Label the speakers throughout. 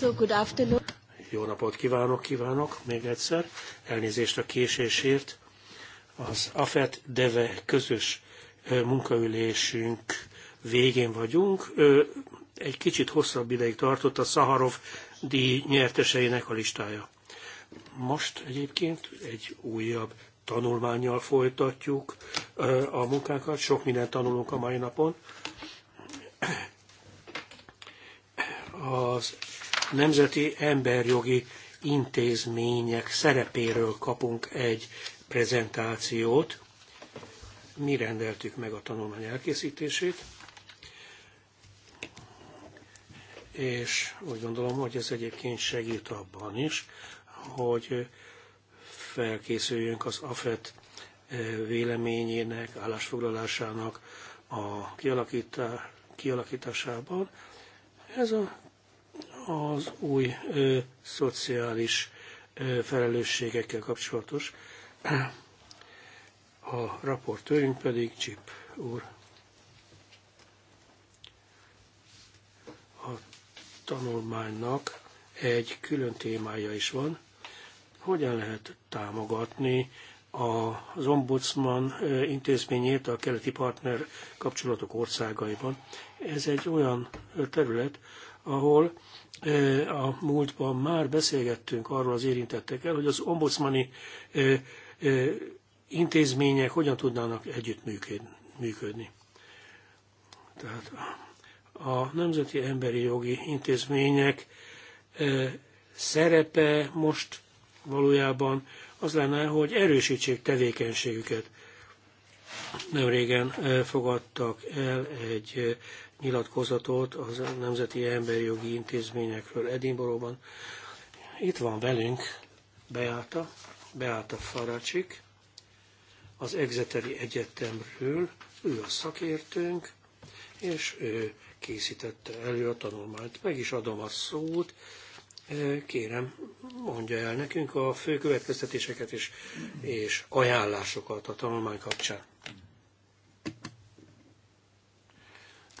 Speaker 1: So good afternoon. Jó napot kívánok, kívánok még egyszer. Elnézést a késésért. Az AFET DEVE közös munkaülésünk végén vagyunk. Egy kicsit hosszabb ideig tartott a Szaharov díj nyerteseinek a listája. Most egyébként egy újabb tanulmányjal folytatjuk a munkánkat. Sok mindent tanulunk a mai napon. Az nemzeti emberjogi intézmények szerepéről kapunk egy prezentációt. Mi rendeltük meg a tanulmány elkészítését, és úgy gondolom, hogy ez egyébként segít abban is, hogy felkészüljünk az AFET eh, véleményének, állásfoglalásának a kialakításában. Ez a az új ö, szociális ö, felelősségekkel kapcsolatos. A raportőrünk pedig Csip úr. A tanulmánynak egy külön témája is van, hogyan lehet támogatni az ombudsman intézményét a keleti partner kapcsolatok országaiban. Ez egy olyan terület, ahol eh, a múltban már beszélgettünk arról az érintettekkel, hogy az ombudsmani eh, eh, intézmények hogyan tudnának együttműködni. Tehát a Nemzeti Emberi Jogi Intézmények szerepe most valójában az lenne, hogy erősítsék tevékenységüket. Nem régen fogadtak el egy nyilatkozatot az Nemzeti Emberi Jogi Intézményekről Edinboróban. Itt van velünk Beáta, Beáta Faracsik, az Exeteri Egyetemről, ő a szakértőnk, és ő készítette elő a tanulmányt. Meg is adom a szót, kérem, mondja el nekünk a fő következtetéseket és, és ajánlásokat a tanulmány kapcsán.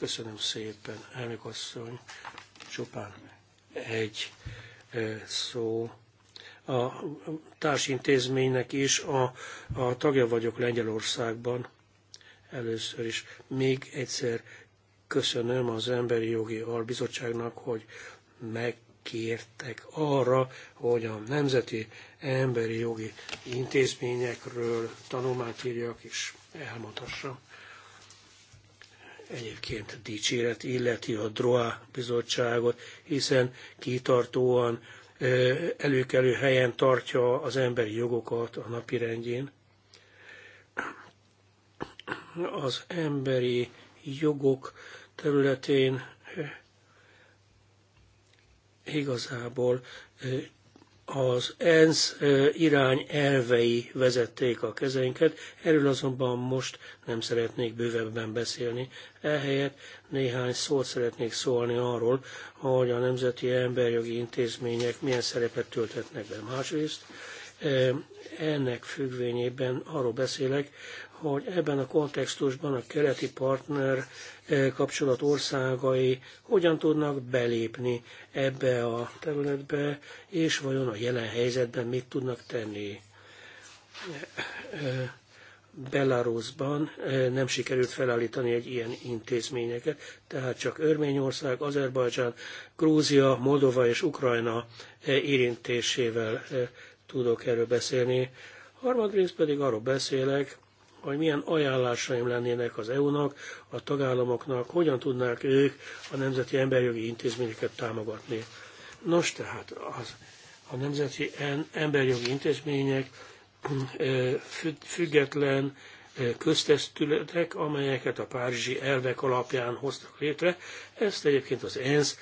Speaker 1: Köszönöm szépen, elnök asszony. Csupán egy eh, szó. A társintézménynek is a, a tagja vagyok Lengyelországban. Először is még egyszer köszönöm az Emberi Jogi Albizottságnak, hogy megkértek arra, hogy a Nemzeti Emberi Jogi Intézményekről tanulmányt írjak és elmondhassam. Egyébként dicséret illeti a DROA bizottságot, hiszen kitartóan előkelő helyen tartja az emberi jogokat a napirendjén. Az emberi jogok területén igazából az ENSZ irány elvei vezették a kezeinket, erről azonban most nem szeretnék bővebben beszélni. Ehelyett néhány szót szeretnék szólni arról, hogy a nemzeti emberjogi intézmények milyen szerepet töltetnek be. Másrészt ennek függvényében arról beszélek, hogy ebben a kontextusban a keleti partner e, kapcsolat országai hogyan tudnak belépni ebbe a területbe, és vajon a jelen helyzetben mit tudnak tenni. E, e, Belarusban nem sikerült felállítani egy ilyen intézményeket, tehát csak Örményország, Azerbajdzsán, Grúzia, Moldova és Ukrajna érintésével tudok erről beszélni. Harmadrészt pedig arról beszélek, hogy milyen ajánlásaim lennének az EU-nak, a tagállamoknak, hogyan tudnák ők a nemzeti emberjogi intézményeket támogatni. Nos, tehát az, a nemzeti emberjogi intézmények független köztesztületek, amelyeket a párizsi elvek alapján hoztak létre. Ezt egyébként az ENSZ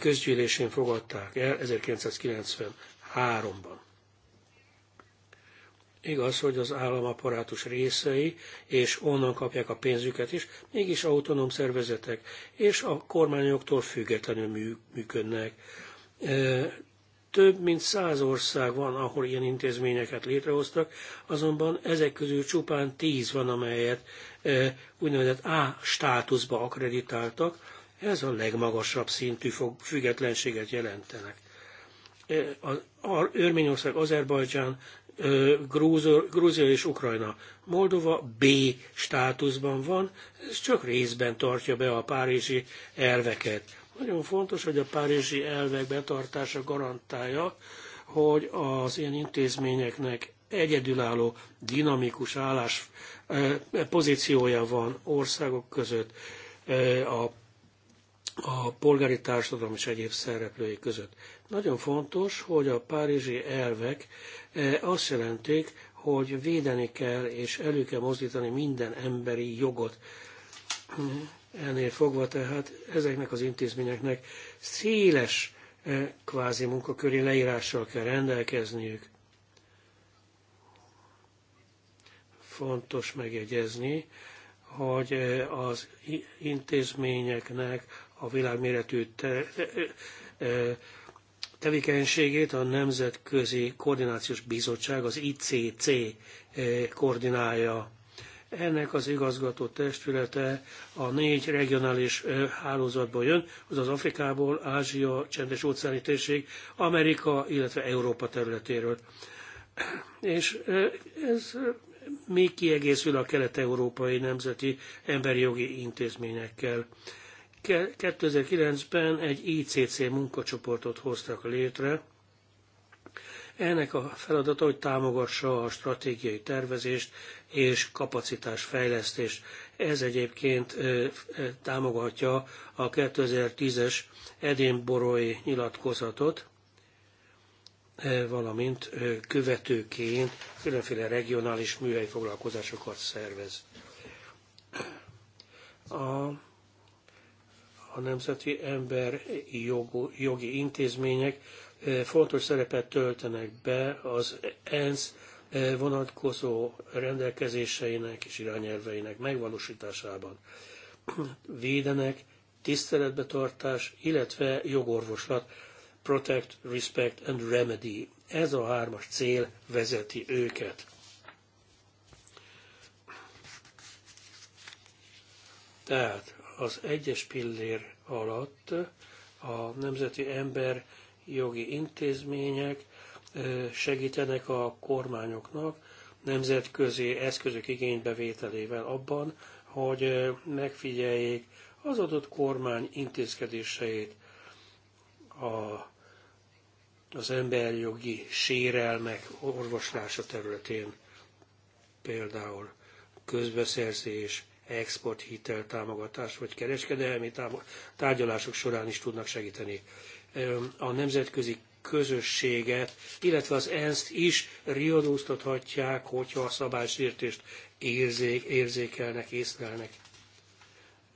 Speaker 1: közgyűlésén fogadták el 1993-ban. Igaz, hogy az államaparátus részei, és onnan kapják a pénzüket is, mégis autonóm szervezetek, és a kormányoktól függetlenül működnek. Több mint száz ország van, ahol ilyen intézményeket létrehoztak, azonban ezek közül csupán tíz van, amelyet úgynevezett A státuszba akreditáltak, ez a legmagasabb szintű függetlenséget jelentenek. Örményország, Azerbajdzsán, Grúzia és Ukrajna. Moldova B státuszban van, ez csak részben tartja be a párizsi elveket. Nagyon fontos, hogy a párizsi elvek betartása garantálja, hogy az ilyen intézményeknek egyedülálló, dinamikus állás pozíciója van országok között, a, a polgári társadalom és egyéb szereplői között. Nagyon fontos, hogy a párizsi elvek eh, azt jelentik, hogy védeni kell és elő kell mozdítani minden emberi jogot. Ennél fogva tehát ezeknek az intézményeknek széles eh, kvázi munkaköri leírással kell rendelkezniük. Fontos megjegyezni, hogy eh, az intézményeknek a világméretű ter- tevékenységét a Nemzetközi Koordinációs Bizottság, az ICC eh, koordinálja. Ennek az igazgató testülete a négy regionális eh, hálózatból jön, azaz Afrikából, Ázsia, Csendes óceáni térség, Amerika, illetve Európa területéről. És eh, ez még kiegészül a kelet-európai nemzeti emberi jogi intézményekkel. 2009-ben egy ICC munkacsoportot hoztak létre. Ennek a feladata, hogy támogassa a stratégiai tervezést és kapacitásfejlesztést. Ez egyébként támogatja a 2010-es Edinborói nyilatkozatot, valamint követőként különféle regionális műhely foglalkozásokat szervez. A a nemzeti ember jogi intézmények eh, fontos szerepet töltenek be az ENSZ eh, vonatkozó rendelkezéseinek és irányelveinek megvalósításában. Védenek, tiszteletbe tartás, illetve jogorvoslat, protect, respect and remedy. Ez a hármas cél vezeti őket. Tehát az egyes pillér alatt a Nemzeti Ember jogi intézmények segítenek a kormányoknak nemzetközi eszközök igénybevételével abban, hogy megfigyeljék az adott kormány intézkedéseit a, az emberjogi sérelmek orvoslása területén, például közbeszerzés, hitel támogatás vagy kereskedelmi tárgyalások során is tudnak segíteni. A nemzetközi közösséget, illetve az ENSZ-t is riadóztathatják, hogyha a szabálysértést érzék, érzékelnek, észlelnek.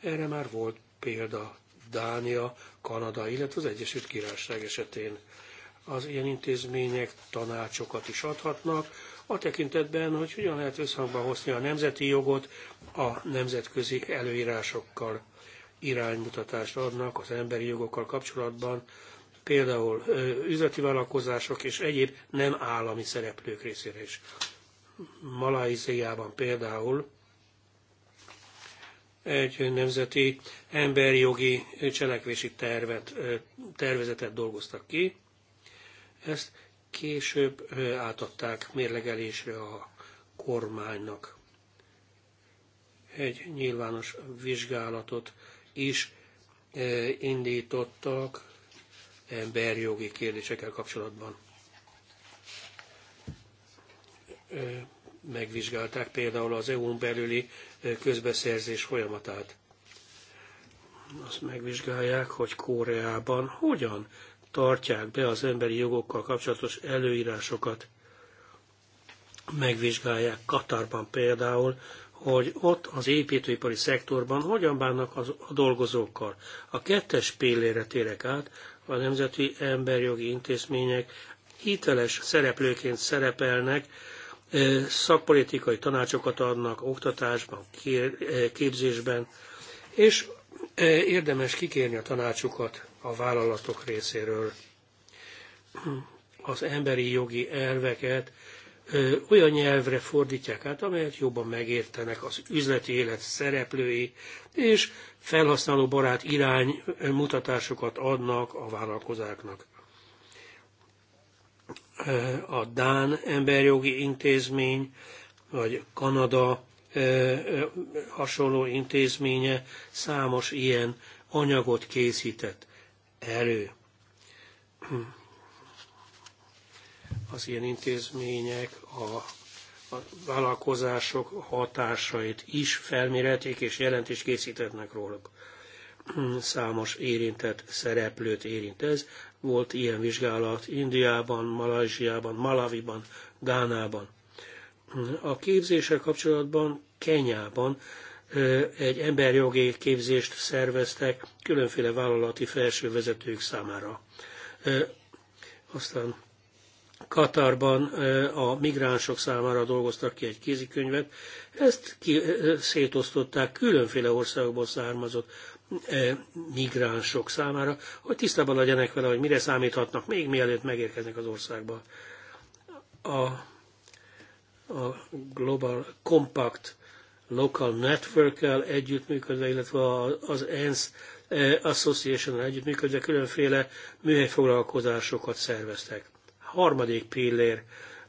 Speaker 1: Erre már volt példa Dánia, Kanada, illetve az Egyesült Királyság esetén. Az ilyen intézmények tanácsokat is adhatnak, a tekintetben, hogy hogyan lehet összhangba hozni a nemzeti jogot a nemzetközi előírásokkal iránymutatást adnak az emberi jogokkal kapcsolatban, például üzleti vállalkozások és egyéb nem állami szereplők részére is. Malajziában például egy nemzeti emberi jogi cselekvési tervet, tervezetet dolgoztak ki. Ezt Később átadták mérlegelésre a kormánynak. Egy nyilvános vizsgálatot is indítottak emberjogi kérdésekkel kapcsolatban. Megvizsgálták például az EU-n belüli közbeszerzés folyamatát. Azt megvizsgálják, hogy Koreában hogyan tartják be az emberi jogokkal kapcsolatos előírásokat. Megvizsgálják Katarban például, hogy ott az építőipari szektorban hogyan bánnak az, a dolgozókkal. A kettes pillére térek át, a nemzeti emberjogi intézmények hiteles szereplőként szerepelnek, szakpolitikai tanácsokat adnak oktatásban, képzésben, és érdemes kikérni a tanácsukat a vállalatok részéről. Az emberi jogi elveket olyan nyelvre fordítják át, amelyet jobban megértenek az üzleti élet szereplői, és felhasználó barát irány mutatásokat adnak a vállalkozáknak. A Dán Emberjogi Intézmény, vagy Kanada hasonló intézménye számos ilyen anyagot készített elő. Az ilyen intézmények a a vállalkozások hatásait is felmérhetik és jelentést készítetnek róluk. Számos érintett szereplőt érint ez. Volt ilyen vizsgálat Indiában, Malajziában, Malaviban, Gánában. A képzéssel kapcsolatban Kenyában egy emberjogi képzést szerveztek különféle vállalati felsővezetők számára. Aztán Katarban a migránsok számára dolgoztak ki egy kézikönyvet, ezt ki, szétosztották különféle országokból származott migránsok számára, hogy tisztában legyenek vele, hogy mire számíthatnak, még mielőtt megérkeznek az országba. A, a Global Compact Local Network-kel együttműködve, illetve az ENSZ eh, Association-nal együttműködve különféle műhelyfoglalkozásokat szerveztek. Harmadik pillér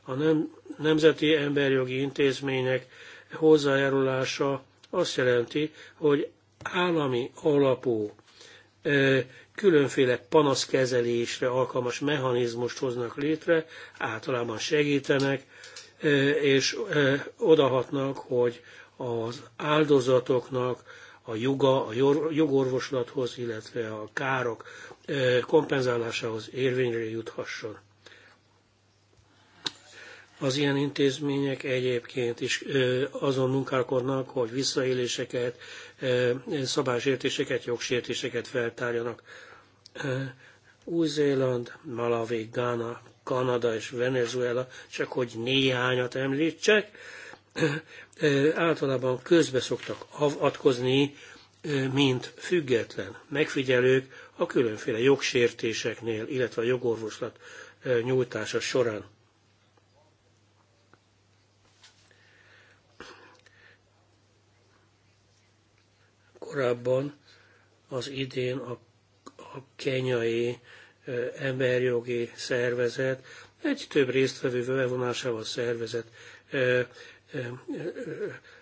Speaker 1: a nemzeti nemzeti emberjogi intézmények hozzájárulása azt jelenti, hogy állami alapú eh, különféle panaszkezelésre alkalmas mechanizmust hoznak létre, általában segítenek, eh, és odahatnak, hogy az áldozatoknak a joga a jogorvoslathoz, illetve a károk eh, kompenzálásához érvényre juthasson. Az ilyen intézmények egyébként is eh, azon munkálkodnak, hogy visszaéléseket, eh, szabálysértéseket, jogsértéseket feltárjanak. Új-Zéland, Malawi, Ghana, Kanada és Venezuela, csak hogy néhányat említsek, általában közbe szoktak avatkozni, mint független megfigyelők a különféle jogsértéseknél, illetve a jogorvoslat nyújtása során. Korábban az idén a, a kenyai emberjogi szervezet egy több résztvevő bevonásával szervezett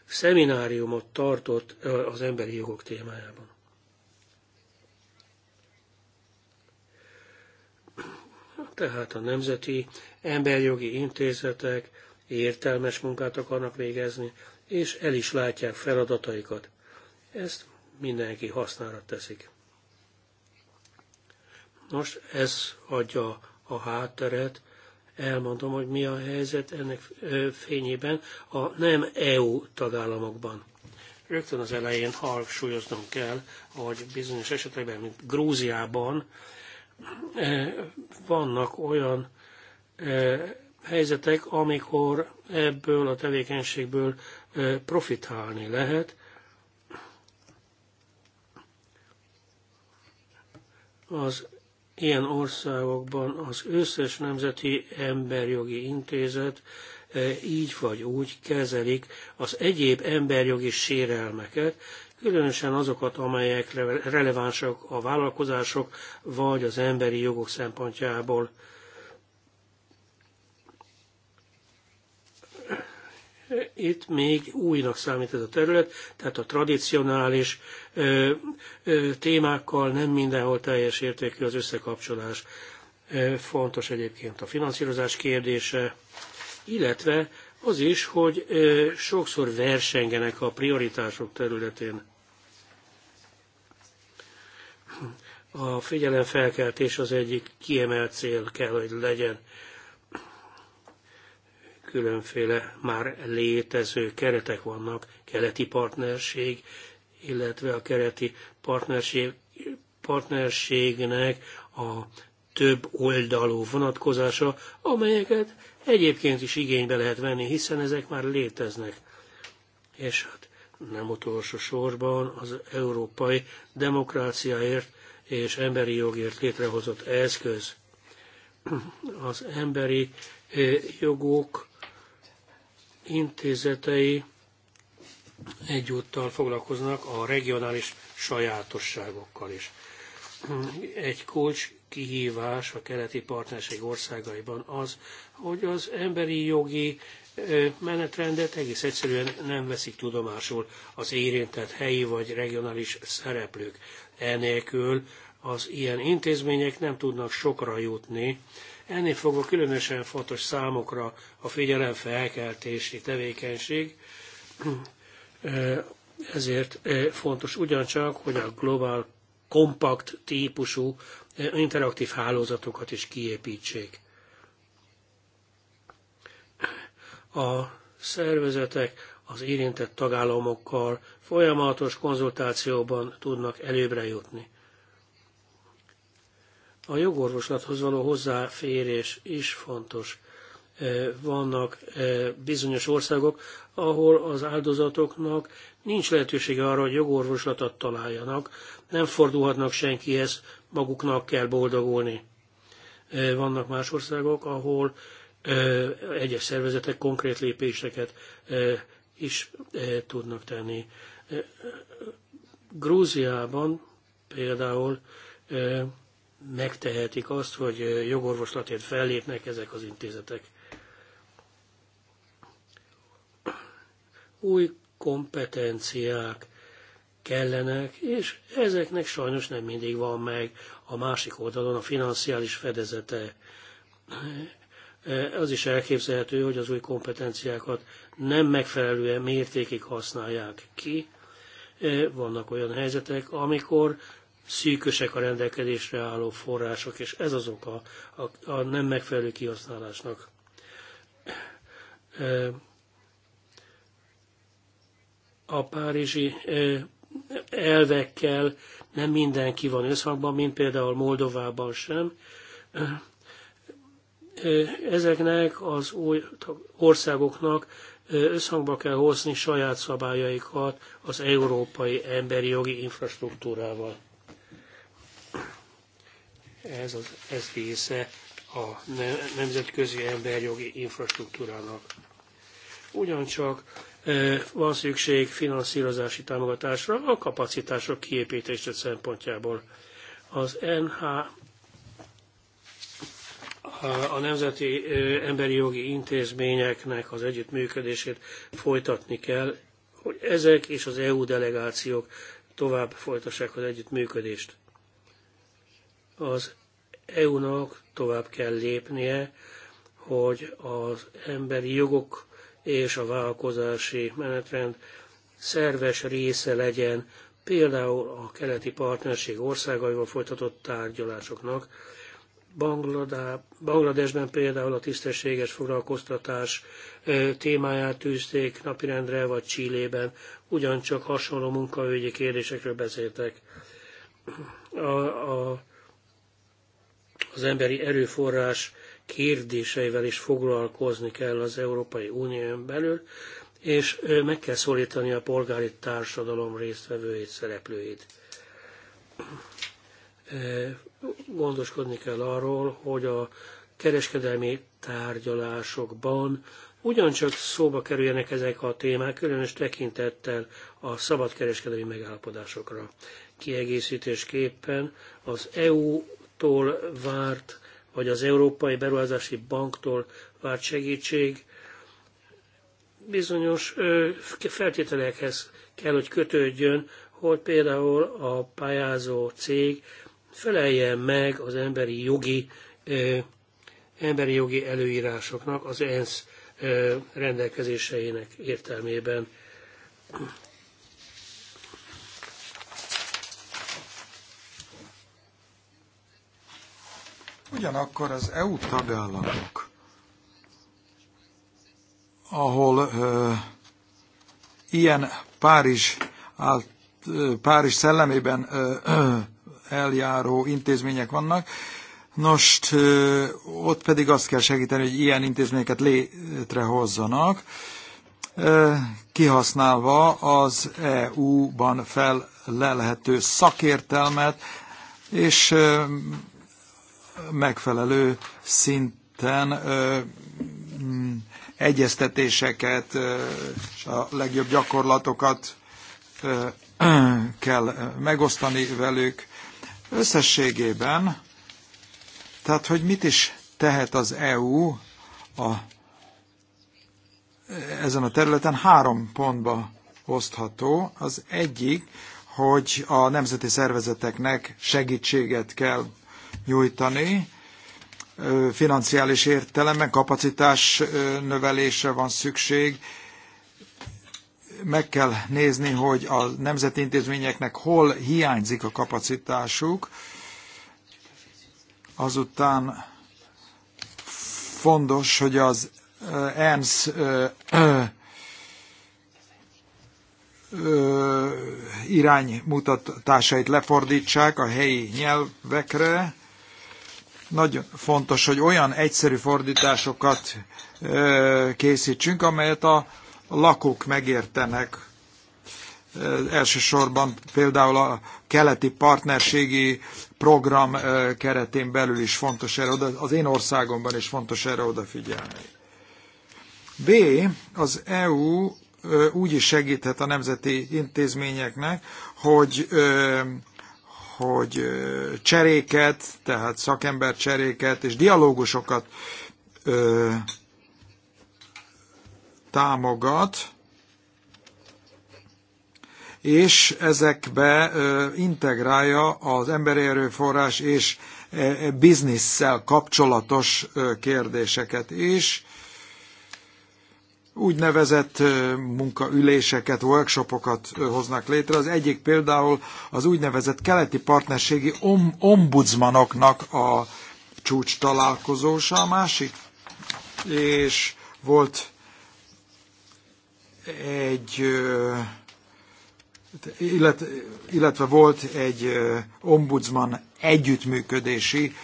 Speaker 1: szemináriumot tartott az emberi jogok témájában. Tehát a nemzeti emberjogi intézetek értelmes munkát akarnak végezni, és el is látják feladataikat. Ezt mindenki hasznára teszik. Nos, ez adja a hátteret elmondom, hogy mi a helyzet ennek fényében a nem EU tagállamokban. Rögtön az elején hangsúlyoznom kell, hogy bizonyos esetekben, mint Grúziában, vannak olyan helyzetek, amikor ebből a tevékenységből profitálni lehet. Az Ilyen országokban az összes nemzeti emberjogi intézet e, így vagy úgy kezelik az egyéb emberjogi sérelmeket, különösen azokat, amelyek relevánsak a vállalkozások vagy az emberi jogok szempontjából. itt még újnak számít ez a terület, tehát a tradicionális ö, ö, témákkal nem mindenhol teljes értékű az összekapcsolás. Ö, fontos egyébként a finanszírozás kérdése, illetve az is, hogy ö, sokszor versengenek a prioritások területén. A figyelemfelkeltés az egyik kiemelt cél kell, hogy legyen különféle már létező keretek vannak, keleti partnerség, illetve a kereti partnerség, partnerségnek a több oldalú vonatkozása, amelyeket egyébként is igénybe lehet venni, hiszen ezek már léteznek. És hát nem utolsó sorban az európai demokráciáért és emberi jogért létrehozott eszköz. Az emberi eh, jogok intézetei egyúttal foglalkoznak a regionális sajátosságokkal is. Egy kulcs kihívás a keleti partnerség országaiban az, hogy az emberi jogi menetrendet egész egyszerűen nem veszik tudomásul az érintett helyi vagy regionális szereplők. Enélkül az ilyen intézmények nem tudnak sokra jutni Ennél fogva különösen fontos számokra a figyelemfelkeltési tevékenység, ezért fontos ugyancsak, hogy a global kompakt típusú interaktív hálózatokat is kiépítsék. A szervezetek az érintett tagállamokkal folyamatos konzultációban tudnak előbbre jutni. A jogorvoslathoz való hozzáférés is fontos. E, vannak e, bizonyos országok, ahol az áldozatoknak nincs lehetősége arra, hogy jogorvoslatot találjanak, nem fordulhatnak senkihez, maguknak kell boldogulni. E, vannak más országok, ahol egyes szervezetek konkrét lépéseket is tudnak tenni. Grúziában például megtehetik azt, hogy jogorvoslatért fellépnek ezek az intézetek. Új kompetenciák kellenek, és ezeknek sajnos nem mindig van meg a másik oldalon a financiális fedezete. Az is elképzelhető, hogy az új kompetenciákat nem megfelelően mértékig használják ki. Vannak olyan helyzetek, amikor szűkösek a rendelkezésre álló források, és ez az oka a, a nem megfelelő kihasználásnak. A párizsi elvekkel nem mindenki van összhangban, mint például Moldovában sem. Ezeknek az új országoknak összhangba kell hozni saját szabályaikat az európai emberi jogi infrastruktúrával ez az ez része a nemzetközi emberjogi infrastruktúrának. Ugyancsak e, van szükség finanszírozási támogatásra a kapacitások kiépítése szempontjából. Az NH a Nemzeti e, Emberi Jogi Intézményeknek az együttműködését folytatni kell, hogy ezek és az EU delegációk tovább folytassák az együttműködést. Az EU-nak tovább kell lépnie, hogy az emberi jogok és a vállalkozási menetrend szerves része legyen például a keleti partnerség országaival folytatott tárgyalásoknak. Bangladesben például a tisztességes foglalkoztatás témáját tűzték napirendre, vagy Csillében ugyancsak hasonló munkaügyi kérdésekről beszéltek. A, a az emberi erőforrás kérdéseivel is foglalkozni kell az Európai Unión belül, és meg kell szólítani a polgári társadalom résztvevőit, szereplőit. Gondoskodni kell arról, hogy a kereskedelmi tárgyalásokban ugyancsak szóba kerüljenek ezek a témák, különös tekintettel a szabadkereskedelmi megállapodásokra. Kiegészítésképpen az EU tól várt, vagy az Európai Beruházási Banktól várt segítség bizonyos feltételekhez kell, hogy kötődjön, hogy például a pályázó cég feleljen meg az emberi jogi, emberi jogi előírásoknak, az ENSZ rendelkezéseinek értelmében.
Speaker 2: Ugyanakkor az EU tagállamok, ahol ö, ilyen Párizs, áll, ö, Párizs szellemében ö, ö, eljáró intézmények vannak, Nos, ott pedig azt kell segíteni, hogy ilyen intézményeket létrehozzanak, kihasználva az EU-ban fellelhető szakértelmet, és megfelelő szinten mm, egyeztetéseket és a legjobb gyakorlatokat kell megosztani velük. Összességében, tehát hogy mit is tehet az EU a, ezen a területen három pontba osztható. Az egyik, hogy a nemzeti szervezeteknek segítséget kell nyújtani. Financiális értelemben kapacitás növelésre van szükség. Meg kell nézni, hogy a nemzeti intézményeknek hol hiányzik a kapacitásuk. Azután fontos, hogy az ENSZ iránymutatásait lefordítsák a helyi nyelvekre, nagyon fontos, hogy olyan egyszerű fordításokat készítsünk, amelyet a lakók megértenek. Elsősorban például a keleti partnerségi program keretén belül is fontos erre, az én országomban is fontos erre odafigyelni. B. Az EU úgy is segíthet a nemzeti intézményeknek, hogy hogy cseréket, tehát szakember cseréket és dialógusokat ö, támogat, és ezekbe ö, integrálja az emberi erőforrás és e, e, bizniszsel kapcsolatos kérdéseket is. Ö, úgynevezett munkaüléseket, workshopokat hoznak létre. Az egyik például az úgynevezett keleti partnerségi ombudsmanoknak a csúcs találkozósa, a másik, és volt egy illetve volt egy ombudsman együttműködési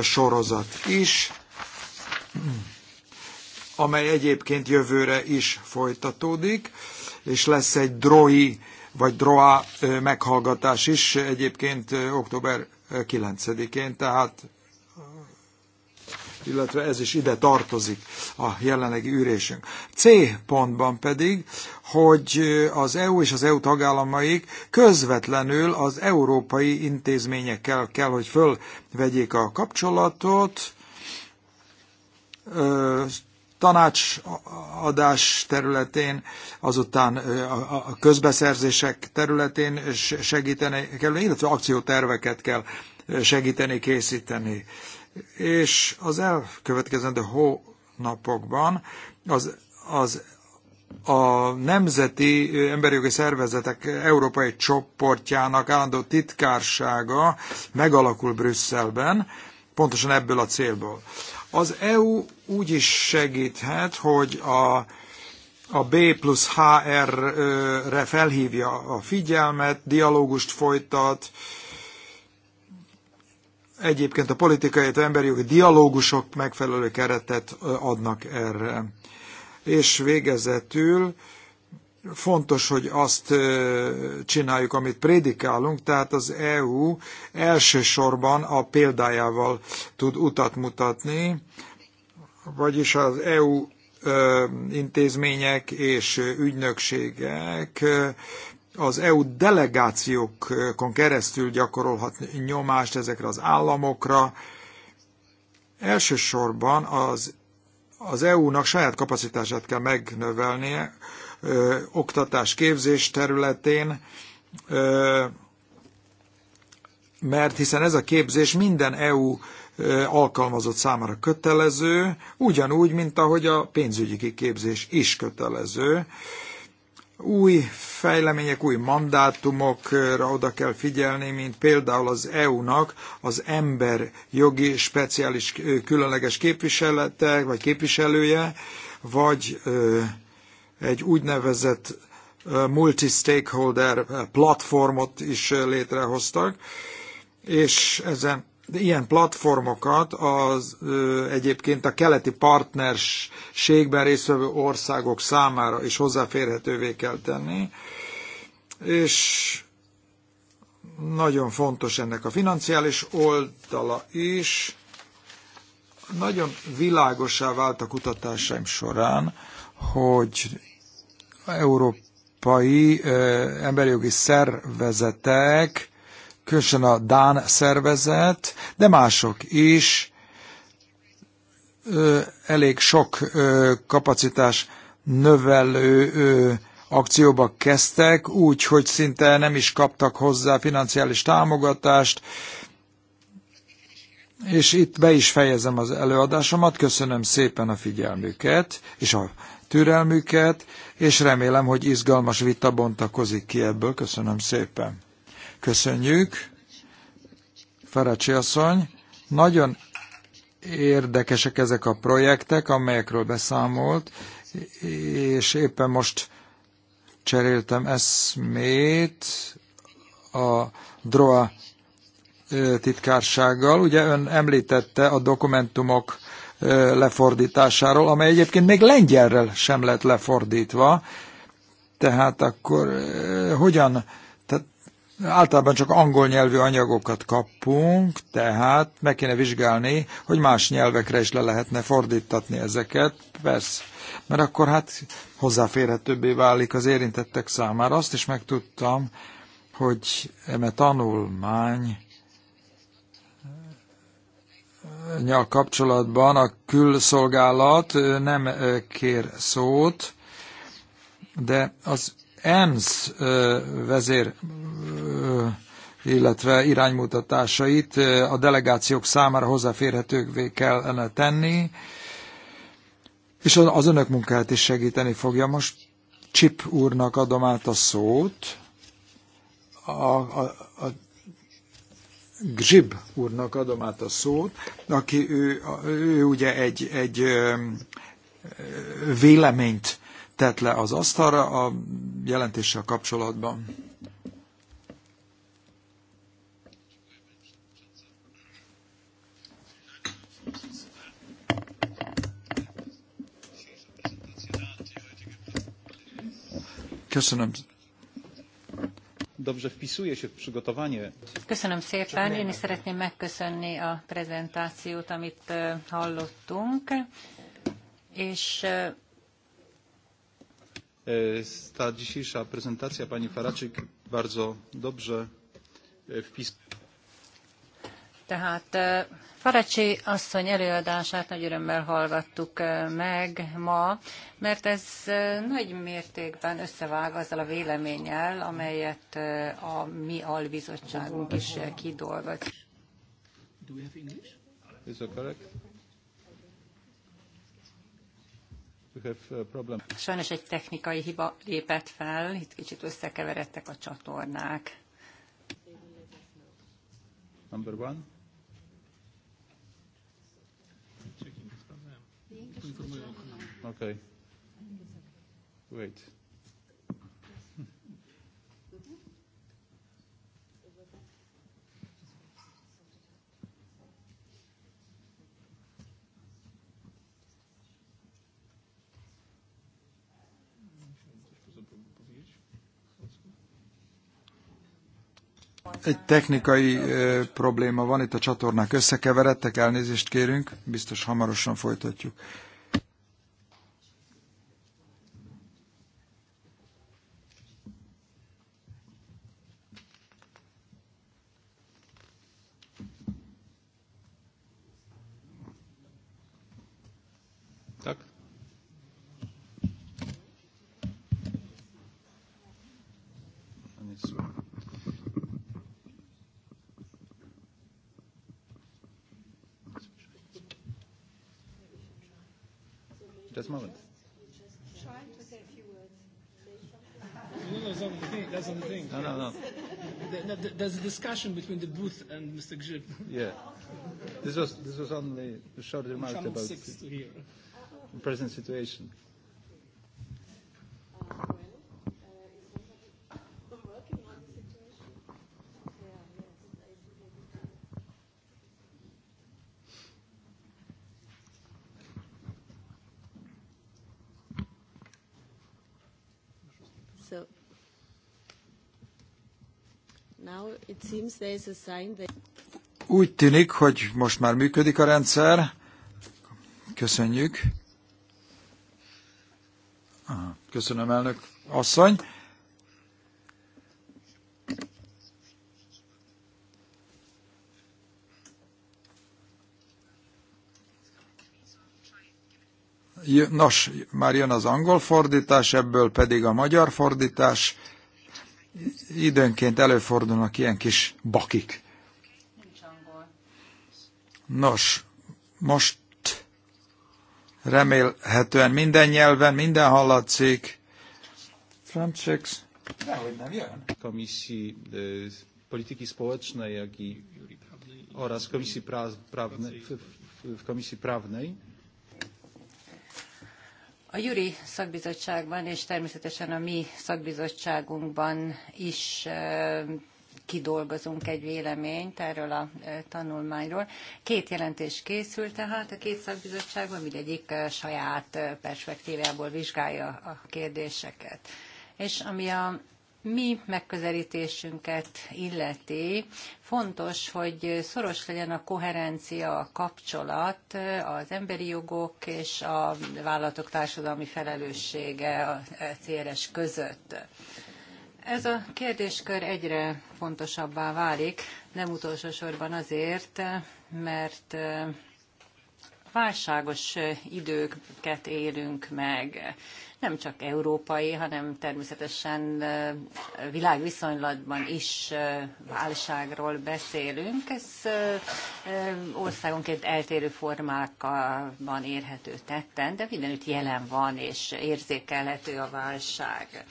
Speaker 2: sorozat is amely egyébként jövőre is folytatódik, és lesz egy droi vagy droa meghallgatás is egyébként október 9-én, tehát illetve ez is ide tartozik a jelenlegi ürésünk. C pontban pedig, hogy az EU és az EU tagállamaik közvetlenül az európai intézményekkel kell, hogy fölvegyék a kapcsolatot, tanácsadás területén, azután a közbeszerzések területén segíteni kell, illetve akcióterveket kell segíteni, készíteni. És az elkövetkezendő hónapokban az, az a Nemzeti Emberi Jogi Szervezetek Európai Csoportjának állandó titkársága megalakul Brüsszelben, pontosan ebből a célból. Az EU úgy is segíthet, hogy a, a B plusz HR-re felhívja a figyelmet, dialógust folytat, egyébként a politikai és emberi jogi dialógusok megfelelő keretet adnak erre. És végezetül fontos, hogy azt csináljuk, amit prédikálunk, tehát az EU elsősorban a példájával tud utat mutatni, vagyis az EU intézmények és ügynökségek az EU delegációkon keresztül gyakorolhat nyomást ezekre az államokra. Elsősorban az, az EU-nak saját kapacitását kell megnövelnie, ö, oktatás képzés területén, ö, mert hiszen ez a képzés minden EU ö, alkalmazott számára kötelező, ugyanúgy, mint ahogy a pénzügyi képzés is kötelező. Új fejlemények, új mandátumokra oda kell figyelni, mint például az EU-nak az ember jogi speciális különleges képviselete, vagy képviselője, vagy egy úgynevezett multi-stakeholder platformot is létrehoztak, és ezen ilyen platformokat az egyébként a keleti partnerségben részvevő országok számára is hozzáférhetővé kell tenni, és nagyon fontos ennek a financiális oldala is. Nagyon világosá vált a kutatásaim során, hogy európai emberi jogi szervezetek, különösen a Dán szervezet, de mások is elég sok kapacitás növelő akcióba kezdtek, úgy, hogy szinte nem is kaptak hozzá financiális támogatást, és itt be is fejezem az előadásomat, köszönöm szépen a figyelmüket, és a türelmüket, és remélem, hogy izgalmas vita bontakozik ki ebből. Köszönöm szépen. Köszönjük. Feracsi asszony, nagyon érdekesek ezek a projektek, amelyekről beszámolt, és éppen most cseréltem eszmét a DROA titkársággal. Ugye ön említette a dokumentumok lefordításáról, amely egyébként még lengyelrel sem lett lefordítva. Tehát akkor hogyan? Tehát általában csak angol nyelvű anyagokat kapunk, tehát meg kéne vizsgálni, hogy más nyelvekre is le lehetne fordítatni ezeket. Persze, mert akkor hát hozzáférhetőbbé válik az érintettek számára. Azt is megtudtam, hogy eme tanulmány nyal kapcsolatban a külszolgálat nem kér szót, de az ENSZ vezér, illetve iránymutatásait a delegációk számára hozzáférhetővé kellene tenni, és az önök munkáját is segíteni fogja. Most Csip úrnak adom át a szót, a, a, a Gzsib úrnak adom át a szót, aki ő, ő ugye egy, egy véleményt tett le az asztalra a jelentéssel kapcsolatban. Köszönöm dobrze wpisuje się w przygotowanie.
Speaker 3: Köszönöm szépen. Én is szeretném megköszönni a prezentációt, amit e, hallottunk. És e,
Speaker 2: e, ta dzisiejsza prezentacja pani Faraczyk bardzo dobrze wpisuje.
Speaker 3: Tehát Paracsi asszony előadását nagy örömmel hallgattuk meg ma, mert ez nagy mértékben összevág azzal a véleménnyel, amelyet a mi albizottságunk is kidolgoz. Sajnos egy technikai hiba lépett fel, itt kicsit összekeveredtek a csatornák.
Speaker 2: Number one. Wait. Egy technikai ö, probléma van, itt a csatornák összekeveredtek, elnézést kérünk, biztos hamarosan folytatjuk.
Speaker 1: discussion between the booth and Mr. Grzyb. Yeah. This
Speaker 2: was, this was only a short remark about the present situation. Úgy tűnik, hogy most már működik a rendszer. Köszönjük. köszönöm, elnök asszony. Nos, már jön az angol fordítás, ebből pedig a magyar fordítás időnként előfordulnak ilyen kis bakik. Nos, most remélhetően minden nyelven, minden hallatszik. Franczyks. Dehogy nem jön. Komisji e, Polityki Społecznej, jak i oraz komissi pra, Prawnej, w, w Komisji Prawnej
Speaker 3: a Juri szakbizottságban és természetesen a mi szakbizottságunkban is kidolgozunk egy véleményt erről a tanulmányról. Két jelentés készült tehát a két szakbizottságban, mindegyik saját perspektívából vizsgálja a kérdéseket. És ami a mi megközelítésünket illeti, fontos, hogy szoros legyen a koherencia, a kapcsolat az emberi jogok és a vállalatok társadalmi felelőssége a CRS között. Ez a kérdéskör egyre fontosabbá válik, nem utolsó sorban azért, mert válságos időket élünk meg nem csak európai, hanem természetesen világviszonylatban is válságról beszélünk. Ez országonként eltérő formákban érhető tetten, de mindenütt jelen van és érzékelhető a válság.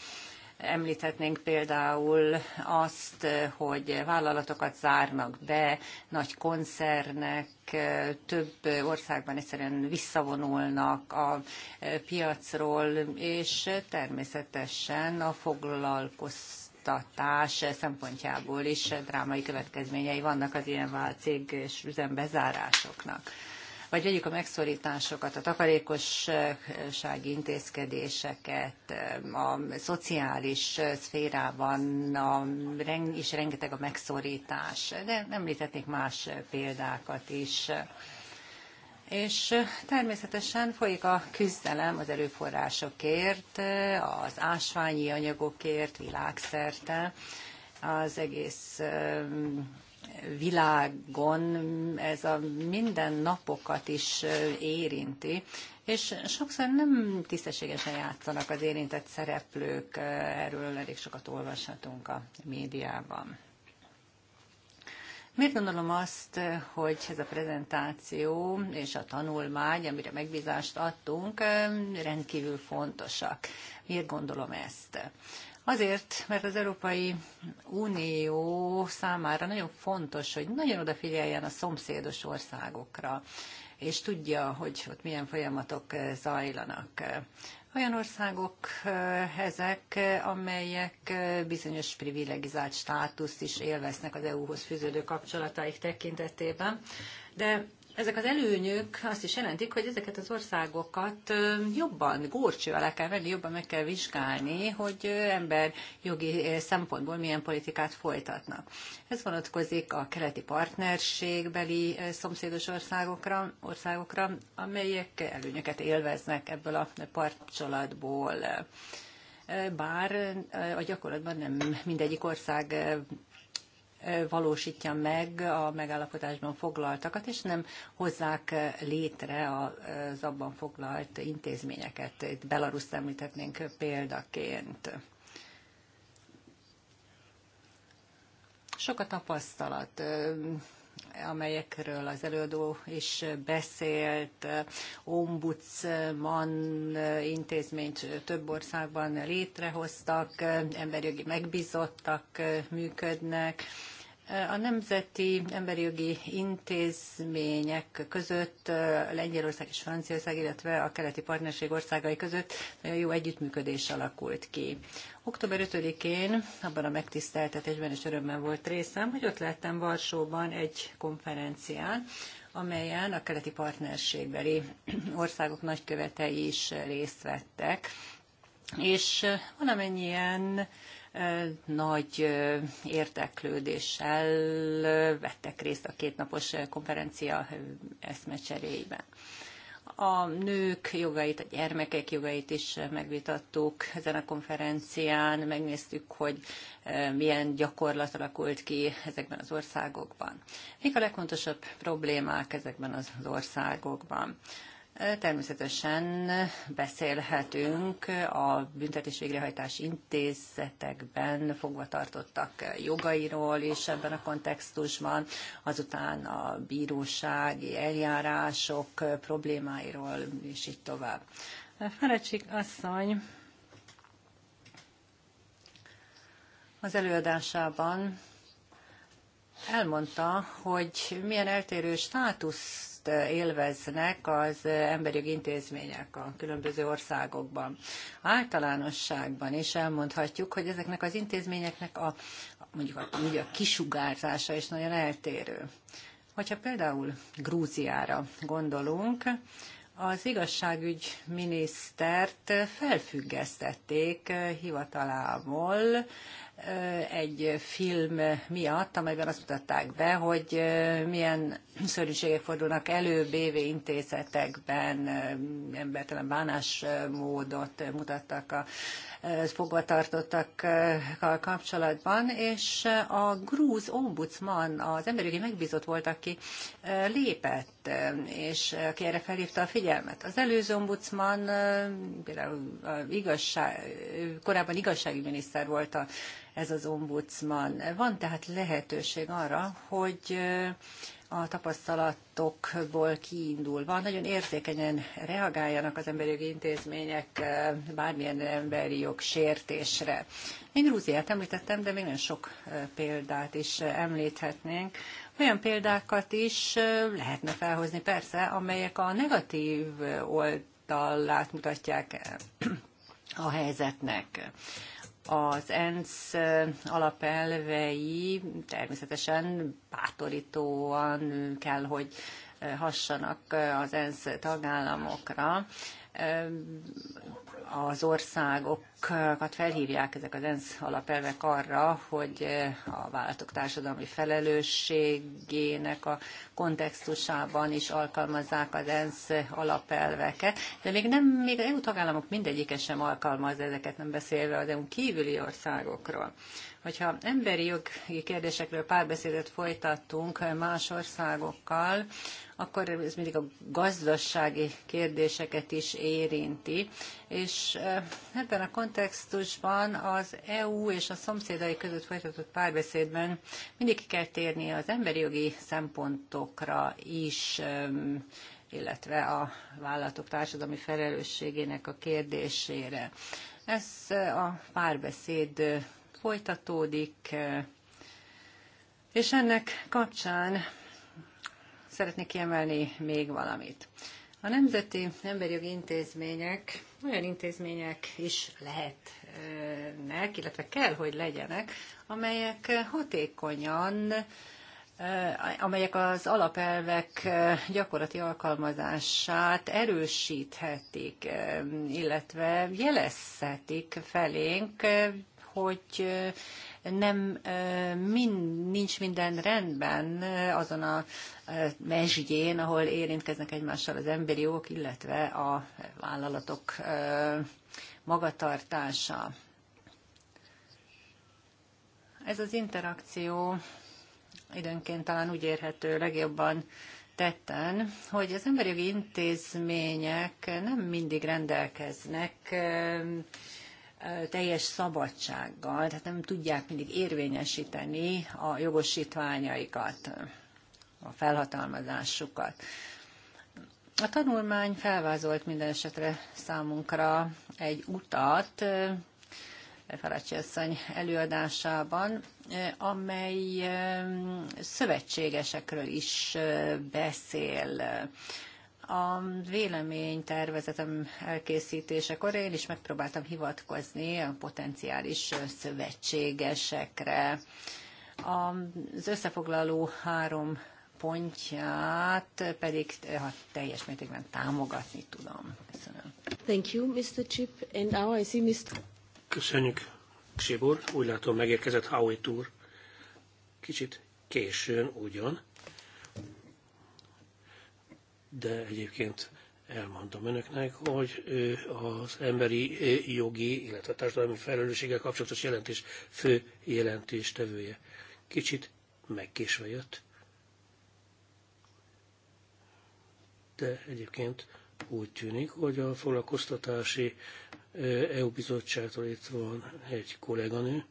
Speaker 3: Említhetnénk például azt, hogy vállalatokat zárnak be, nagy koncernek, több országban egyszerűen visszavonulnak a piacról, és természetesen a foglalkoztatás szempontjából is drámai következményei vannak az ilyen cég és üzembezárásoknak. Vagy vegyük a megszorításokat, a takarékossági intézkedéseket, a szociális szférában a, is rengeteg a megszorítás, de említhetnék más példákat is. És természetesen folyik a küzdelem az erőforrásokért, az ásványi anyagokért világszerte, az egész világon ez a minden napokat is érinti, és sokszor nem tisztességesen játszanak az érintett szereplők, erről elég sokat olvashatunk a médiában. Miért gondolom azt, hogy ez a prezentáció és a tanulmány, amire megbízást adtunk, rendkívül fontosak? Miért gondolom ezt? Azért, mert az Európai Unió számára nagyon fontos, hogy nagyon odafigyeljen a szomszédos országokra, és tudja, hogy ott milyen folyamatok zajlanak. Olyan országok ezek, amelyek bizonyos privilegizált státuszt is élveznek az EU-hoz fűződő kapcsolataik tekintetében, de ezek az előnyök azt is jelentik, hogy ezeket az országokat jobban górcső alá kell venni, jobban meg kell vizsgálni, hogy ember jogi szempontból milyen politikát folytatnak. Ez vonatkozik a keleti partnerségbeli szomszédos országokra, országokra amelyek előnyöket élveznek ebből a kapcsolatból bár a gyakorlatban nem mindegyik ország valósítja meg a megállapodásban foglaltakat, és nem hozzák létre az abban foglalt intézményeket. Itt Belarus említhetnénk példaként. Sok a tapasztalat, amelyekről az előadó is beszélt, ombudsman intézményt több országban létrehoztak, emberjogi megbizottak működnek, a nemzeti emberi jogi intézmények között Lengyelország és Franciaország, illetve a keleti partnerség országai között nagyon jó együttműködés alakult ki. Október 5-én abban a megtiszteltetésben és örömben volt részem, hogy ott lettem Varsóban egy konferencián, amelyen a keleti partnerségbeli országok nagykövetei is részt vettek, és valamennyien nagy érdeklődéssel vettek részt a kétnapos konferencia eszmecseréjében. A nők jogait, a gyermekek jogait is megvitattuk ezen a konferencián, megnéztük, hogy milyen gyakorlat alakult ki ezekben az országokban. Mik a legfontosabb problémák ezekben az országokban? Természetesen beszélhetünk a büntetés végrehajtás intézetekben fogvatartottak jogairól is ebben a kontextusban, azután a bírósági eljárások problémáiról, és így tovább. Ferecsik asszony az előadásában elmondta, hogy milyen eltérő státusz elfogadást élveznek az emberi intézmények a különböző országokban. Általánosságban is elmondhatjuk, hogy ezeknek az intézményeknek a, mondjuk a, mondjuk a kisugárzása is nagyon eltérő. Hogyha például Grúziára gondolunk, az igazságügy minisztert felfüggesztették hivatalából egy film miatt, amelyben azt mutatták be, hogy milyen szörnyűségek fordulnak elő, BV intézetekben embertelen bánásmódot mutattak a fogvatartottakkal kapcsolatban, és a grúz ombudsman, az emberjogi megbízott volt, aki lépett, és aki erre felhívta a figyelmet. Az előző ombudsman, például igazság, korábban miniszter volt a, ez az ombudsman. Van tehát lehetőség arra, hogy a tapasztalatokból kiindulva nagyon érzékenyen reagáljanak az emberi jogi intézmények eh, bármilyen emberi jog sértésre. Én Grúziát említettem, de még nagyon sok eh, példát is eh, említhetnénk. Olyan példákat is lehetne felhozni persze, amelyek a negatív oldalát mutatják a helyzetnek. Az ENSZ alapelvei természetesen bátorítóan kell, hogy hassanak az ENSZ tagállamokra, az országokat felhívják ezek az ENSZ alapelvek arra, hogy a vállalatok társadalmi felelősségének a kontextusában is alkalmazzák az ENSZ alapelveket, de még nem, még EU tagállamok mindegyike sem alkalmaz ezeket, nem beszélve az EU kívüli országokról. Hogyha emberi jogi kérdésekről párbeszédet folytattunk más országokkal, akkor ez mindig a gazdasági kérdéseket is érinti. És ebben a kontextusban az EU és a szomszédai között folytatott párbeszédben mindig ki kell térni az emberi jogi szempontokra is, illetve a vállalatok társadalmi felelősségének a kérdésére. Ez a párbeszéd folytatódik, és ennek kapcsán szeretnék kiemelni még valamit. A nemzeti Jogi intézmények olyan intézmények is lehetnek, illetve kell, hogy legyenek, amelyek hatékonyan amelyek az alapelvek gyakorlati alkalmazását erősíthetik, illetve jelezhetik felénk hogy nem mind, nincs minden rendben azon a mezsgyén, ahol érintkeznek egymással az emberi jogok, illetve a vállalatok magatartása. Ez az interakció időnként talán úgy érhető legjobban tetten, hogy az emberi jogi intézmények nem mindig rendelkeznek teljes szabadsággal, tehát nem tudják mindig érvényesíteni a jogosítványaikat, a felhatalmazásukat. A tanulmány felvázolt minden esetre számunkra egy utat, Faracsi asszony előadásában, amely szövetségesekről is beszél a véleménytervezetem elkészítésekor én is megpróbáltam hivatkozni a potenciális szövetségesekre. Az összefoglaló három pontját pedig ha teljes mértékben támogatni tudom. Köszönöm. Thank you, Mr. Chip. And now I see Mr.
Speaker 1: Köszönjük, Csibor. Úgy látom, megérkezett Howie Tour. Kicsit későn ugyan, de egyébként elmondom önöknek, hogy az emberi jogi, illetve a társadalmi felelősséggel kapcsolatos jelentés fő jelentéstevője. Kicsit megkésve jött, de egyébként úgy tűnik, hogy a foglalkoztatási EU bizottságtól itt van egy kolléganő,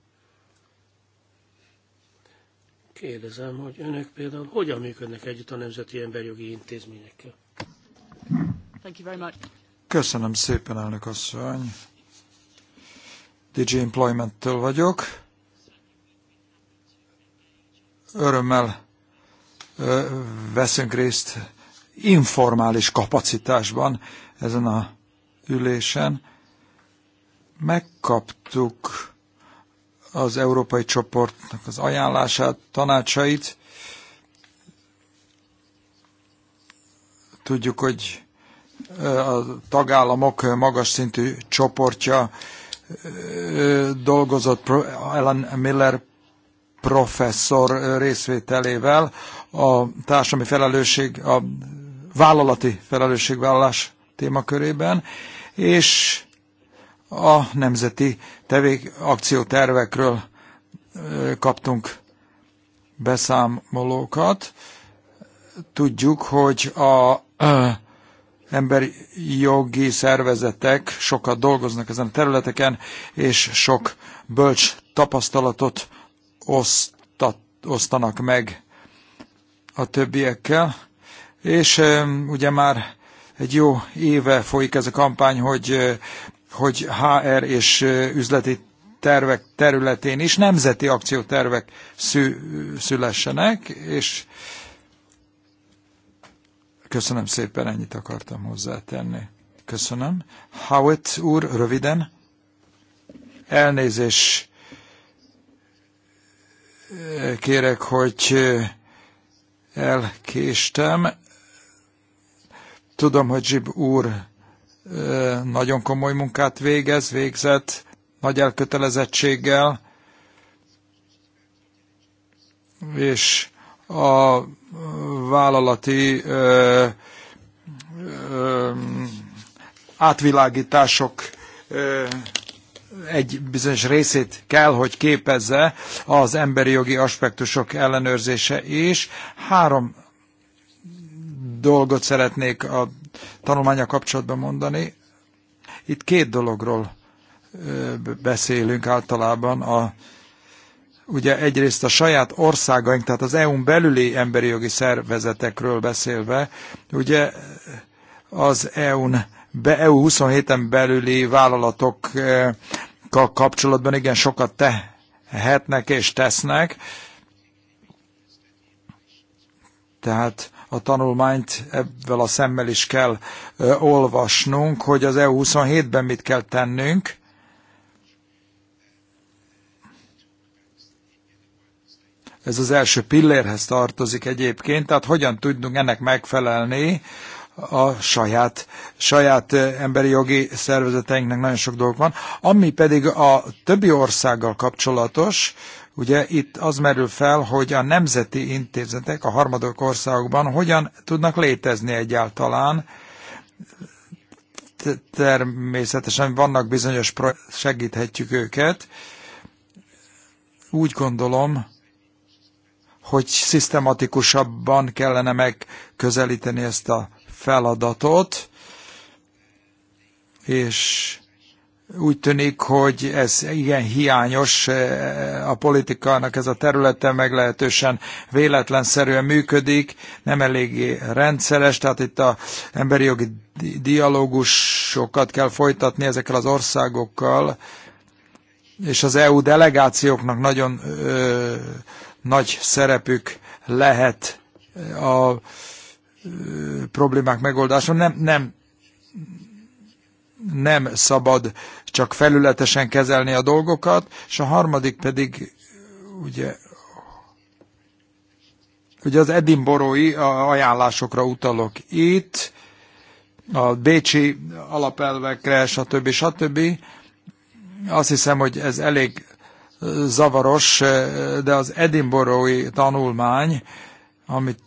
Speaker 1: Kérdezem, hogy önök például hogyan működnek együtt a nemzeti emberjogi intézményekkel? Thank you very much.
Speaker 2: Köszönöm szépen, elnök asszony. DG Employment-től vagyok. Örömmel veszünk részt informális kapacitásban ezen a ülésen. Megkaptuk az európai csoportnak az ajánlását, tanácsait. Tudjuk, hogy a tagállamok magas szintű csoportja dolgozott Ellen Miller professzor részvételével a társadalmi felelősség, a vállalati felelősségvállalás témakörében, és a nemzeti tevék, akciótervekről kaptunk beszámolókat. Tudjuk, hogy a ö, emberi jogi szervezetek sokat dolgoznak ezen a területeken, és sok bölcs tapasztalatot osztat, osztanak meg a többiekkel. És ö, ugye már egy jó éve folyik ez a kampány, hogy hogy HR és üzleti tervek területén is nemzeti akciótervek szü, szülessenek, és köszönöm szépen, ennyit akartam hozzátenni. Köszönöm. Howitt úr, röviden. Elnézés kérek, hogy elkéstem. Tudom, hogy Zsib úr nagyon komoly munkát végez, végzett, nagy elkötelezettséggel, és a vállalati ö, ö, átvilágítások ö, egy bizonyos részét kell, hogy képezze az emberi jogi aspektusok ellenőrzése is. Három dolgot szeretnék a tanulmánya kapcsolatban mondani. Itt két dologról beszélünk általában. A, ugye egyrészt a saját országaink, tehát az EU-n belüli emberi jogi szervezetekről beszélve, ugye az EU-n be, EU 27-en belüli vállalatokkal kapcsolatban igen sokat tehetnek és tesznek. Tehát a tanulmányt ebből a szemmel is kell ö, olvasnunk, hogy az EU27-ben mit kell tennünk. Ez az első pillérhez tartozik egyébként, tehát hogyan tudunk ennek megfelelni a saját, saját emberi jogi szervezeteinknek nagyon sok dolog van. Ami pedig a többi országgal kapcsolatos, Ugye itt az merül fel, hogy a nemzeti intézetek a harmadik országokban hogyan tudnak létezni egyáltalán. Természetesen vannak bizonyos segíthetjük őket. Úgy gondolom, hogy szisztematikusabban kellene megközelíteni ezt a feladatot, és úgy tűnik, hogy ez igen hiányos, eh, a politikának ez a területe meglehetősen véletlenszerűen működik, nem eléggé rendszeres, tehát itt az emberi jogi dialógusokat kell folytatni ezekkel az országokkal, és az EU delegációknak nagyon ö, eh, nagy szerepük lehet eh, a ö, problémák megoldása. Nem, nem nem szabad csak felületesen kezelni a dolgokat, és a harmadik pedig ugye, ugye az edinborói ajánlásokra utalok itt, a bécsi alapelvekre, stb. stb. Azt hiszem, hogy ez elég zavaros, de az edinborói tanulmány, amit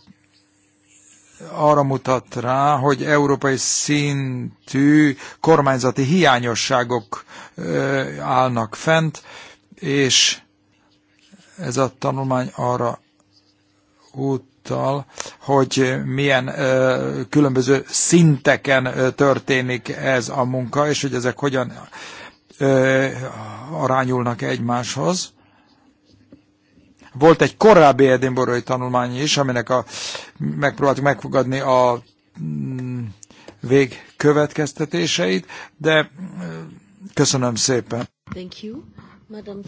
Speaker 2: arra mutat rá, hogy európai szintű kormányzati hiányosságok állnak fent, és ez a tanulmány arra utal, hogy milyen ö, különböző szinteken ö, történik ez a munka, és hogy ezek hogyan ö, arányulnak egymáshoz. Volt egy korábbi edinburghi tanulmány is, aminek a, megpróbáltuk megfogadni a mm, végkövetkeztetéseit, de mm, köszönöm szépen.
Speaker 3: Thank you. Madame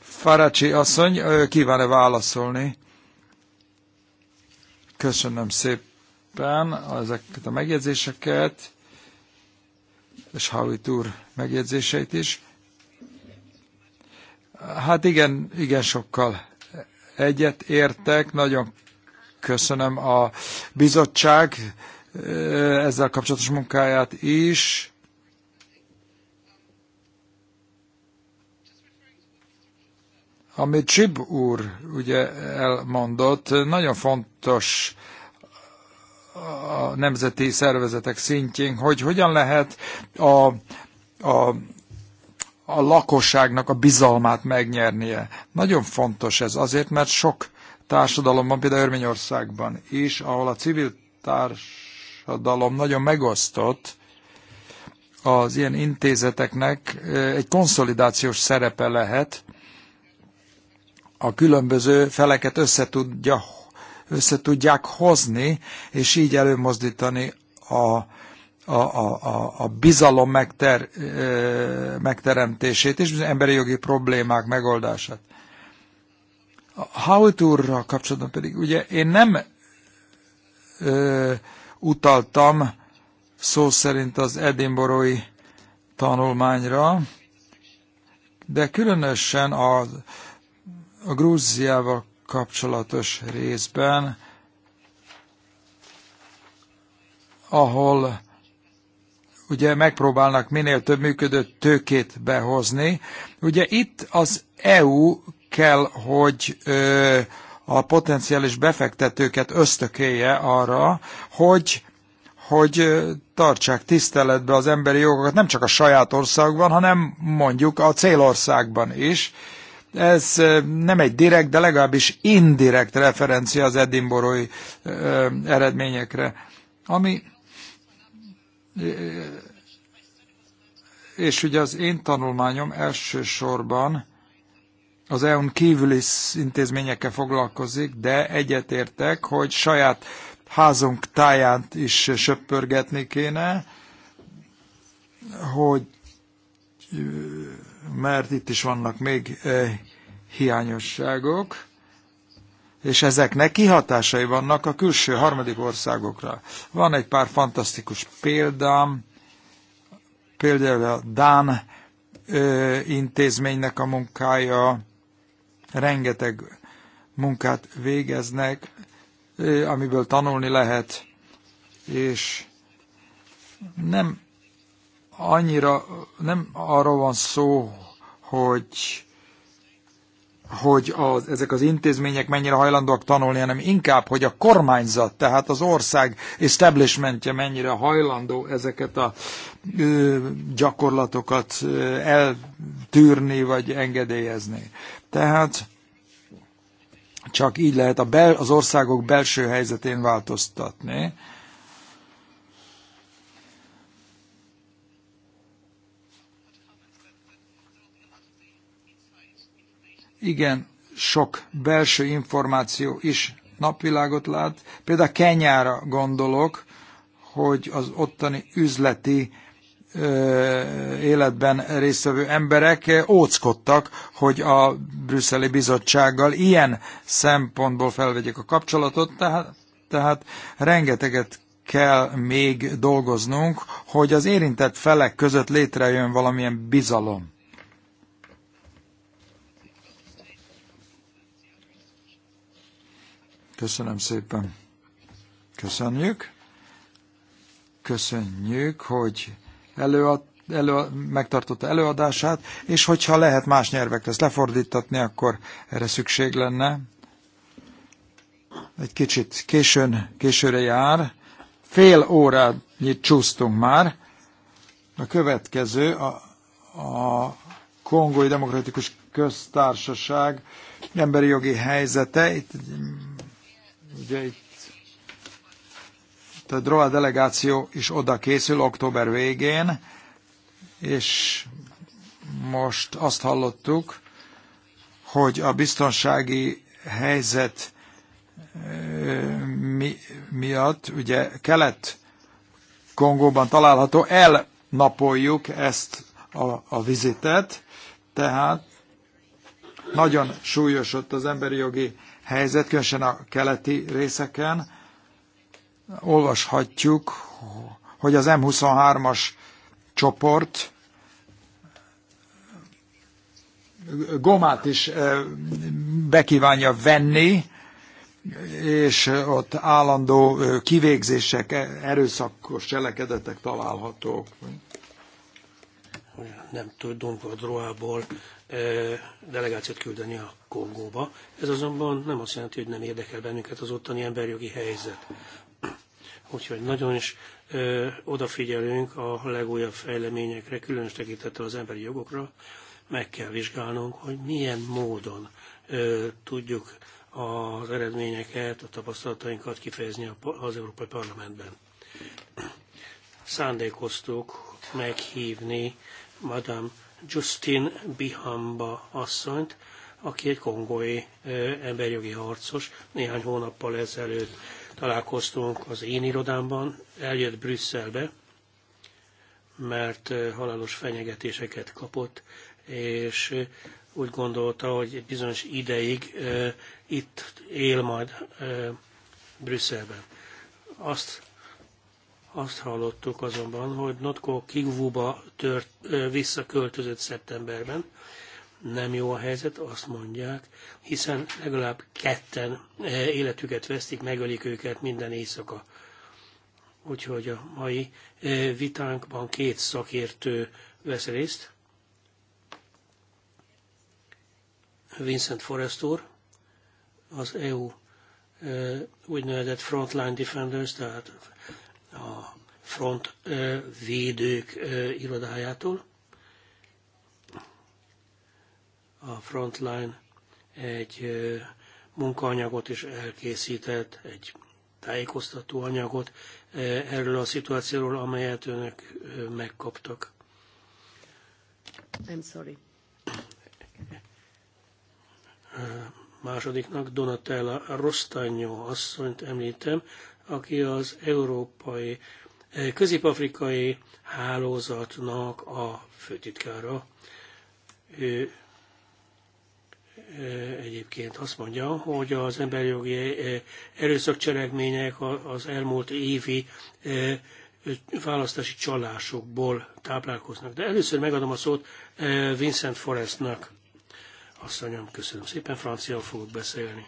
Speaker 2: Faracsi. asszony, kíván-e válaszolni? Köszönöm szépen ezeket a megjegyzéseket, és Howitt úr megjegyzéseit is. Hát igen, igen sokkal egyet értek. Nagyon köszönöm a bizottság eh, ezzel kapcsolatos munkáját is. Amit Csib úr ugye elmondott, nagyon fontos a nemzeti szervezetek szintjén, hogy hogyan lehet a, a a lakosságnak a bizalmát megnyernie. Nagyon fontos ez azért, mert sok társadalomban, például Örményországban is, ahol a civil társadalom nagyon megosztott, az ilyen intézeteknek egy konszolidációs szerepe lehet, a különböző feleket összetudja, összetudják hozni, és így előmozdítani a a, a, a, a bizalom megter, megteremtését és bizony emberi jogi problémák megoldását. A Hautúrral kapcsolatban pedig, ugye én nem ö, utaltam szó szerint az edinborói tanulmányra, de különösen a, a Grúziával kapcsolatos részben, ahol ugye megpróbálnak minél több működő tőkét behozni. Ugye itt az EU kell, hogy ö, a potenciális befektetőket ösztökéje arra, hogy hogy tartsák tiszteletbe az emberi jogokat nem csak a saját országban, hanem mondjuk a célországban is. Ez nem egy direkt, de legalábbis indirekt referencia az edinborói eredményekre, ami és ugye az én tanulmányom elsősorban az EU-n kívüli intézményekkel foglalkozik, de egyetértek, hogy saját házunk táját is söpörgetni kéne, hogy mert itt is vannak még eh, hiányosságok és ezeknek kihatásai vannak a külső harmadik országokra. Van egy pár fantasztikus példám, például a Dán ö, intézménynek a munkája, rengeteg munkát végeznek, ö, amiből tanulni lehet, és nem annyira, nem arról van szó, hogy hogy az, ezek az intézmények mennyire hajlandóak tanulni, hanem inkább, hogy a kormányzat, tehát az ország establishmentje mennyire hajlandó ezeket a ö, gyakorlatokat ö, eltűrni vagy engedélyezni. Tehát csak így lehet a bel, az országok belső helyzetén változtatni. Ö, igen sok belső információ is napvilágot lát. Például Kenyára gondolok, hogy az ottani üzleti életben résztvevő emberek óckodtak, hogy a brüsszeli bizottsággal ilyen szempontból felvegyék a kapcsolatot, tehát, tehát rengeteget kell még dolgoznunk, hogy az érintett felek között létrejön valamilyen bizalom. Köszönöm szépen. Köszönjük. Köszönjük, hogy előad, elő, megtartotta előadását, és hogyha lehet más nyelvekre ezt lefordítatni, akkor erre szükség lenne. Egy kicsit későn, későre jár. Fél órányit csúsztunk már. A következő a, a Kongói Demokratikus Köztársaság emberi jogi helyzete. Itt Ugye itt a DROA delegáció is oda készül október végén, és most azt hallottuk, hogy a biztonsági helyzet eh, mi, miatt, ugye Kelet-Kongóban található, elnapoljuk ezt a, a vizitet, tehát nagyon súlyos ott az emberi jogi helyzet, különösen a keleti részeken. Olvashatjuk, hogy az M23-as csoport gomát is bekívánja venni, és ott állandó kivégzések, e, erőszakos cselekedetek találhatók.
Speaker 1: Nem tudunk a droából delegációt küldeni a Kongóba. Ez azonban nem azt jelenti, hogy nem érdekel bennünket az ottani emberjogi helyzet. Úgyhogy nagyon is ö, odafigyelünk a legújabb fejleményekre, különös tekintettel az emberi jogokra. Meg kell vizsgálnunk, hogy milyen módon ö, tudjuk az eredményeket, a tapasztalatainkat kifejezni az Európai Parlamentben. Szándékoztuk meghívni Madame Justin Bihamba asszonyt, aki egy kongói emberjogi harcos. Néhány hónappal ezelőtt találkoztunk az én irodámban, eljött Brüsszelbe, mert halálos fenyegetéseket kapott, és úgy gondolta, hogy bizonyos ideig itt él majd Brüsszelben. Azt azt hallottuk azonban, hogy Notko Kigvuba tört, visszaköltözött szeptemberben. Nem jó a helyzet, azt mondják, hiszen legalább ketten életüket vesztik, megölik őket minden éjszaka. Úgyhogy a mai vitánkban két szakértő vesz részt. Vincent Forrest úr, az EU úgynevezett Frontline Defenders, tehát a front védők irodájától. A Frontline egy munkaanyagot is elkészített, egy tájékoztató anyagot erről a szituációról, amelyet önök megkaptak. I'm sorry. Másodiknak Donatella Rostanyó asszonyt említem, aki az európai eh, közép-afrikai hálózatnak a főtitkára. Ő eh, egyébként azt mondja, hogy az emberjogi eh, erőszakcselekmények az elmúlt évi választási csalásokból táplálkoznak. De először megadom a szót Vincent Forrestnak. Asszonyom, köszönöm szépen, francia fogok beszélni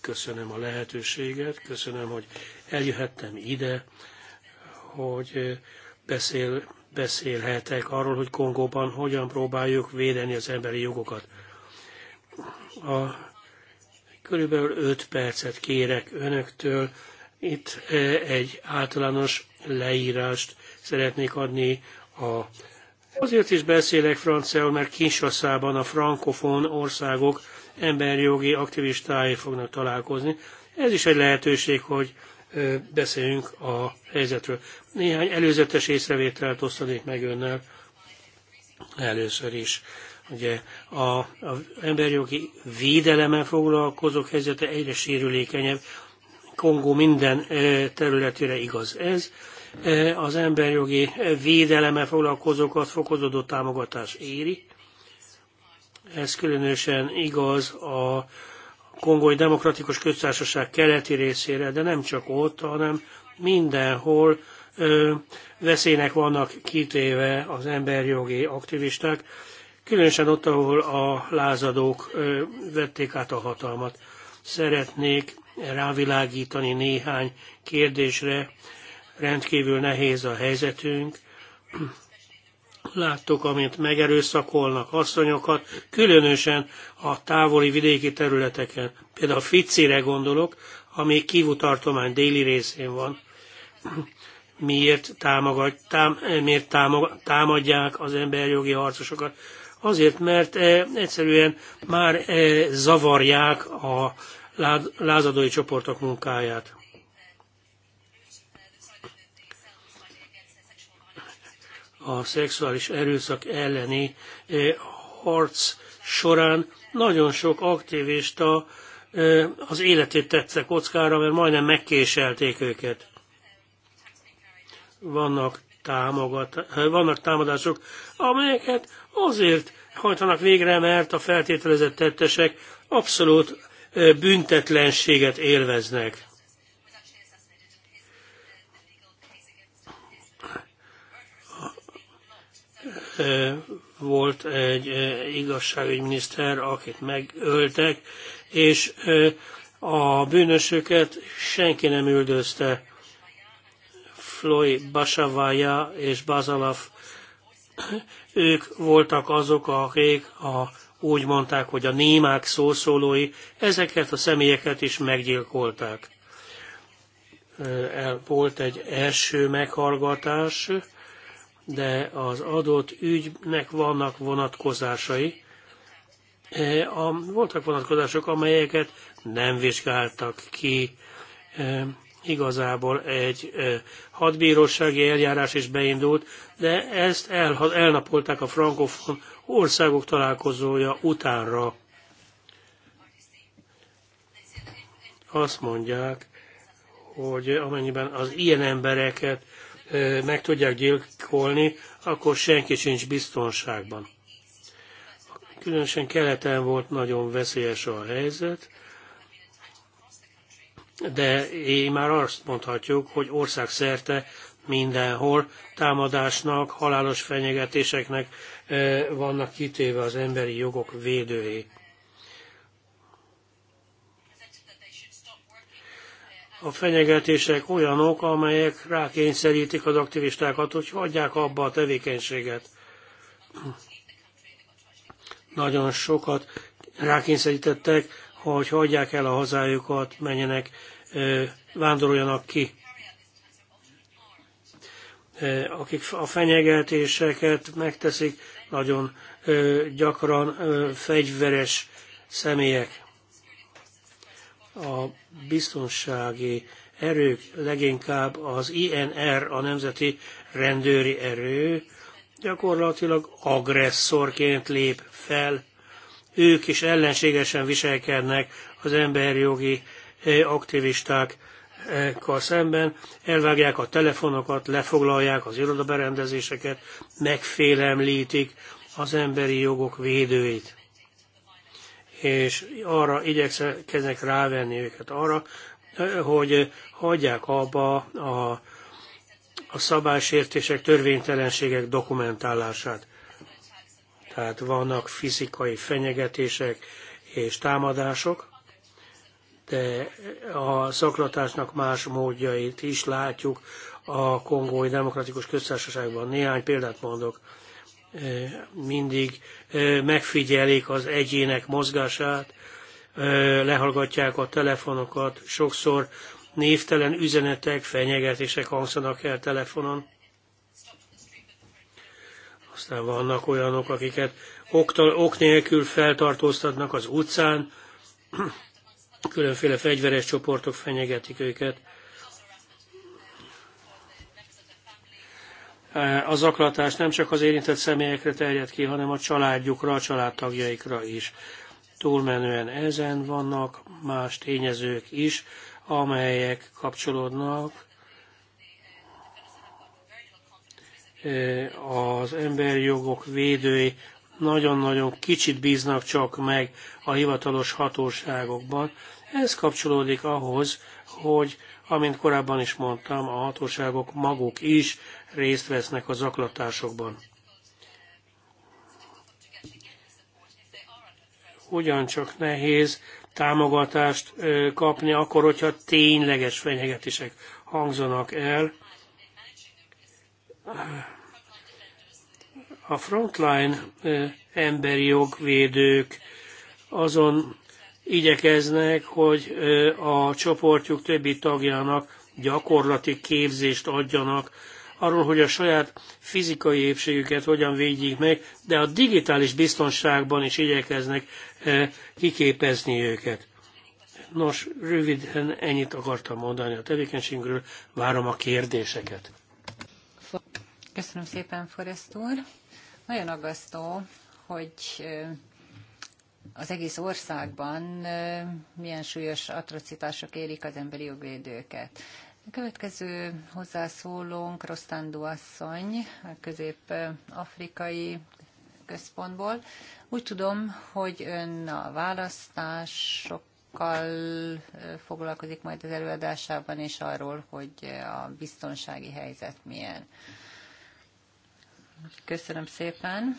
Speaker 1: köszönöm a lehetőséget, köszönöm, hogy eljöhettem ide, hogy eh, beszél, beszélhetek arról, hogy Kongóban hogyan próbáljuk védeni az emberi jogokat. A körülbelül 5 percet kérek önöktől. Itt eh, egy általános leírást szeretnék adni a Azért is beszélek franciául, mert Kinshasa-ban a frankofon országok emberjogi aktivistái fognak találkozni. Ez is egy lehetőség, hogy beszéljünk a helyzetről. Néhány előzetes észrevételt osztanék meg önnel. Először is ugye a, a emberjogi védelemmel foglalkozók helyzete egyre sérülékenyebb. Kongó minden területére igaz ez. Az emberjogi védelemmel foglalkozókat fokozódó támogatás éri. Ez különösen igaz a Kongói Demokratikus Köztársaság keleti részére, de nem csak ott, hanem mindenhol ö, veszélynek vannak kitéve az emberjogi aktivisták, különösen ott, ahol a lázadók ö, vették át a hatalmat. Szeretnék rávilágítani néhány kérdésre, rendkívül nehéz a helyzetünk, Láttuk, amint megerőszakolnak asszonyokat, különösen a távoli vidéki területeken. Például a Ficire gondolok, ami Kivu tartomány déli részén van. Miért, támogat, tám, miért támog, támadják az emberjogi harcosokat? Azért, mert e, egyszerűen már e, zavarják a lázadói csoportok munkáját. a szexuális erőszak elleni eh, harc során nagyon sok aktivista eh, az életét tette kockára, mert majdnem megkéselték őket. Vannak, támogat, eh, vannak támadások, amelyeket azért hajtanak végre, mert a feltételezett tettesek abszolút büntetlenséget élveznek. volt egy igazságügyminiszter, akit megöltek, és a bűnösöket senki nem üldözte. Floy Basavaya és Bazalaf, ők voltak azok, akik a, úgy mondták, hogy a némák szószólói, ezeket a személyeket is meggyilkolták. Volt egy első meghallgatás, de az adott ügynek vannak vonatkozásai. E, voltak vonatkozások, amelyeket nem vizsgáltak ki. E, igazából egy e, hadbírósági eljárás is beindult, de ezt el, elnapolták a frankofon országok találkozója utánra. Azt mondják, hogy amennyiben az ilyen embereket meg tudják gyilkolni, akkor senki sincs biztonságban. Különösen keleten volt nagyon veszélyes a helyzet, de én már azt mondhatjuk, hogy országszerte mindenhol támadásnak, halálos fenyegetéseknek vannak kitéve az emberi jogok védői. a fenyegetések olyanok, amelyek rákényszerítik az aktivistákat, hogy hagyják abba a tevékenységet. Nagyon sokat rákényszerítettek, hogy hagyják el a hazájukat, menjenek, vándoroljanak ki. Akik a fenyegetéseket megteszik, nagyon gyakran fegyveres személyek a biztonsági erők leginkább az INR, a Nemzeti Rendőri Erő, gyakorlatilag agresszorként lép fel. Ők is ellenségesen viselkednek az emberjogi aktivistákkal szemben, elvágják a telefonokat, lefoglalják az irodaberendezéseket, megfélemlítik az emberi jogok védőit és arra igyekezek rávenni őket arra, hogy hagyják abba a, a szabálysértések, törvénytelenségek dokumentálását. Tehát vannak fizikai fenyegetések és támadások, de a szaklatásnak más módjait is látjuk a Kongói Demokratikus Köztársaságban. Néhány példát mondok. Eh, mindig eh, megfigyelik az egyének mozgását, eh, lehallgatják a telefonokat, sokszor névtelen üzenetek, fenyegetések hangzanak el telefonon. Aztán vannak olyanok, akiket oktal, ok nélkül feltartóztatnak az utcán, különféle fegyveres csoportok fenyegetik őket. E, a zaklatás nem csak az érintett személyekre terjed ki, hanem a családjukra, a családtagjaikra is. Túlmenően ezen vannak más tényezők is, amelyek kapcsolódnak e, az emberi jogok védői nagyon-nagyon kicsit bíznak csak meg a hivatalos hatóságokban. Ez kapcsolódik ahhoz, hogy, amint korábban is mondtam, a hatóságok maguk is részt vesznek a zaklatásokban. Ugyancsak nehéz támogatást kapni akkor, hogyha tényleges fenyegetések hangzanak el. A frontline emberi jogvédők azon igyekeznek, hogy a csoportjuk többi tagjának gyakorlati képzést adjanak arról, hogy a saját fizikai épségüket hogyan védjék meg, de a digitális biztonságban is igyekeznek eh, kiképezni őket. Nos, röviden ennyit akartam mondani a tevékenységről, várom a kérdéseket.
Speaker 3: Köszönöm szépen, Forrest úr. Nagyon aggasztó, hogy eh, az egész országban eh, milyen súlyos atrocitások érik az emberi jogvédőket. A következő hozzászólónk Rostandó asszony, a közép-afrikai központból. Úgy tudom, hogy ön a választásokkal foglalkozik majd az előadásában, és arról, hogy a biztonsági helyzet milyen. Köszönöm szépen.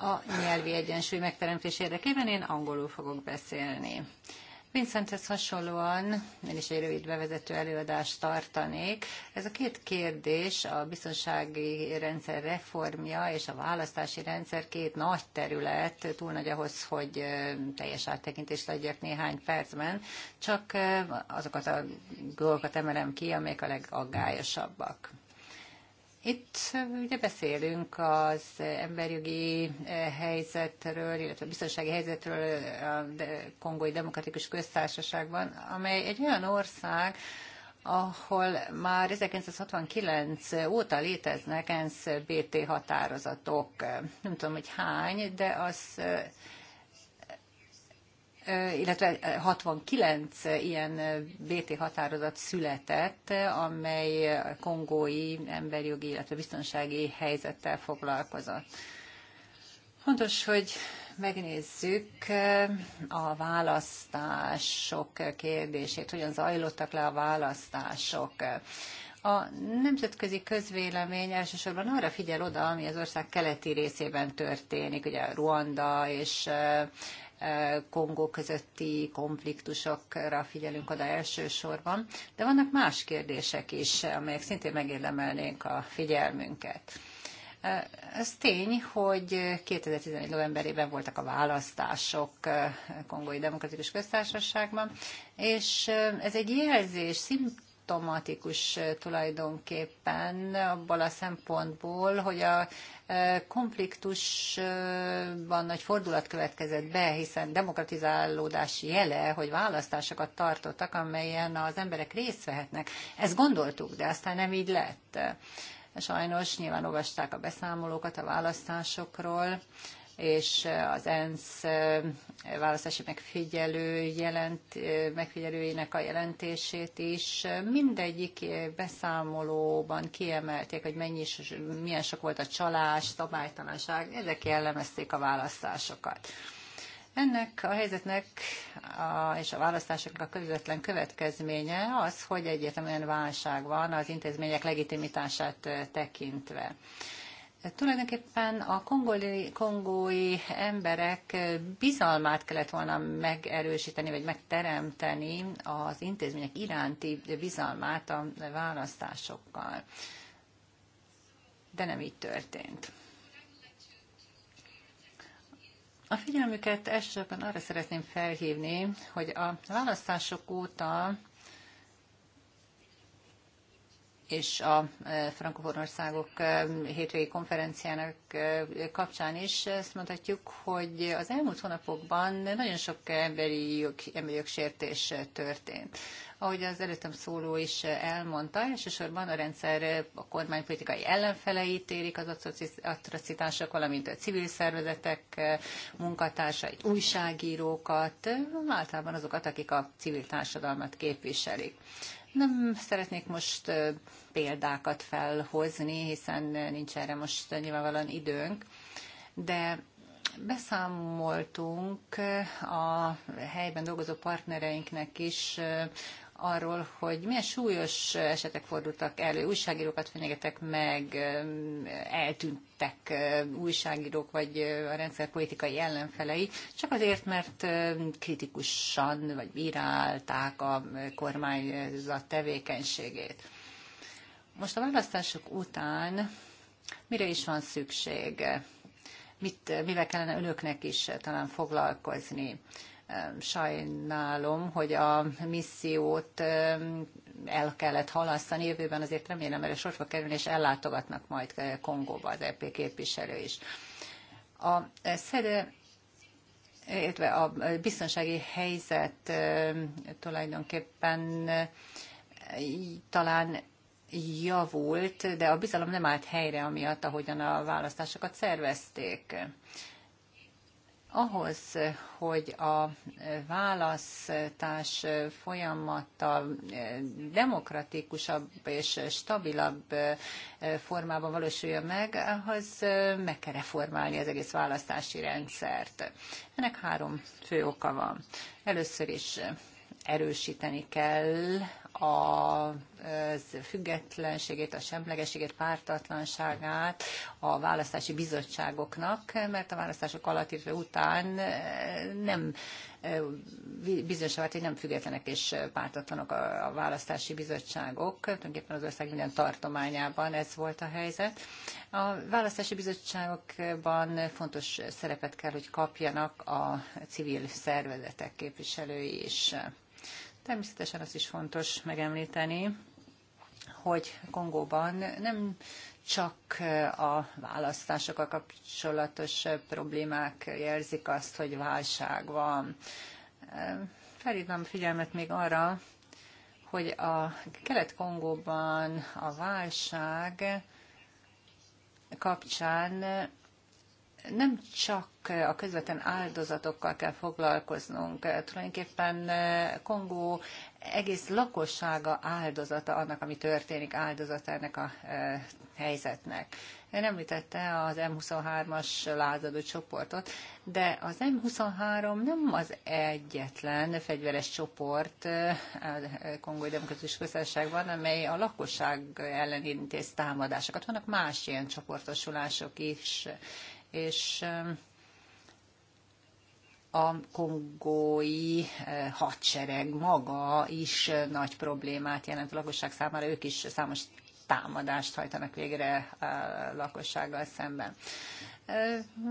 Speaker 3: A nyelvi egyensúly megteremtés érdekében én angolul fogok beszélni. Vincenthez hasonlóan én is egy rövid bevezető előadást tartanék. Ez a két kérdés, a biztonsági rendszer reformja és a választási rendszer két nagy terület, túl nagy ahhoz, hogy teljes áttekintést adjak néhány percben, csak azokat a dolgokat emelem ki, amelyek a legaggályosabbak. Itt ugye beszélünk az emberjogi helyzetről, illetve a biztonsági helyzetről a Kongói Demokratikus Köztársaságban, amely egy olyan ország, ahol már 1969 óta léteznek ENSZ BT határozatok. Nem tudom, hogy hány, de az Eh, illetve 69 eh, eh, ilyen BT határozat született, amely kongói emberjogi, illetve biztonsági helyzettel foglalkozott. Fontos, hogy megnézzük a választások kérdését, hogyan zajlottak le a választások. A nemzetközi közvélemény elsősorban arra figyel oda, ami az ország keleti részében történik, ugye Ruanda és Kongó közötti konfliktusokra figyelünk oda elsősorban, de vannak más kérdések is, amelyek szintén megérdemelnénk a figyelmünket. Ez tény, hogy 2011. novemberében voltak a választások Kongói Demokratikus Köztársaságban, és ez egy jelzés, automatikus tulajdonképpen abból a szempontból, hogy a konfliktusban nagy fordulat következett be, hiszen demokratizálódási jele, hogy választásokat tartottak, amelyen az emberek részt vehetnek. Ezt gondoltuk, de aztán nem így lett. Sajnos nyilván olvasták a beszámolókat a választásokról, és az ENSZ választási megfigyelő jelent, megfigyelőinek a jelentését is. Mindegyik beszámolóban kiemelték, hogy mennyi, milyen sok volt a csalás, szabálytalanság, ezek jellemezték a választásokat. Ennek a helyzetnek a, és a választásoknak a közvetlen következménye az, hogy egyértelműen válság van az intézmények legitimitását tekintve. Tulajdonképpen a kongoli, kongói emberek bizalmát kellett volna megerősíteni, vagy megteremteni az intézmények iránti bizalmát a választásokkal. De nem így történt. A figyelmüket elsősorban arra szeretném felhívni, hogy a választások óta és a e, frankofon országok e, hétvégi konferenciának e, kapcsán is ezt mondhatjuk, hogy az elmúlt hónapokban nagyon sok emberi, jog, emberi jogsértés történt. Ahogy az előttem szóló is elmondta, elsősorban a rendszer a kormánypolitikai ellenfeleit érik az atrocitások, valamint a civil szervezetek munkatársait, újságírókat, általában azokat, akik a civil társadalmat képviselik. Nem szeretnék most példákat felhozni, hiszen nincs erre most nyilvánvalóan időnk, de beszámoltunk a helyben dolgozó partnereinknek is arról, hogy milyen súlyos esetek fordultak elő, újságírókat fenyegetek meg, eltűntek újságírók vagy a rendszer politikai ellenfelei, csak azért, mert kritikusan vagy bírálták a kormányzat tevékenységét. Most a választások után mire is van szükség? Mit, mivel kellene önöknek is talán foglalkozni? sajnálom, hogy a missziót el kellett halasztani. Jövőben azért remélem, erre sorba kerülni, és ellátogatnak majd eh, Kongóba az EP képviselő is. A eh, szede illetve a eh, biztonsági helyzet tulajdonképpen talán javult, de a bizalom nem állt helyre, amiatt, ahogyan a választásokat szervezték ahhoz, hogy a választás folyamata demokratikusabb és stabilabb formában valósuljon meg, ahhoz meg kell reformálni az egész választási rendszert. Ennek három fő oka van. Először is erősíteni kell a függetlenségét, a semlegességét, pártatlanságát a választási bizottságoknak, mert a választások alatt, illetve után eh, nem eh, bizonyosan vált, hogy nem függetlenek és pártatlanok a választási bizottságok. Tulajdonképpen az ország minden tartományában ez volt a helyzet. A választási bizottságokban fontos szerepet kell, hogy kapjanak a civil szervezetek képviselői is. Természetesen az is fontos megemlíteni, hogy Kongóban nem csak a választásokkal kapcsolatos problémák jelzik azt, hogy válság van. Felhívnám figyelmet még arra, hogy a Kelet-Kongóban a válság kapcsán nem csak a közvetlen áldozatokkal kell foglalkoznunk, tulajdonképpen eh, Kongó egész lakossága áldozata annak, ami történik, áldozata ennek a eh, helyzetnek. Én említette az M23-as lázadó csoportot, de az M23 nem az egyetlen fegyveres csoport eh, a Kongói Demokratikus Köztársaságban, amely a lakosság ellen intéz támadásokat. Vannak más ilyen csoportosulások is, és a kongói eh, hadsereg maga is eh, nagy problémát jelent a lakosság számára, ők is számos támadást hajtanak végre eh, a lakossággal szemben.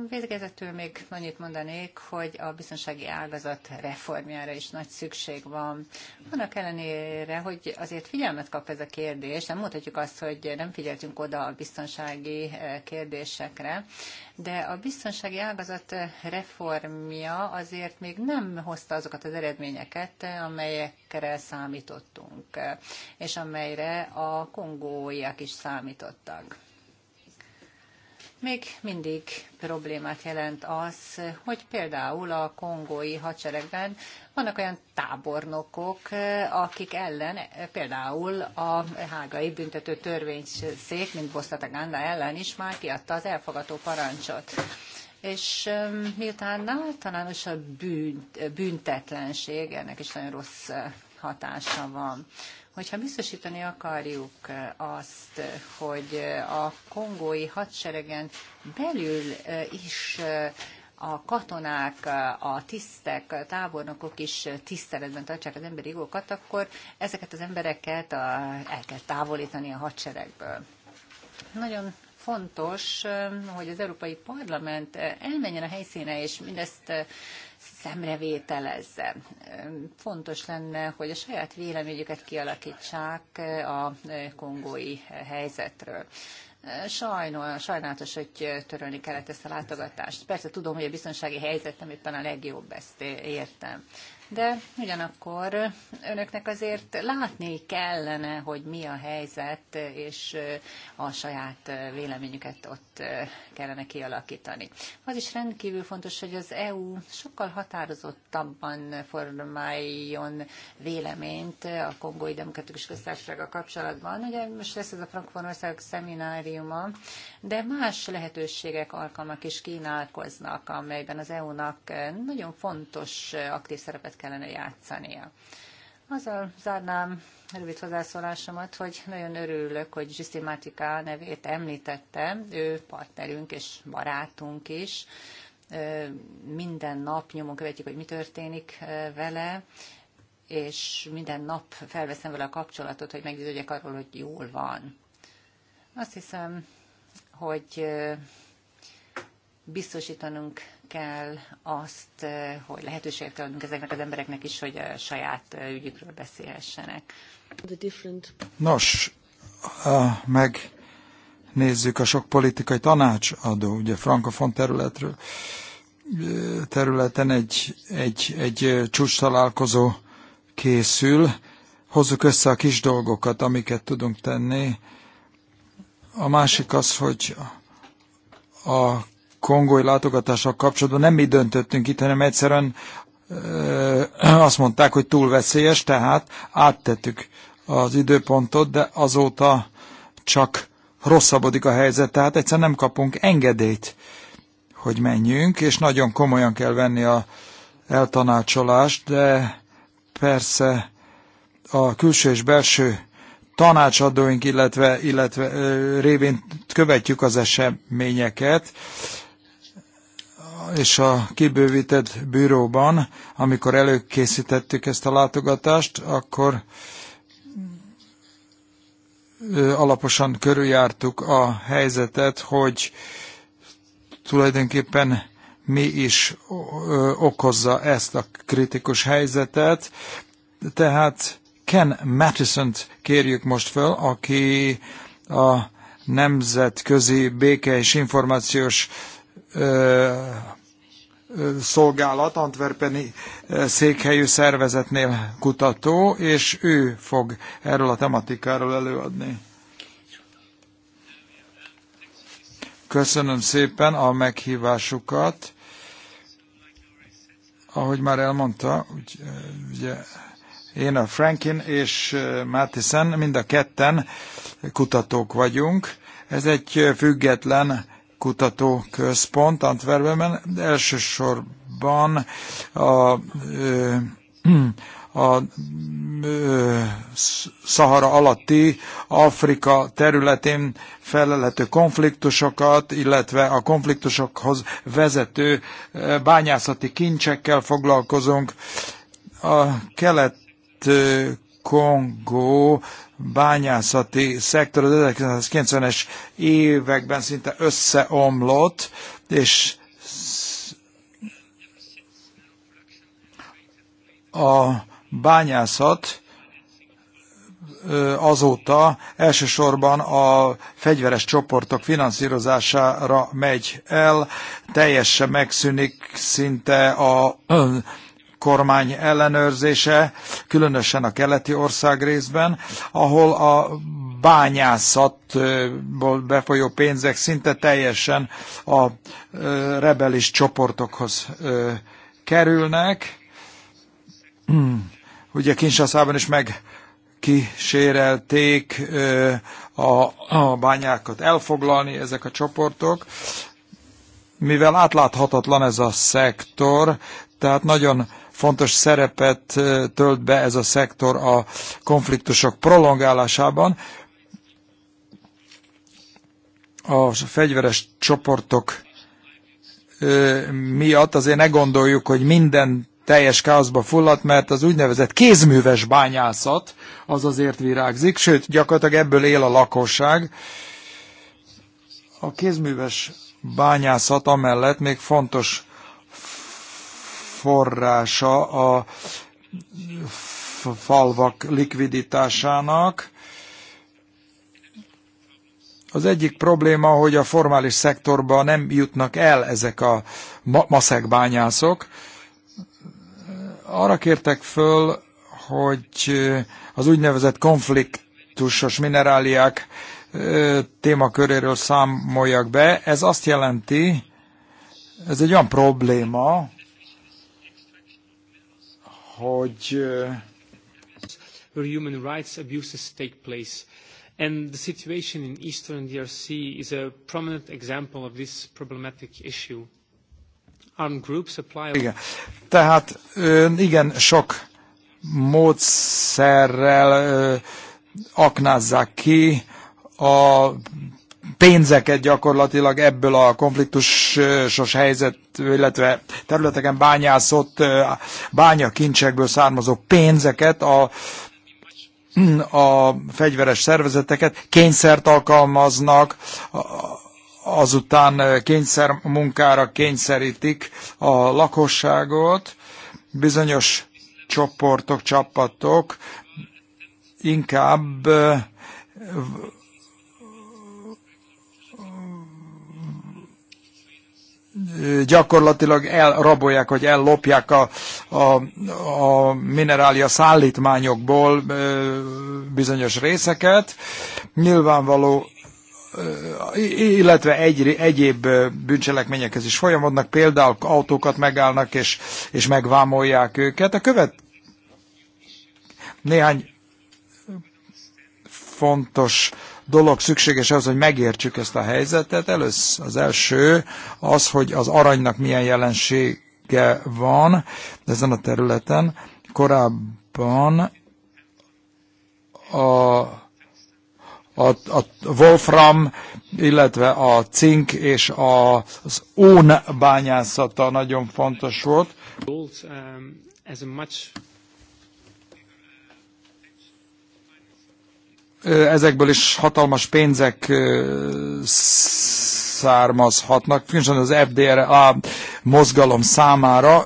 Speaker 3: Végezetül még annyit mondanék, hogy a biztonsági ágazat reformjára is nagy szükség van. Annak ellenére, hogy azért figyelmet kap ez a kérdés, nem mondhatjuk azt, hogy nem figyeltünk oda a biztonsági kérdésekre, de a biztonsági ágazat reformja azért még nem hozta azokat az eredményeket, amelyekre számítottunk, és amelyre a kongóiak is számítottak. Még mindig problémát jelent az, hogy például a kongói hadseregben vannak olyan tábornokok, akik ellen például a hágai büntető törvényszék, mint Ganda ellen is már kiadta az elfogató parancsot és miután általános a bűnt, büntetlenség, ennek is nagyon rossz hatása van hogyha biztosítani akarjuk azt, hogy a kongói hadseregen belül is a katonák, a tisztek, tábornokok is tiszteletben tartsák az emberi jogokat, akkor ezeket az embereket el kell távolítani a hadseregből. Nagyon fontos, hogy az Európai Parlament elmenjen a helyszíne, és mindezt szemrevételezze. Fontos lenne, hogy a saját véleményüket kialakítsák a kongói helyzetről. Sajnos, sajnálatos, hogy törölni kellett ezt a látogatást. Persze tudom, hogy a biztonsági helyzet nem éppen a legjobb, ezt értem de ugyanakkor önöknek azért látni kellene, hogy mi a helyzet, és a saját véleményüket ott kellene kialakítani. Az is rendkívül fontos, hogy az EU sokkal határozottabban formáljon véleményt a Kongói Demokratikus Köztársasággal kapcsolatban. Ugye most lesz ez a Frankfonország szemináriuma, de más lehetőségek, alkalmak is kínálkoznak, amelyben az EU-nak nagyon fontos aktív szerepet kellene játszania. Azzal zárnám rövid hozzászólásomat, hogy nagyon örülök, hogy Mátika nevét említettem, ő partnerünk és barátunk is. Minden nap nyomon követjük, hogy mi történik vele, és minden nap felveszem vele a kapcsolatot, hogy meggyőződjek arról, hogy jól van. Azt hiszem, hogy biztosítanunk kell azt, eh, hogy lehetőséget adunk ezeknek az embereknek is, hogy a eh, saját eh, ügyükről beszélhessenek.
Speaker 2: Nos, meg nézzük a sok politikai tanácsadó, ugye frankofon területről, területen egy, egy, egy csúcs találkozó készül, hozzuk össze a kis dolgokat, amiket tudunk tenni. A másik az, hogy a kongói látogatással kapcsolatban nem mi döntöttünk itt, hanem egyszerűen azt mondták, hogy túl veszélyes, tehát áttettük az időpontot, de azóta csak rosszabbodik a helyzet, tehát egyszer nem kapunk engedélyt, hogy menjünk, és nagyon komolyan kell venni a eltanácsolást, de persze a külső és belső tanácsadóink, illetve, illetve révén követjük az eseményeket, és a kibővített bűróban, amikor előkészítettük ezt a látogatást, akkor alaposan körüljártuk a helyzetet, hogy tulajdonképpen mi is okozza ezt a kritikus helyzetet. Tehát Ken mattison kérjük most föl, aki a Nemzetközi Béke és Információs szolgálat, Antwerpeni székhelyű szervezetnél kutató, és ő fog erről a tematikáról előadni. Köszönöm szépen a meghívásukat. Ahogy már elmondta, ugye, én a Frankin és Mattison, mind a ketten kutatók vagyunk. Ez egy független kutatóközpont Antwerpenben, elsősorban a, a Szahara alatti Afrika területén felelhető konfliktusokat, illetve a konfliktusokhoz vezető bányászati kincsekkel foglalkozunk. A kelet Kongó bányászati szektor az 1990-es években szinte összeomlott, és a bányászat azóta elsősorban a fegyveres csoportok finanszírozására megy el, teljesen megszűnik szinte a kormány ellenőrzése, különösen a keleti ország részben, ahol a bányászatból befolyó pénzek szinte teljesen a rebelis csoportokhoz kerülnek. Ugye Kinsaszában is meg kísérelték a, a bányákat elfoglalni ezek a csoportok. Mivel átláthatatlan ez a szektor, tehát nagyon fontos szerepet tölt be ez a szektor a konfliktusok prolongálásában. A fegyveres csoportok miatt azért ne gondoljuk, hogy minden teljes káoszba fulladt, mert az úgynevezett kézműves bányászat az azért virágzik, sőt, gyakorlatilag ebből él a lakosság. A kézműves bányászat amellett még fontos forrása a falvak likviditásának. Az egyik probléma, hogy a formális szektorba nem jutnak el ezek a maszekbányászok. Arra kértek föl, hogy eh, az úgynevezett konfliktusos mineráliák eh, témaköréről számoljak be. Ez azt jelenti, ez egy olyan probléma, hogy
Speaker 1: human rights abuses take place. And the situation in eastern DRC is a prominent example of this problematic issue. Armed groups apply... Igen.
Speaker 2: Tehát igen, sok módszerrel aknázzák ki a pénzeket gyakorlatilag ebből a konfliktusos helyzet, illetve területeken bányászott bányakincsekből származó pénzeket a, a fegyveres szervezeteket, kényszert alkalmaznak, azután kényszer munkára kényszerítik a lakosságot, bizonyos csoportok, csapatok inkább gyakorlatilag elrabolják, vagy ellopják a, a, a minerália szállítmányokból bizonyos részeket. Nyilvánvaló illetve egy, egyéb bűncselekményekhez is folyamodnak, például autókat megállnak és, és megvámolják őket. A követ néhány fontos dolog szükséges az, hogy megértsük ezt a helyzetet. Először az első az, hogy az aranynak milyen jelensége van ezen a területen. Korábban a a, a Wolfram, illetve a cink és a, az ón bányászata nagyon fontos volt.
Speaker 1: Um,
Speaker 2: ezekből is hatalmas pénzek származhatnak, különösen az FDRA mozgalom számára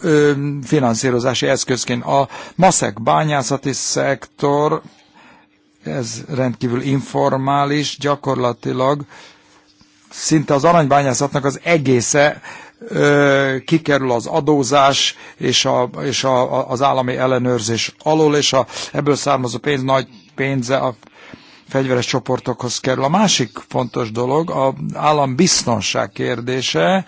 Speaker 2: finanszírozási eszközként. A maszek bányászati szektor, ez rendkívül informális, gyakorlatilag szinte az aranybányászatnak az egésze ö, kikerül az adózás és, a, és a, az állami ellenőrzés alól, és a, ebből származó pénz nagy pénze a fegyveres csoportokhoz kerül. A másik fontos dolog a állambiztonság kérdése.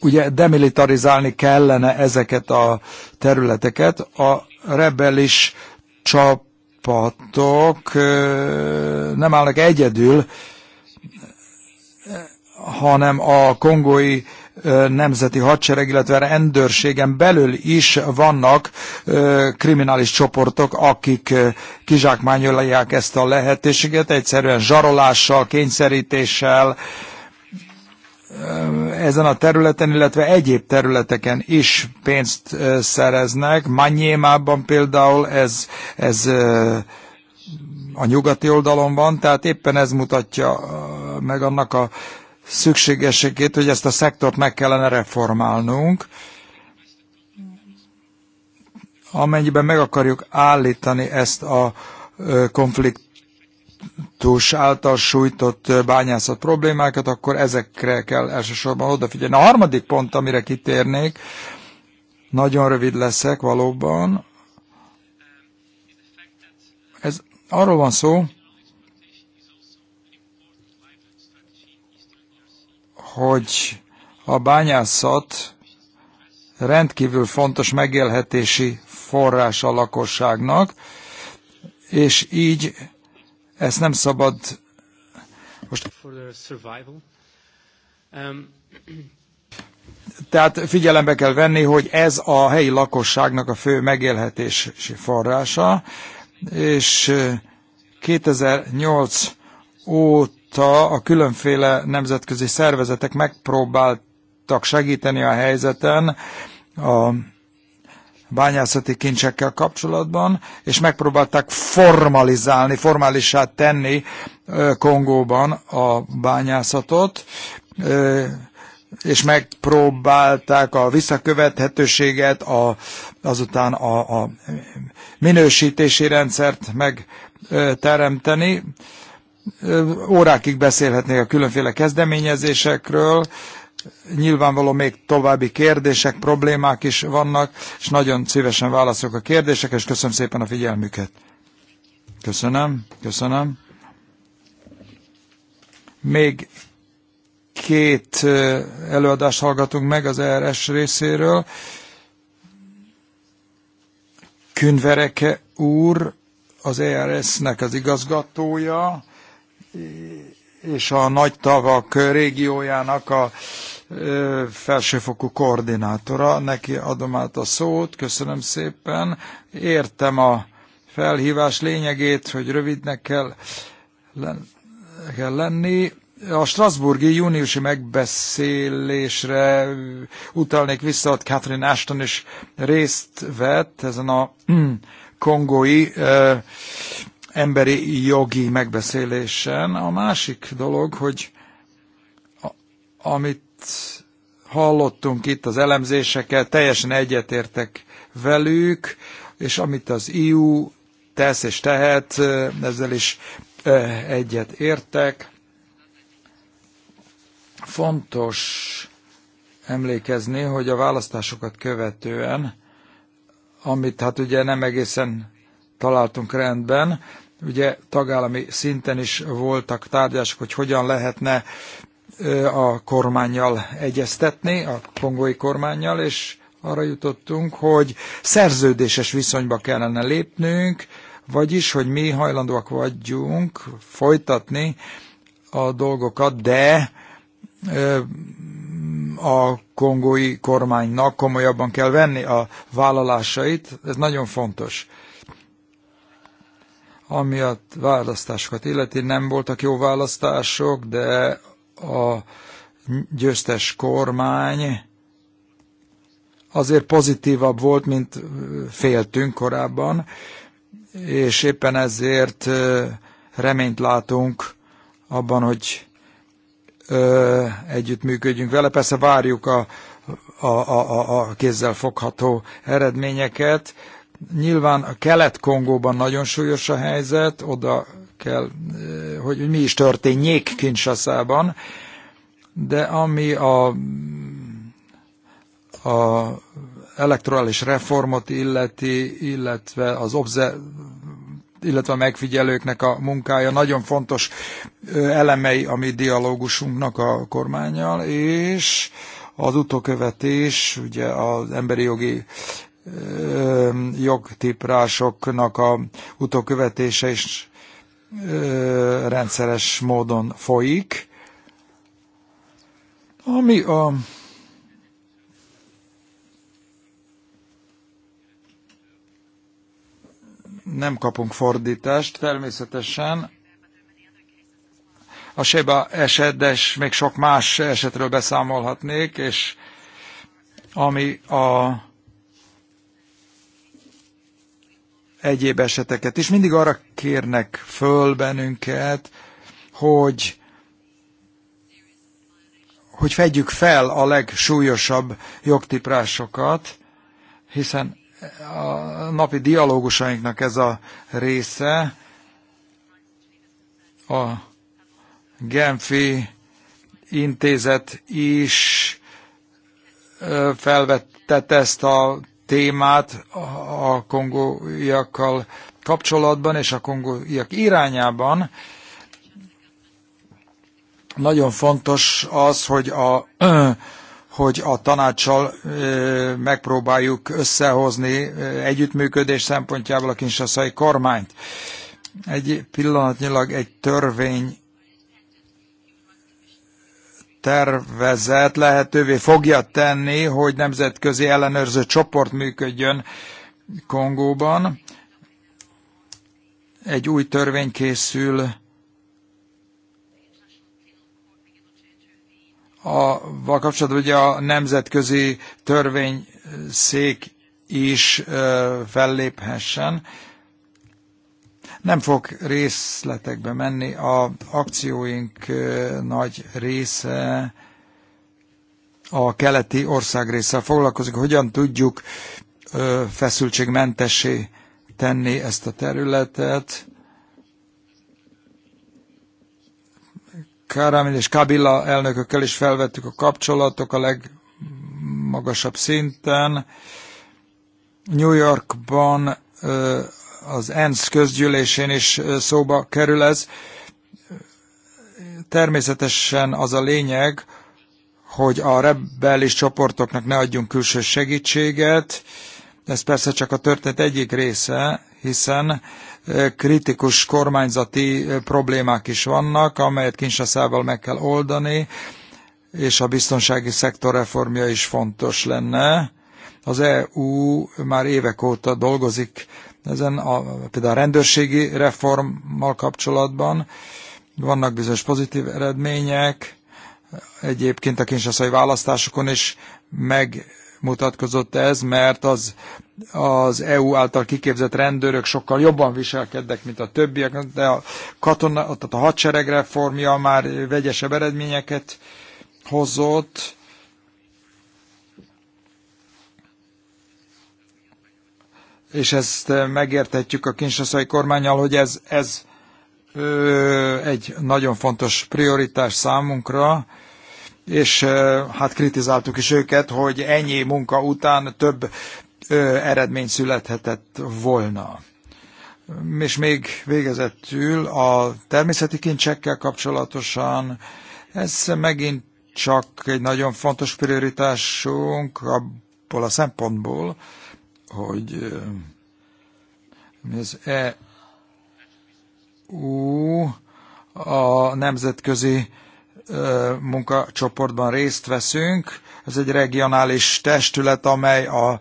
Speaker 2: Ugye demilitarizálni kellene ezeket a területeket. A rebelis csapatok nem állnak egyedül, hanem a kongói nemzeti hadsereg, illetve rendőrségen belül is vannak kriminális csoportok, akik kizsákmányolják ezt a lehetőséget, egyszerűen zsarolással, kényszerítéssel, ezen a területen, illetve egyéb területeken is pénzt szereznek. Manyémában például ez, ez a nyugati oldalon van, tehát éppen ez mutatja meg annak a szükségességét, hogy ezt a szektort meg kellene reformálnunk, amennyiben meg akarjuk állítani ezt a konfliktus által sújtott bányászat problémákat, akkor ezekre kell elsősorban odafigyelni. A harmadik pont, amire kitérnék, nagyon rövid leszek valóban, ez arról van szó, hogy a bányászat rendkívül fontos megélhetési forrás a lakosságnak, és így ezt nem szabad most um, tehát figyelembe kell venni, hogy ez a helyi lakosságnak a fő megélhetési forrása, és 2008 eh, óta óta a különféle nemzetközi szervezetek megpróbáltak segíteni a helyzeten a bányászati kincsekkel kapcsolatban, és megpróbálták formalizálni, formálisá tenni Kongóban a bányászatot, és megpróbálták a visszakövethetőséget, a, azután a, a minősítési rendszert megteremteni órákig beszélhetnék a különféle kezdeményezésekről, nyilvánvaló még további kérdések, problémák is vannak, és nagyon szívesen válaszolok a kérdésekre, és köszönöm szépen a figyelmüket. Köszönöm, köszönöm. Még két előadást hallgatunk meg az ERS részéről. Künvereke úr, az ERS-nek az igazgatója, és a nagy tavak régiójának a felsőfokú koordinátora. Neki adom át a szót, köszönöm szépen. Értem a felhívás lényegét, hogy rövidnek kell, len, kell lenni. A Strasburgi júniusi megbeszélésre utalnék vissza, hogy Catherine Ashton is részt vett ezen a kongói emberi jogi megbeszélésen. A másik dolog, hogy a, amit hallottunk itt az elemzésekkel, teljesen egyetértek velük, és amit az EU tesz és tehet, ezzel is egyet értek. Fontos emlékezni, hogy a választásokat követően, amit hát ugye nem egészen találtunk rendben, Ugye tagállami szinten is voltak tárgyalások, hogy hogyan lehetne a kormányjal egyeztetni, a kongói kormányjal, és arra jutottunk, hogy szerződéses viszonyba kellene lépnünk, vagyis, hogy mi hajlandóak vagyunk folytatni a dolgokat, de a kongói kormánynak komolyabban kell venni a vállalásait, ez nagyon fontos. Ami a választásokat illeti, nem voltak jó választások, de a győztes kormány azért pozitívabb volt, mint féltünk korábban, és éppen ezért reményt látunk abban, hogy együtt együttműködjünk vele. Persze várjuk a, a, a, a kézzel fogható eredményeket, Nyilván a Kelet-Kongóban nagyon súlyos a helyzet, oda kell, eh, hogy mi is történjék Kinsaszában, de ami a, a elektorális reformot illeti, illetve az obze, illetve a megfigyelőknek a munkája nagyon fontos eh, elemei a mi dialógusunknak a kormányjal, és az utókövetés, ugye az emberi jogi jogtiprásoknak a utókövetése is rendszeres módon folyik. Ami a nem kapunk fordítást, természetesen. A Seba eset, de még sok más esetről beszámolhatnék, és ami a egyéb eseteket is. Mindig arra kérnek föl bennünket, hogy hogy fedjük fel a legsúlyosabb jogtiprásokat, hiszen a napi dialógusainknak ez a része a Genfi intézet is felvettett ezt a témát a kongóiakkal kapcsolatban és a kongóiak irányában. Nagyon fontos az, hogy a, hogy a tanácssal megpróbáljuk összehozni együttműködés szempontjából a kinsaszai kormányt. Egy pillanatnyilag egy törvény tervezet lehetővé fogja tenni, hogy nemzetközi ellenőrző csoport működjön Kongóban. Egy új törvény készül a kapcsolatban, hogy a nemzetközi törvényszék is felléphessen. Uh, nem fog részletekbe menni, a akcióink nagy része a keleti része. foglalkozik, hogyan tudjuk feszültségmentessé tenni ezt a területet. Kárám és Kabila elnökökkel is felvettük a kapcsolatok a legmagasabb szinten. New Yorkban az ENSZ közgyűlésén is szóba kerül ez. Természetesen az a lényeg, hogy a rebellis csoportoknak ne adjunk külső segítséget. Ez persze csak a történet egyik része, hiszen kritikus kormányzati problémák is vannak, amelyet Kinsaszával meg kell oldani, és a biztonsági szektor reformja is fontos lenne. Az EU már évek óta dolgozik ezen a, például a rendőrségi reformmal kapcsolatban. Vannak bizonyos pozitív eredmények, egyébként a kincsaszai választásokon is megmutatkozott ez, mert az, az EU által kiképzett rendőrök sokkal jobban viselkednek, mint a többiek, de a, katona, tehát a hadsereg reformja már vegyesebb eredményeket hozott, és ezt megértetjük a kinsaszai kormányal, hogy ez, ez ö, egy nagyon fontos prioritás számunkra, és ö, hát kritizáltuk is őket, hogy ennyi munka után több ö, eredmény születhetett volna. És még végezetül a természeti kincsekkel kapcsolatosan, ez megint csak egy nagyon fontos prioritásunk abból a szempontból, hogy mi az EU a nemzetközi munkacsoportban részt veszünk. Ez egy regionális testület, amely a,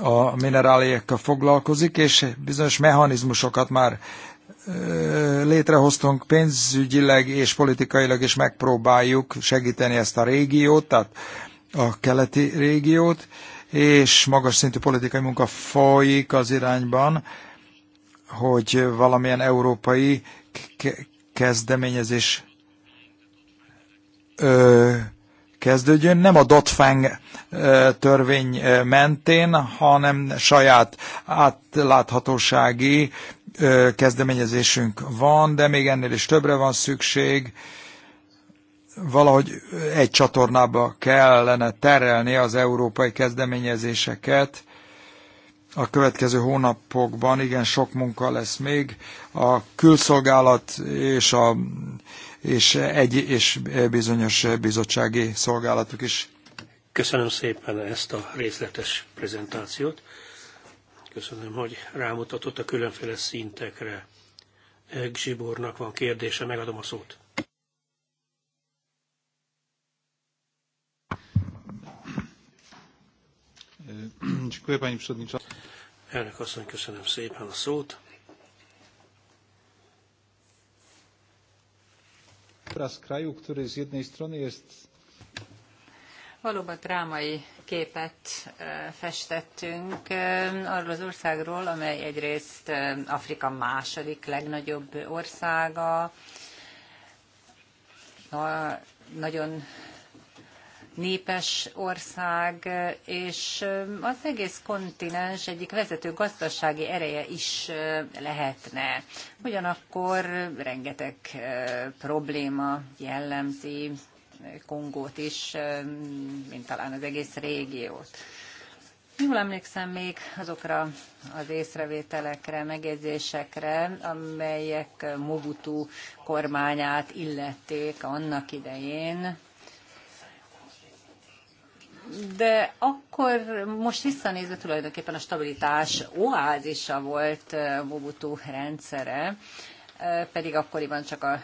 Speaker 2: a mineráliekkel foglalkozik, és bizonyos mechanizmusokat már létrehoztunk pénzügyileg és politikailag, és megpróbáljuk segíteni ezt a régiót, tehát a keleti régiót, és magas szintű politikai munka folyik az irányban, hogy valamilyen európai kezdeményezés ö, kezdődjön, nem a Dotfang törvény mentén, hanem saját átláthatósági kezdeményezésünk van, de még ennél is többre van szükség. Ö, valahogy egy csatornába kellene terelni az európai kezdeményezéseket. A következő hónapokban igen sok munka lesz még. A külszolgálat és, a, és egy és bizonyos bizottsági szolgálatok is.
Speaker 1: Köszönöm szépen ezt a részletes prezentációt. Köszönöm, hogy rámutatott a különféle szintekre. Gzsibornak van kérdése, megadom a szót. Dziękuję Pani Przewodnicząca. Elnök asszony, köszönöm szépen a szót.
Speaker 2: Obraz kraju, który z jednej strony jest
Speaker 3: Valóban drámai képet e, festettünk e, arról az országról, amely egyrészt e, Afrika második legnagyobb országa, nagyon népes ország, és az egész kontinens egyik vezető gazdasági ereje is lehetne. Ugyanakkor rengeteg probléma jellemzi Kongót is, mint talán az egész régiót. Jól emlékszem még azokra az észrevételekre, megjegyzésekre, amelyek Mobutu kormányát illették annak idején, de akkor most visszanézve tulajdonképpen a stabilitás oázisa volt Mobutu rendszere, pedig akkoriban csak a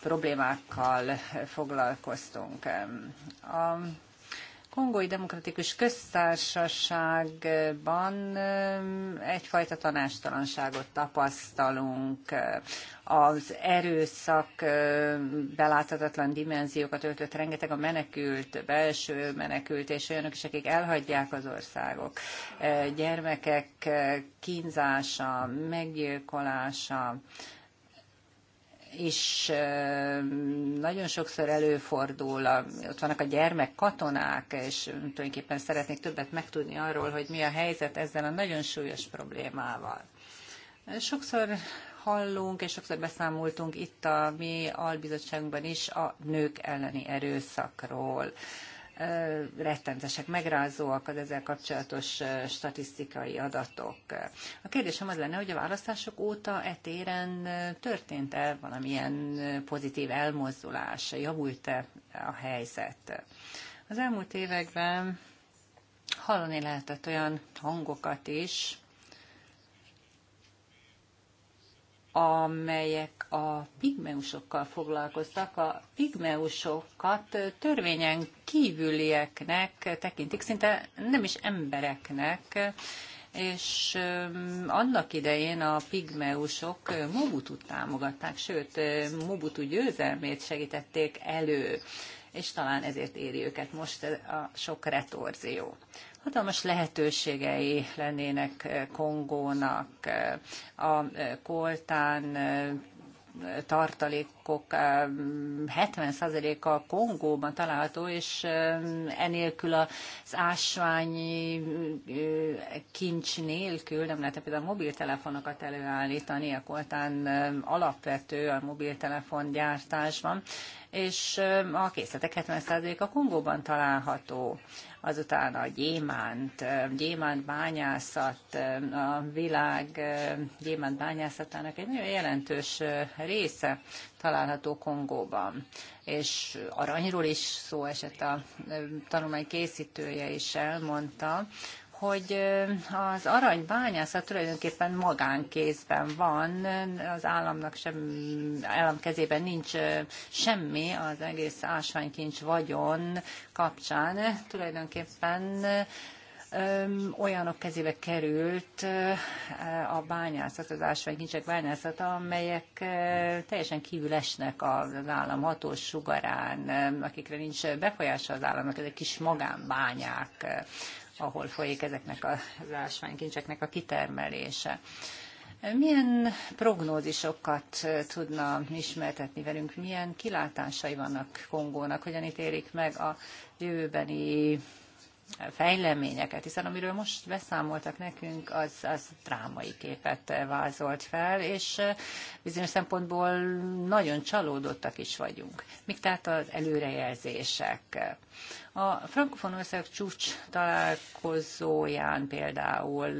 Speaker 3: problémákkal foglalkoztunk. A Kongói Demokratikus Köztársaságban egyfajta tanástalanságot tapasztalunk. Az erőszak beláthatatlan dimenziókat öltött rengeteg a menekült, belső menekült, és olyanok is, akik elhagyják az országok. Gyermekek kínzása, meggyilkolása, és nagyon sokszor előfordul, ott vannak a gyermek katonák, és tulajdonképpen szeretnék többet megtudni arról, hogy mi a helyzet ezzel a nagyon súlyos problémával. Sokszor hallunk, és sokszor beszámoltunk itt a mi albizottságunkban is a nők elleni erőszakról rettentesek, megrázóak az ezzel kapcsolatos statisztikai adatok. A kérdésem az lenne, hogy a választások óta e téren történt-e valamilyen pozitív elmozdulás, javult-e a helyzet? Az elmúlt években hallani lehetett olyan hangokat is, amelyek a pigmeusokkal foglalkoztak, a pigmeusokat törvényen kívülieknek tekintik, szinte nem is embereknek, és annak idején a pigmeusok Mobutut támogatták, sőt, Mobutu győzelmét segítették elő, és talán ezért éri őket most a sok retorzió. Hatalmas lehetőségei lennének eh, Kongónak eh, a eh, koltán tartalék lakok 70%-a Kongóban található, és enélkül az ásványi kincs nélkül nem lehet például mobiltelefonokat előállítani, akkor után alapvető a mobiltelefon gyártásban és a készletek 70%-a Kongóban található. Azután a gyémánt, gyémánt bányászat, a világ gyémánt bányászatának egy nagyon jelentős része található Kongóban. És aranyról is szó esett a tanulmány készítője is elmondta, hogy az aranybányászat tulajdonképpen magánkézben van, az államnak sem, állam kezében nincs semmi az egész ásványkincs vagyon kapcsán. Tulajdonképpen olyanok kezébe került a bányászat, az ásványkincsek bányászata, amelyek teljesen kívül esnek az állam hatós sugarán, akikre nincs befolyása az államnak, ezek kis magánbányák, ahol folyik ezeknek az ásványkincseknek a kitermelése. Milyen prognózisokat tudna ismertetni velünk, milyen kilátásai vannak Kongónak, hogyan ítélik meg a jövőbeni fejleményeket, hiszen amiről most beszámoltak nekünk, az, az drámai képet vázolt fel, és bizonyos szempontból nagyon csalódottak is vagyunk. Mik tehát az előrejelzések? A frankofon ország csúcs találkozóján például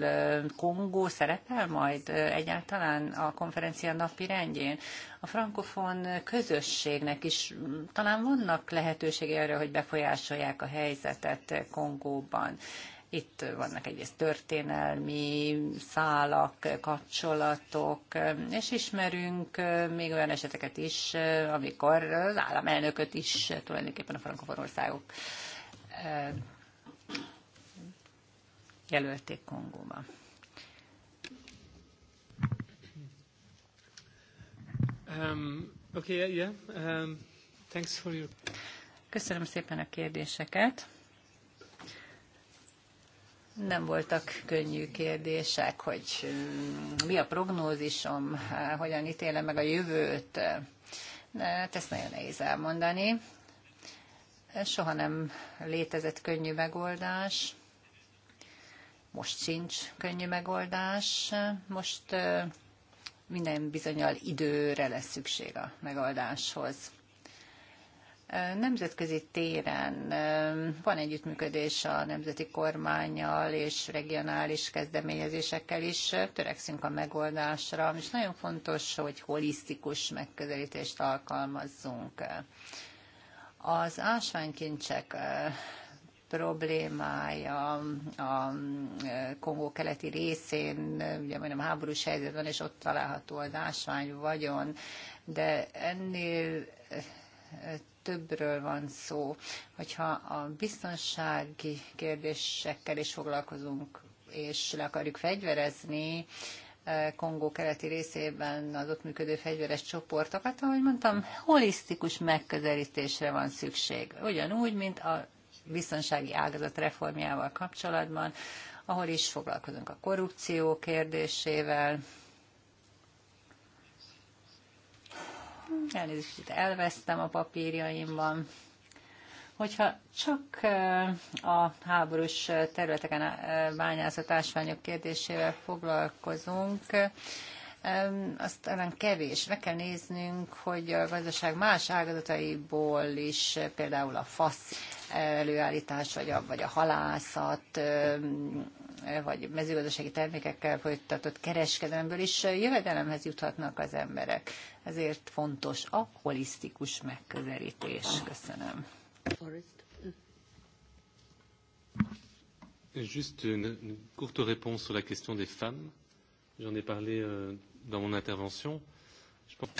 Speaker 3: Kongó szerepel majd egyáltalán a konferencia napi rendjén. A frankofon közösségnek is talán vannak lehetősége arra, hogy befolyásolják a helyzetet Kongóban. Itt vannak egyrészt történelmi szálak, kapcsolatok, és ismerünk még olyan eseteket is, amikor az államelnököt is tulajdonképpen a frankofon országok Ehm, jelölték Kongóba. Um, okay, yeah, yeah. Um, thanks for your... Köszönöm szépen a kérdéseket. Nem voltak könnyű kérdések, hogy ehm, mi a prognózisom, hogyan ítélem meg a jövőt. De hát ezt nagyon nehéz elmondani. Ez soha nem létezett könnyű megoldás, most sincs könnyű megoldás, most minden bizonyal időre lesz szükség a megoldáshoz. Nemzetközi téren van együttműködés a nemzeti kormányjal és regionális kezdeményezésekkel is. Törekszünk a megoldásra, és nagyon fontos, hogy holisztikus megközelítést alkalmazzunk. Az ásványkincsek problémája a Kongó keleti részén, ugye majdnem háborús helyzet van, és ott található az ásvány vagyon, de ennél többről van szó. Hogyha a biztonsági kérdésekkel is foglalkozunk, és le akarjuk fegyverezni Kongó keleti részében az ott működő fegyveres csoportokat, ahogy mondtam, holisztikus megközelítésre van szükség. Ugyanúgy, mint a biztonsági ágazat reformjával kapcsolatban, ahol is foglalkozunk a korrupció kérdésével. Elnézést, itt elvesztem a papírjaimban. Hogyha csak a háborús területeken a bányászott ásványok kérdésével foglalkozunk, azt talán kevés. Meg kell néznünk, hogy a gazdaság más ágazataiból is, például a fasz előállítás, vagy a, vagy a halászat, vagy mezőgazdasági termékekkel folytatott kereskedelemből is jövedelemhez juthatnak az emberek. Ezért fontos a holisztikus megközelítés. Köszönöm.
Speaker 1: Euh, juste une, une courte réponse sur la question des femmes. J'en ai parlé euh, dans mon intervention. Je pense...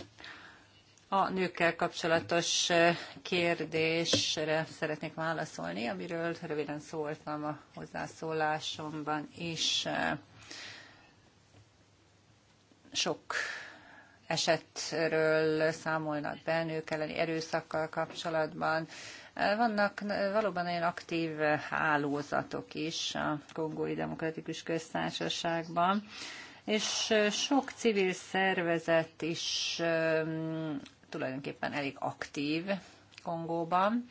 Speaker 3: A nőkkel kapcsolatos euh, kérdésre szeretnék válaszolni, amiről röviden szóltam a hozzászólásomban is. Sok esetről számolnak be nők elleni erőszakkal kapcsolatban. Vannak valóban olyan aktív hálózatok is a Kongói Demokratikus Köztársaságban, és sok civil szervezet is tulajdonképpen elég aktív Kongóban.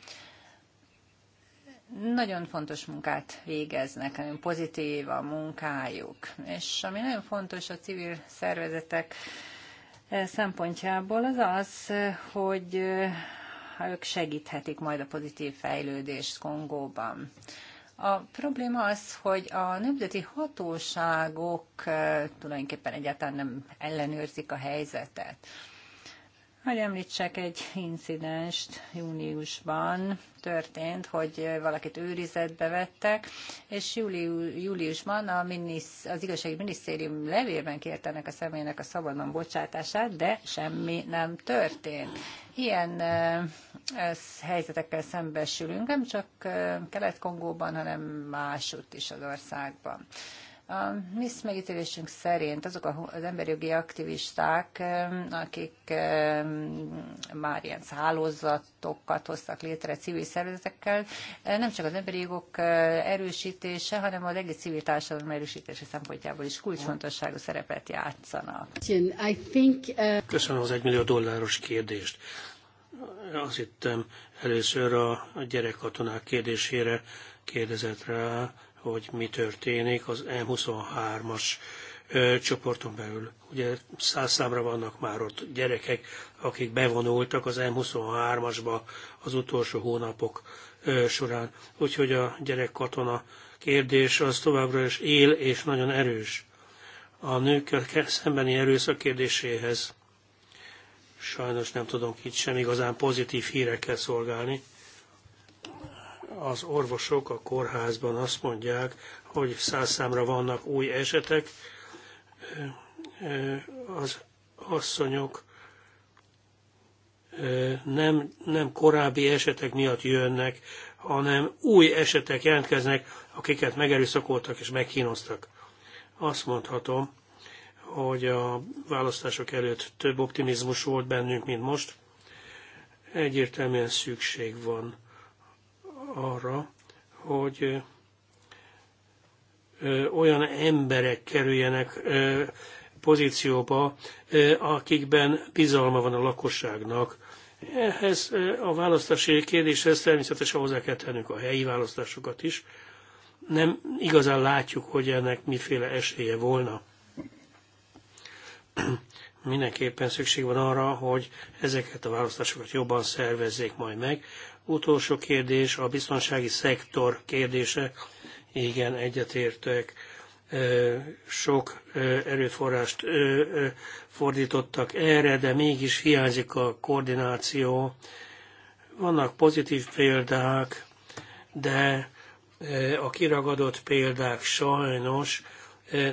Speaker 3: Nagyon fontos munkát végeznek, nagyon pozitív a munkájuk. És ami nagyon fontos a civil szervezetek szempontjából az az, hogy ők segíthetik majd a pozitív fejlődést Kongóban. A probléma az, hogy a nemzeti hatóságok tulajdonképpen egyáltalán nem ellenőrzik a helyzetet. Hogy említsek egy incidenst, júniusban történt, hogy valakit őrizetbe vettek, és júliusban a minisz, az igazságügyi minisztérium levélben kérte ennek a személynek a szabadon bocsátását, de semmi nem történt. Ilyen ez, helyzetekkel szembesülünk, nem csak Kelet-Kongóban, hanem másutt is az országban. A mi megítélésünk szerint azok az emberjogi aktivisták, akik már ilyen hálózatokat hoztak létre civil szervezetekkel, nem csak az emberi jogok erősítése, hanem az egész civil társadalom erősítése szempontjából is kulcsfontosságú szerepet játszanak. Uh, Köszönöm az
Speaker 1: egymillió dolláros kérdést. Azt hittem először a gyerekkatonák kérdésére kérdezett rá, hogy mi történik az e M23-as csoporton belül. Ugye száz számra vannak már ott gyerekek, akik bevonultak az e M23-asba az utolsó hónapok során. Úgyhogy a gyerek katona kérdés az továbbra is él és nagyon erős. A nőkkel szembeni erőszak kérdéséhez sajnos nem tudom itt sem igazán pozitív hírekkel szolgálni az orvosok a kórházban azt mondják, hogy százszámra vannak új esetek, az asszonyok nem, nem korábbi esetek miatt jönnek, hanem új esetek jelentkeznek, akiket megerőszakoltak és megkínoztak. Azt mondhatom, hogy a választások előtt több optimizmus volt bennünk, mint most. Egyértelműen szükség van arra, hogy olyan emberek kerüljenek pozícióba, akikben bizalma van a lakosságnak. Ehhez a választási kérdéshez természetesen hozzá kell tennünk a helyi választásokat is. Nem igazán látjuk, hogy ennek miféle esélye volna. Mindenképpen szükség van arra, hogy ezeket a választásokat jobban szervezzék majd meg, utolsó kérdés a biztonsági szektor kérdése. Igen, egyetértek. Sok erőforrást fordítottak erre, de mégis hiányzik a koordináció. Vannak pozitív példák, de a kiragadott példák sajnos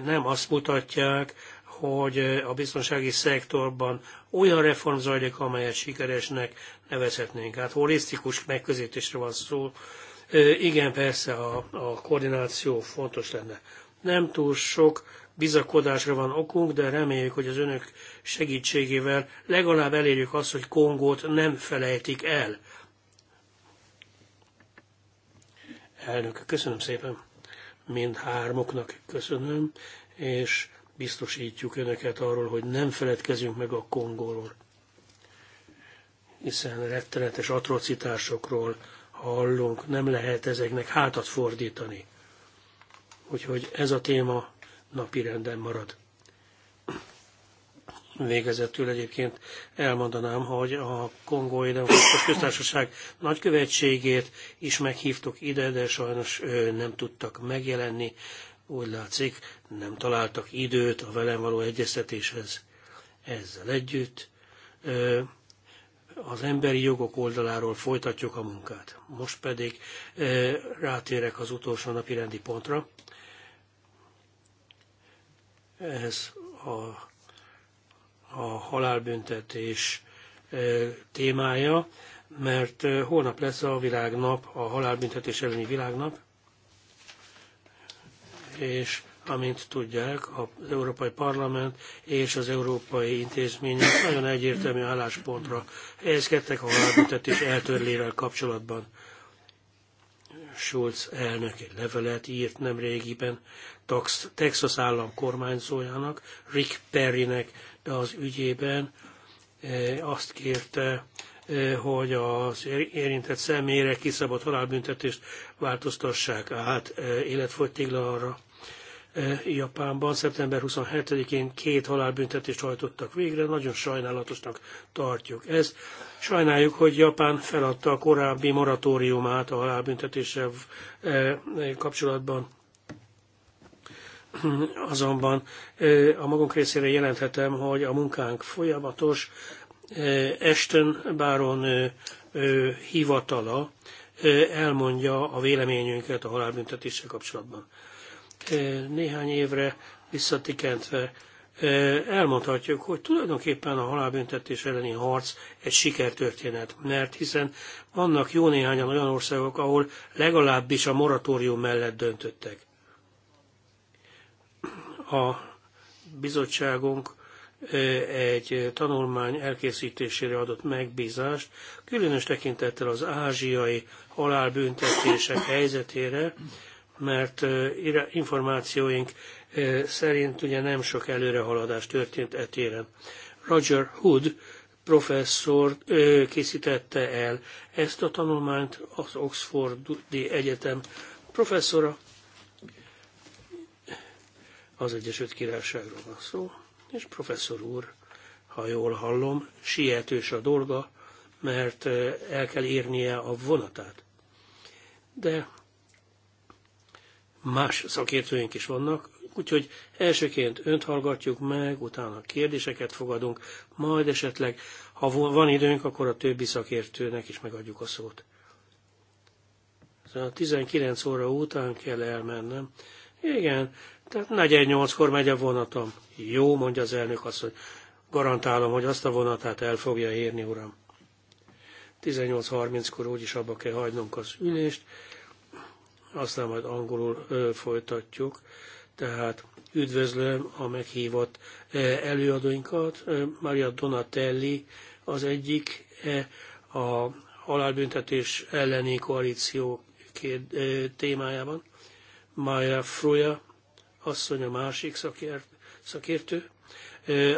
Speaker 1: nem azt mutatják, hogy a biztonsági szektorban olyan reform zajlik, amelyet sikeresnek nevezhetnénk. Hát holisztikus megközelítésre van szó. Igen, persze a, a koordináció fontos lenne. Nem túl sok bizakodásra van okunk, de reméljük, hogy az önök segítségével legalább elérjük azt, hogy Kongót nem felejtik el. Elnök, köszönöm szépen. Mind hármoknak köszönöm, és biztosítjuk önöket arról, hogy nem feledkezünk meg a Kongóról, hiszen rettenetes atrocitásokról hallunk, nem lehet ezeknek hátat fordítani. Úgyhogy ez a téma napi renden marad. Végezetül egyébként elmondanám, hogy a Kongói Demokratikus Köztársaság nagykövetségét is meghívtuk ide, de sajnos nem tudtak megjelenni. Úgy látszik, nem találtak időt a velem való egyeztetéshez. Ezzel együtt az emberi jogok oldaláról folytatjuk a munkát. Most pedig rátérek az utolsó napi rendi pontra. Ez a, a halálbüntetés témája, mert holnap lesz a világnap, a halálbüntetés elleni világnap, és amint tudják, az Európai Parlament és az európai intézmények nagyon egyértelmű álláspontra helyezkedtek a halálbüntetés eltörlével kapcsolatban. Schulz elnök egy levelet írt nem régiben Texas állam kormányzójának, Rick Perrynek, de az ügyében eh, azt kérte, hogy az érintett személyre kiszabott halálbüntetést változtassák át életfogytiglanra. Japánban szeptember 27-én két halálbüntetést hajtottak végre, nagyon sajnálatosnak tartjuk ezt. Sajnáljuk, hogy Japán feladta a korábbi moratóriumát a halálbüntetéssel kapcsolatban. Azonban a magunk részére jelenthetem, hogy a munkánk folyamatos, Esten Báron hivatala elmondja a véleményünket a halálbüntetéssel kapcsolatban. Néhány évre visszatikentve elmondhatjuk, hogy tulajdonképpen a halálbüntetés elleni harc egy sikertörténet, mert hiszen vannak jó néhányan olyan országok, ahol legalábbis a moratórium mellett döntöttek. A bizottságunk egy tanulmány elkészítésére adott megbízást, különös tekintettel az ázsiai halálbüntetések helyzetére, mert információink szerint ugye nem sok előrehaladás történt e téren. Roger Hood professzor készítette el ezt a tanulmányt az Oxfordi Egyetem professzora, az Egyesült Királyságról van szó és professzor úr, ha jól hallom, sietős a dolga, mert el kell érnie a vonatát. De más szakértőink is vannak, úgyhogy elsőként önt hallgatjuk meg, utána kérdéseket fogadunk, majd esetleg, ha van időnk, akkor a többi szakértőnek is megadjuk a szót. A 19 óra után kell elmennem. Igen, tehát 48-kor megy a vonatom. Jó, mondja az elnök hogy Garantálom, hogy azt a vonatát el fogja érni, uram. 18.30-kor úgyis abba kell hagynunk az ülést, aztán majd angolul ö, folytatjuk. Tehát üdvözlöm a meghívott előadóinkat. Maria Donatelli az egyik a halálbüntetés elleni koalíció két témájában. Maja Fruja asszony a másik szakért, szakértő,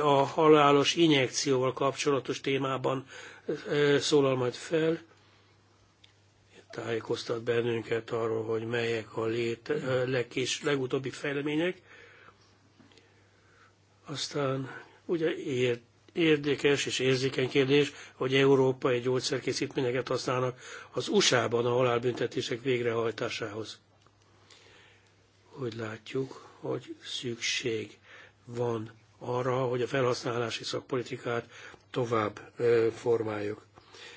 Speaker 1: a halálos injekcióval kapcsolatos témában szólal majd fel, tájékoztat bennünket arról, hogy melyek a lét, legkés, legutóbbi fejlemények. Aztán ugye érdekes és érzékeny kérdés, hogy európai gyógyszerkészítményeket használnak az USA-ban a halálbüntetések végrehajtásához. Hogy látjuk, hogy szükség van arra, hogy a felhasználási szakpolitikát tovább formáljuk.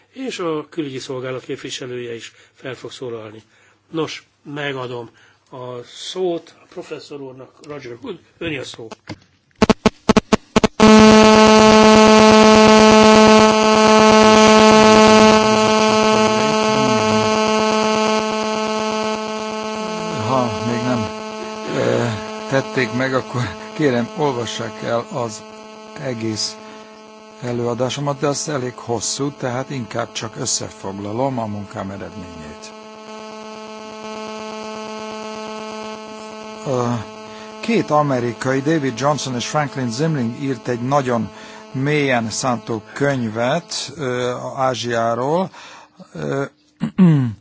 Speaker 1: És a külügyi szolgálat képviselője is fel fog szólalni. Nos, megadom a szót a professzor úrnak, Roger Hood, öni a szó.
Speaker 2: tették meg, akkor kérem, olvassák el az egész előadásomat, de az elég hosszú, tehát inkább csak összefoglalom a munkám eredményét. Két amerikai, David Johnson és Franklin Zimling írt egy nagyon mélyen szántó könyvet Ázsiáról,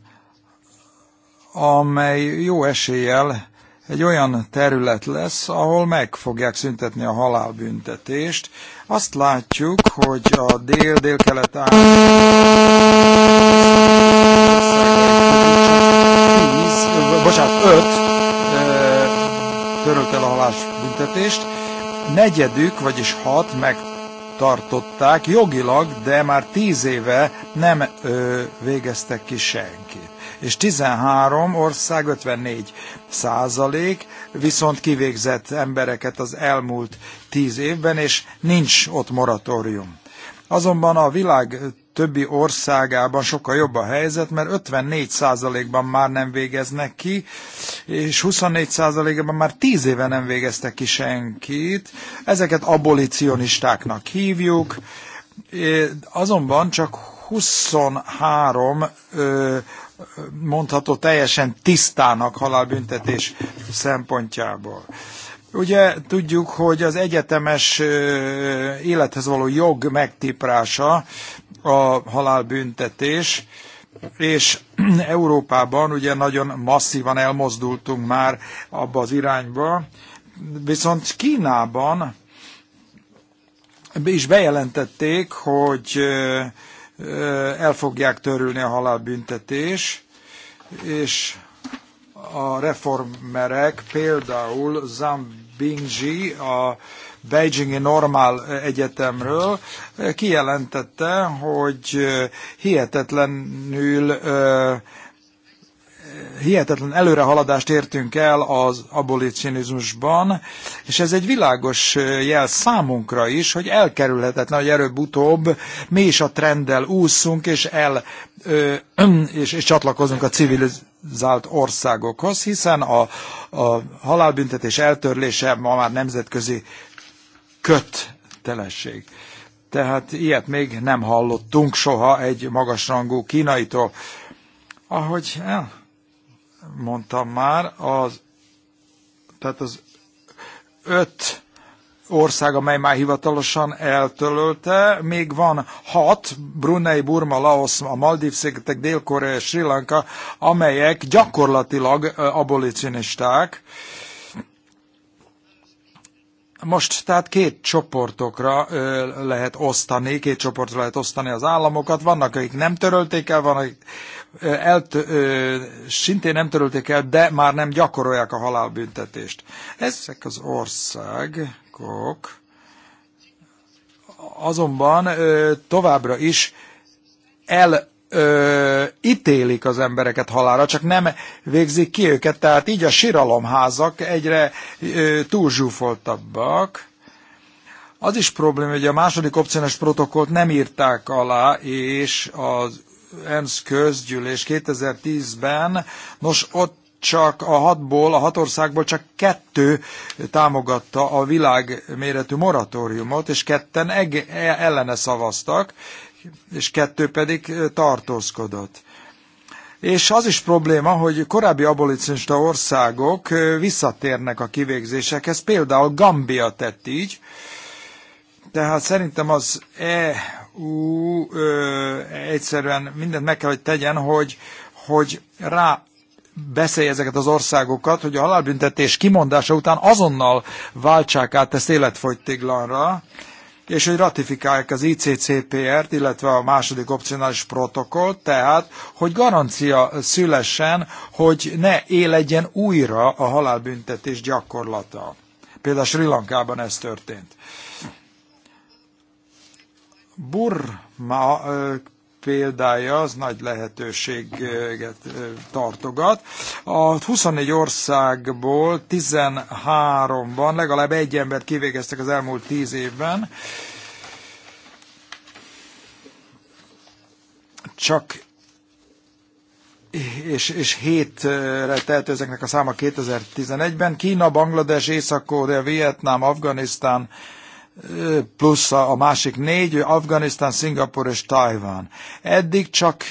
Speaker 2: amely jó eséllyel egy olyan terület lesz, ahol meg fogják szüntetni a halálbüntetést. Azt látjuk, hogy a dél-dél-kelet bocsánat, öt törölt el a halálbüntetést, negyedük, vagyis hat meg tartották jogilag, de már tíz éve nem ö, végeztek ki senkit és 13 ország 54 százalék viszont kivégzett embereket az elmúlt 10 évben, és nincs ott moratórium. Azonban a világ többi országában sokkal jobb a helyzet, mert 54%-ban már nem végeznek ki, és 24%-ban már 10 éve nem végeztek ki senkit. Ezeket abolicionistáknak hívjuk, azonban csak 23 ö, mondható teljesen tisztának halálbüntetés szempontjából. Ugye tudjuk, hogy az egyetemes élethez való jog megtiprása a halálbüntetés, és Európában ugye nagyon masszívan elmozdultunk már abba az irányba, viszont Kínában is bejelentették, hogy el fogják törülni a halálbüntetés, és a reformerek, például Zhang Zambingji, a Beijingi Normál Egyetemről kijelentette, hogy hihetetlenül hihetetlen előrehaladást értünk el az abolicionizmusban, és ez egy világos jel számunkra is, hogy elkerülhetetlen, hogy előbb-utóbb mi is a trenddel úszunk, és el ö, és, és csatlakozunk a civilizált országokhoz, hiszen a, a halálbüntetés eltörlése ma már nemzetközi kötelesség tehát ilyet még nem hallottunk soha egy magasrangú kínaitól. Ahogy el, mondtam már, az, tehát az öt ország, amely már hivatalosan eltölölte, még van hat, Brunei, Burma, Laos, a Maldív-szigetek, Dél-Korea és Sri Lanka, amelyek gyakorlatilag abolicionisták. Most tehát két csoportokra lehet osztani, két csoportra lehet osztani az államokat. Vannak, akik nem törölték el, vannak, akik elt, szintén nem törölték el, de már nem gyakorolják a halálbüntetést. Ezek az országok azonban továbbra is el ö, ítélik az embereket halára, csak nem végzik ki őket. Tehát így a síralomházak egyre ö, túlzsúfoltabbak. Az is probléma, hogy a második opciós protokollt nem írták alá, és az ENSZ közgyűlés 2010-ben, nos ott csak a hatból, a hat országból csak kettő támogatta a világméretű moratóriumot, és ketten ellene szavaztak, és kettő pedig tartózkodott. És az is probléma, hogy korábbi abolicionista országok visszatérnek a kivégzésekhez, például Gambia tett így, tehát szerintem az e ú, ö, egyszerűen mindent meg kell, hogy tegyen, hogy, hogy rá beszélj ezeket az országokat, hogy a halálbüntetés kimondása után azonnal váltsák át ezt életfogytiglanra, és hogy ratifikálják az ICCPR-t, illetve a második opcionális protokoll, tehát, hogy garancia szülessen, hogy ne éledjen újra a halálbüntetés gyakorlata. Például Sri Lankában ez történt. Burma példája az nagy lehetőséget tartogat. A 24 országból 13-ban legalább egy embert kivégeztek az elmúlt 10 évben. Csak és, és hétre telt ezeknek a száma 2011-ben. Kína, Banglades, Észak-Korea, Vietnám, Afganisztán, plusz a másik négy, Afganisztán, Szingapur és Tajván. Eddig csak,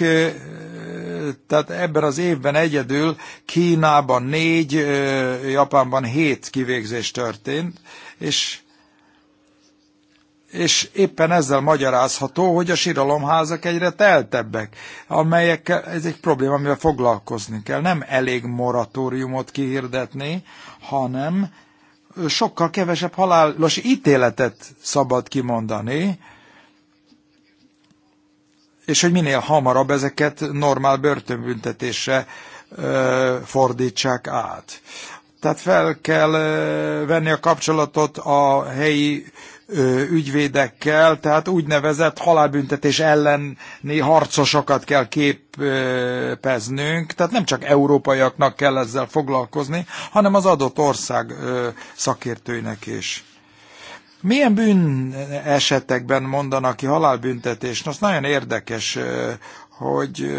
Speaker 2: tehát ebben az évben egyedül Kínában négy, Japánban hét kivégzés történt, és és éppen ezzel magyarázható, hogy a síralomházak egyre teltebbek, amelyekkel ez egy probléma, amivel foglalkozni kell. Nem elég moratóriumot kihirdetni, hanem sokkal kevesebb halálos ítéletet szabad kimondani, és hogy minél hamarabb ezeket normál börtönbüntetésre fordítsák át. Tehát fel kell venni a kapcsolatot a helyi ügyvédekkel, tehát úgynevezett halálbüntetés elleni harcosokat kell képeznünk, tehát nem csak európaiaknak kell ezzel foglalkozni, hanem az adott ország szakértőinek is. Milyen bűn esetekben mondanak ki halálbüntetés? Nos, nagyon érdekes, hogy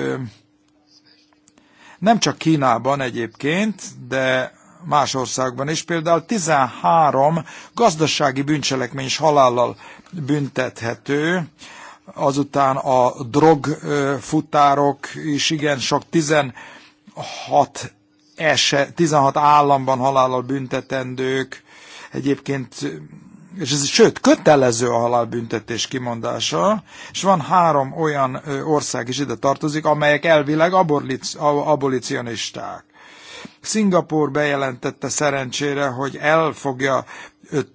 Speaker 2: nem csak Kínában egyébként, de más országban is, például 13 gazdasági bűncselekmény is halállal büntethető, azután a drogfutárok is igen sok 16 eset, 16 államban halállal büntetendők, egyébként és ez, sőt, kötelező a halálbüntetés kimondása, és van három olyan ország is ide tartozik, amelyek elvileg abolicionisták. Szingapur bejelentette szerencsére, hogy el fogja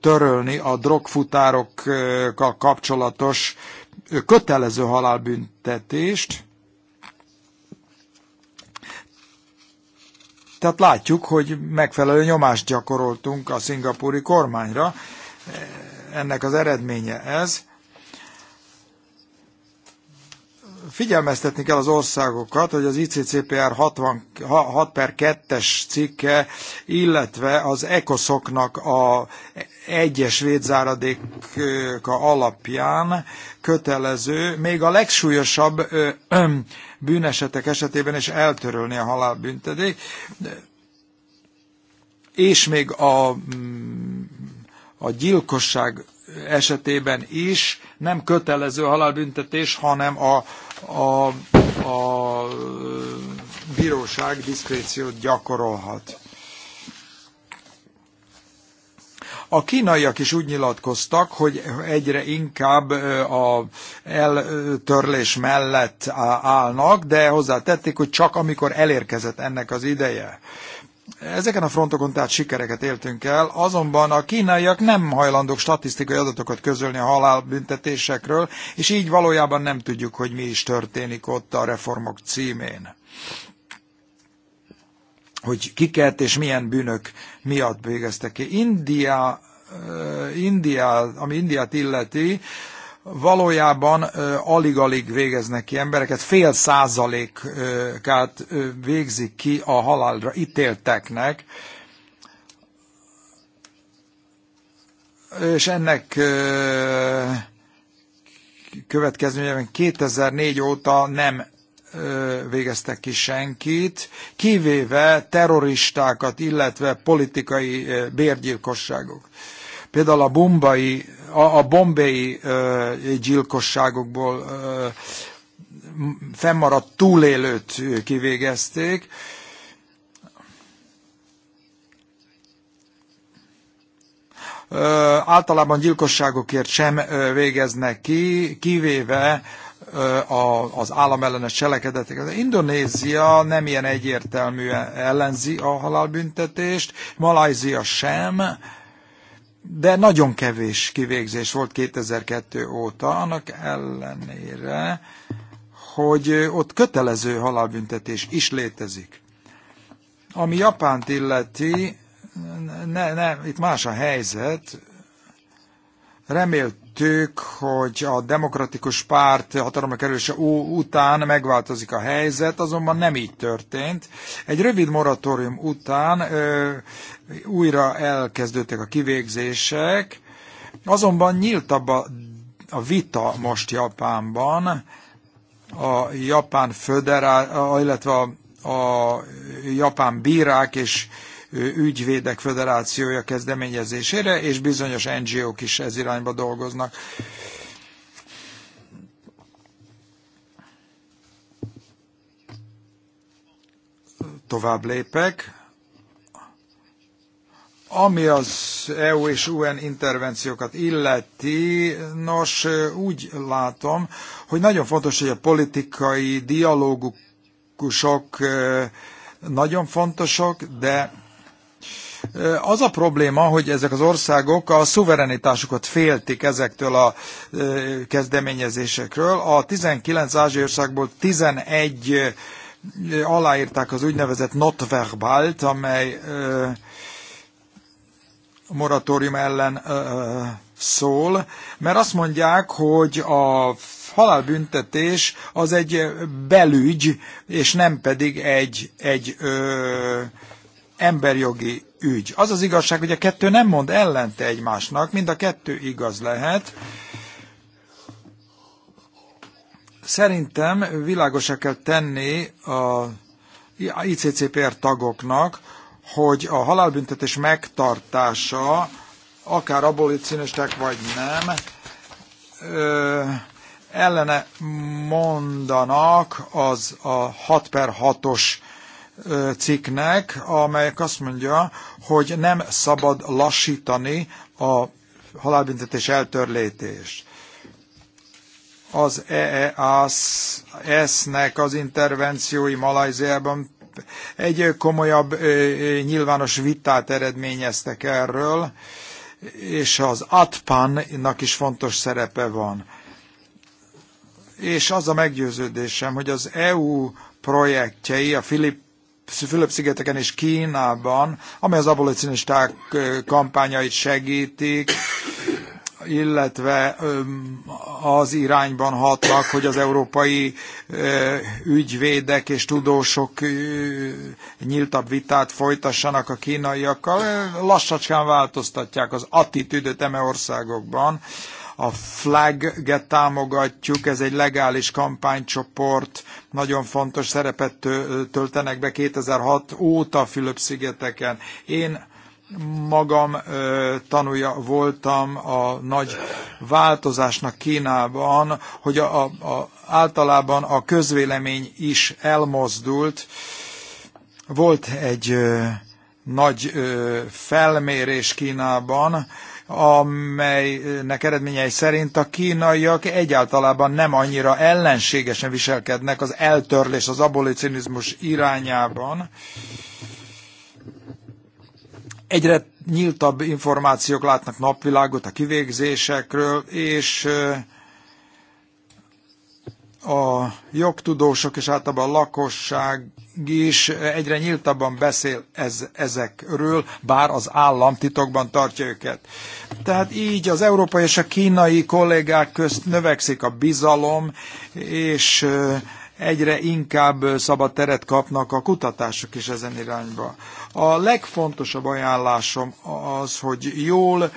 Speaker 2: törölni a drogfutárokkal kapcsolatos kötelező halálbüntetést. Tehát látjuk, hogy megfelelő nyomást gyakoroltunk a szingapúri kormányra. Ennek az eredménye ez. figyelmeztetni kell az országokat, hogy az ICCPR 60, 6 per 2-es cikke, illetve az ECOSZoknak a egyes védzáradéka alapján kötelező, még a legsúlyosabb bűnesetek esetében is eltörölni a halálbüntetést, és még a, mm, a gyilkosság esetében is nem kötelező halálbüntetés, hanem a, a, a bíróság diszkréciót gyakorolhat. A kínaiak is úgy nyilatkoztak, hogy egyre inkább a eltörlés mellett állnak, de hozzátették, hogy csak amikor elérkezett ennek az ideje. Ezeken a frontokon tehát sikereket éltünk el, azonban a kínaiak nem hajlandók statisztikai adatokat közölni a halálbüntetésekről, és így valójában nem tudjuk, hogy mi is történik ott a reformok címén. Hogy kiket és milyen bűnök miatt végeztek ki. India India, ami Indiát illeti, valójában alig-alig végeznek ki embereket, fél százalékát végzik ki a halálra ítélteknek, és ennek következményében 2004 óta nem végeztek ki senkit, kivéve terroristákat, illetve politikai bérgyilkosságok. Például a bombai a, a bombéi ö, gyilkosságokból ö, fennmaradt túlélőt kivégezték. Ö, általában gyilkosságokért sem ö, végeznek ki, kivéve a, az államellenes cselekedeteket. Indonézia nem ilyen egyértelműen ellenzi a halálbüntetést, Malajzia sem, de nagyon kevés kivégzés volt 2002 óta, annak ellenére, hogy ott kötelező halálbüntetés is létezik. Ami Japánt illeti, ne, ne, itt más a helyzet, remélt reméltük, hogy a demokratikus párt hatalomra kerülése után megváltozik a helyzet, azonban nem így történt. Egy rövid moratórium után ö, újra elkezdődtek a kivégzések, azonban nyíltabb a, a vita most Japánban, a japán föderál, illetve a, a japán bírák és Ügyvédek Föderációja kezdeményezésére, és bizonyos NGO-k is ez irányba dolgoznak. Tovább lépek. Ami az EU és UN intervenciókat illeti, nos, úgy látom, hogy nagyon fontos, hogy a politikai dialógusok eh, nagyon fontosak, de az a probléma, hogy ezek az országok a szuverenitásukat féltik ezektől a kezdeményezésekről. A 19 ázsiai országból 11 aláírták az úgynevezett notverbált, amely moratórium ellen szól, mert azt mondják, hogy a halálbüntetés az egy belügy, és nem pedig egy, egy ö, emberjogi ügy. Az az igazság, hogy a kettő nem mond ellente egymásnak, mind a kettő igaz lehet. Szerintem világosak kell tenni a ICCPR tagoknak, hogy a halálbüntetés megtartása, akár abolicionisták vagy nem, ö, ellene mondanak az a 6 per 6-os cikknek, amelyek azt mondja, hogy nem szabad lassítani a halálbüntetés eltörlétést. Az EEAS-nek az intervenciói Malajziában egy komolyabb nyilvános vitát eredményeztek erről, és az ATPAN-nak is fontos szerepe van. És az a meggyőződésem, hogy az EU projektjei a Filipp Fülöp-szigeteken és Kínában, amely az abolicionisták kampányait segítik, illetve az irányban hatnak, hogy az európai ügyvédek és tudósok nyíltabb vitát folytassanak a kínaiakkal. Lassacskán változtatják az attitűdöt eme országokban a flag támogatjuk, ez egy legális kampánycsoport, nagyon fontos szerepet töltenek be 2006 óta Fülöp-szigeteken. Én magam tanulja voltam a nagy változásnak Kínában, hogy a, a, általában a közvélemény is elmozdult. Volt egy nagy felmérés Kínában, amelynek eredményei szerint a kínaiak egyáltalában nem annyira ellenségesen viselkednek az eltörlés, az abolicionizmus irányában. Egyre nyíltabb információk látnak napvilágot a kivégzésekről, és a jogtudósok és általában a lakosság is egyre nyíltabban beszél ez, ezekről, bár az állam titokban tartja őket. Tehát így az európai és a kínai kollégák közt növekszik a bizalom, és egyre inkább szabad teret kapnak a kutatások is ezen irányba. A legfontosabb ajánlásom az, hogy jól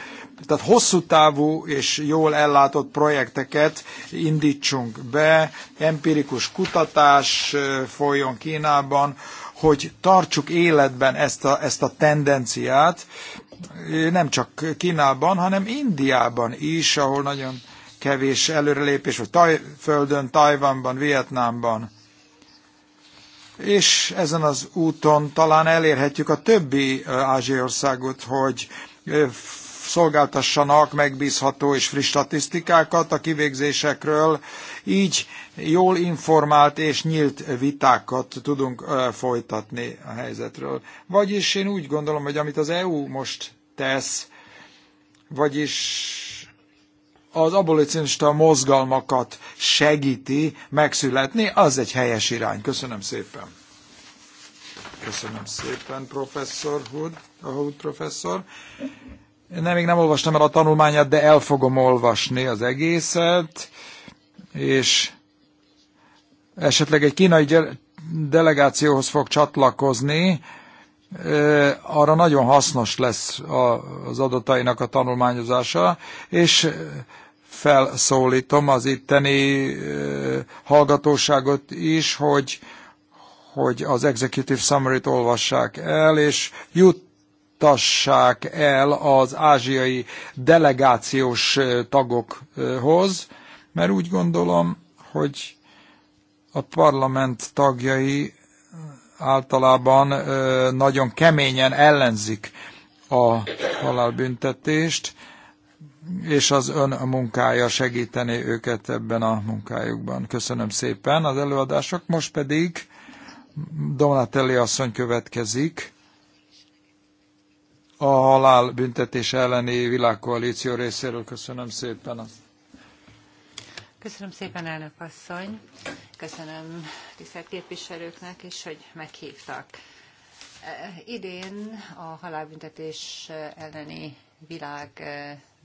Speaker 2: tehát hosszú távú és jól ellátott projekteket indítsunk be, empirikus kutatás folyjon Kínában, hogy tartsuk életben ezt a, ezt a tendenciát, nem csak Kínában, hanem Indiában is, ahol nagyon kevés előrelépés, vagy Tajföldön, Tajvanban, Vietnámban. És ezen az úton talán elérhetjük a többi ázsiai országot, hogy szolgáltassanak megbízható és friss statisztikákat a kivégzésekről, így jól informált és nyílt vitákat tudunk folytatni a helyzetről. Vagyis én úgy gondolom, hogy amit az EU most tesz, vagyis az abolicionista mozgalmakat segíti megszületni, az egy helyes irány. Köszönöm szépen. Köszönöm szépen, professzor Hood, Hood professzor. Nem, még nem olvastam el a tanulmányát, de el fogom olvasni az egészet, és esetleg egy kínai delegációhoz fog csatlakozni, arra nagyon hasznos lesz az adatainak a tanulmányozása, és felszólítom az itteni hallgatóságot is, hogy, hogy az Executive Summary-t olvassák el, és jut juttassák el az ázsiai delegációs tagokhoz, mert úgy gondolom, hogy a parlament tagjai általában nagyon keményen ellenzik a halálbüntetést, és az ön munkája segíteni őket ebben a munkájukban. Köszönöm szépen az előadások. Most pedig Donatelli asszony következik a halál büntetés elleni világkoalíció részéről. Köszönöm szépen.
Speaker 3: Köszönöm szépen, elnök asszony. Köszönöm tisztelt képviselőknek is, hogy meghívtak. Idén a halálbüntetés elleni világnapot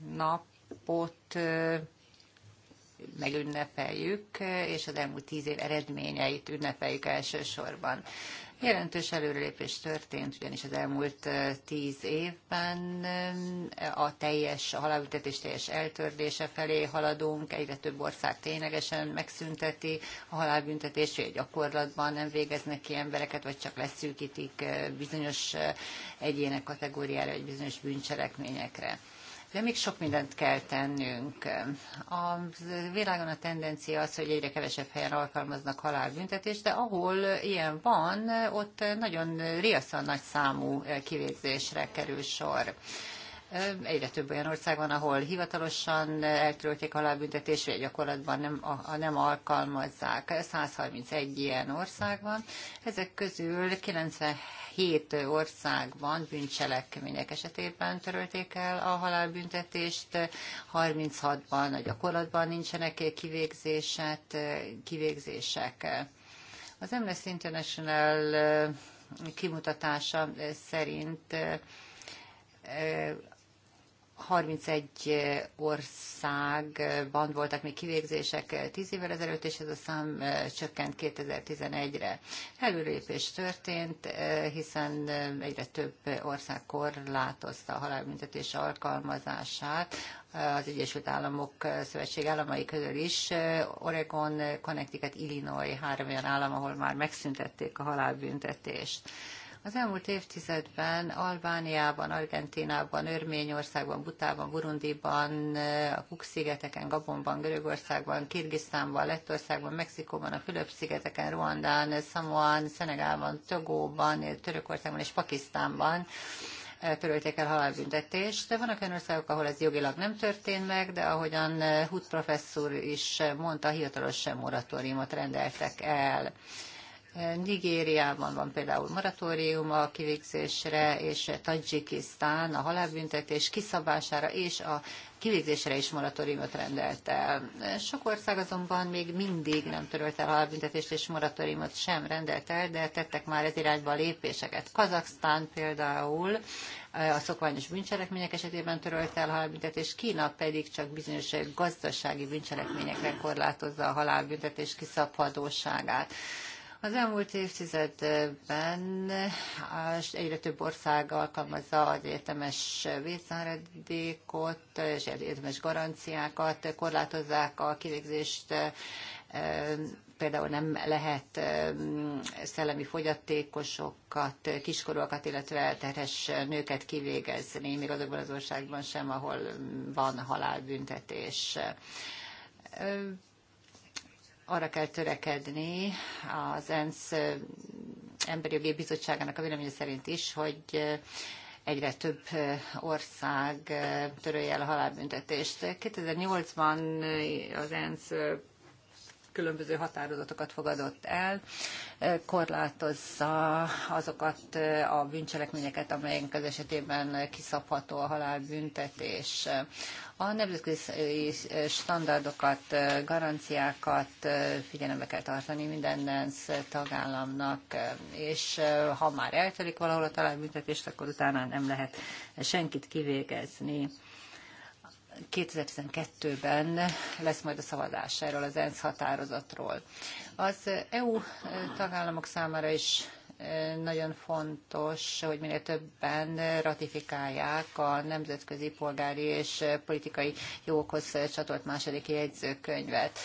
Speaker 3: megünnepeljük, és az elmúlt tíz év eredményeit ünnepeljük elsősorban. Jelentős előrelépés történt, ugyanis az elmúlt tíz évben a teljes, a halálbüntetés teljes eltördése felé haladunk, egyre több ország ténylegesen megszünteti a halálbüntetést, hogy gyakorlatban nem végeznek ki embereket, vagy csak leszűkítik bizonyos egyének kategóriára, vagy bizonyos bűncselekményekre. De még sok mindent kell tennünk. A világon a tendencia az, hogy egyre kevesebb helyen alkalmaznak halálbüntetést, de ahol ilyen van, ott nagyon riasztóan nagy számú kivégzésre kerül sor. Egyre több olyan ország van, ahol hivatalosan eltörölték halálbüntetés, vagy gyakorlatban nem, a, nem alkalmazzák. 131 ilyen ország van. Ezek közül 97 országban bűncselekmények esetében törölték el a halálbüntetést, 36-ban a gyakorlatban nincsenek kivégzések. Az Amnesty International eh, kimutatása eh, szerint eh, 31 eh, országban voltak még kivégzések 10 eh, évvel ezelőtt, és ez a szám eh, csökkent 2011-re. Előrépés történt, hiszen egyre több ország korlátozta a halálbüntetés alkalmazását, az Egyesült Államok Szövetség államai közül is. Oregon, Connecticut, Illinois három olyan állam, ahol már megszüntették a halálbüntetést. Az elmúlt évtizedben Albániában, Argentinában, Örményországban, Butában, Burundiban, a kuk szigeteken Gabonban, Görögországban, Kirgisztánban, Lettországban, Mexikóban, a Fülöp-szigeteken, Ruandán, Szamoán, Szenegálban, Togóban, Törökországban és Pakisztánban törölték el halálbüntetést. De vannak olyan országok, ahol ez jogilag nem történt meg, de ahogyan Hut professzor is mondta, hivatalos moratóriumot rendeltek el. Nigériában van például moratórium a kivégzésre, és Tadzsikisztán a halálbüntetés kiszabására és a kivégzésre is moratóriumot rendelt el. Sok ország azonban még mindig nem törölt el halálbüntetést, és moratóriumot sem rendelt el, de tettek már ez irányba lépéseket. Kazaksztán például eh, a szokványos bűncselekmények esetében törölt el halálbüntetést, Kína pedig csak bizonyos gazdasági bűncselekményekre korlátozza a halálbüntetés kiszabhatóságát. Az elmúlt évtizedben egyre több ország alkalmazza az értemes vészáradékot és értemes garanciákat, korlátozzák a kivégzést például nem lehet eh, szellemi fogyatékosokat, kiskorúakat, illetve terhes nőket kivégezni, még azokban az országban sem, ahol van halálbüntetés arra kell törekedni az ENSZ Emberi Jogi Bizottságának a véleménye szerint is, hogy egyre több ország törölje el a halálbüntetést. 2008-ban az ENSZ különböző határozatokat fogadott el, korlátozza azokat a bűncselekményeket, amelyek az esetében kiszabható a halálbüntetés. A nemzetközi standardokat, garanciákat figyelembe kell tartani minden tagállamnak, és ha már eltelik valahol a találbüntetést, akkor utána nem lehet senkit kivégezni. 2012-ben lesz majd a szavazás erről az ENSZ határozatról. Az EU e, tagállamok számára is nagyon fontos, hogy minél többen ratifikálják a nemzetközi polgári és politikai jogokhoz csatolt második jegyzőkönyvet.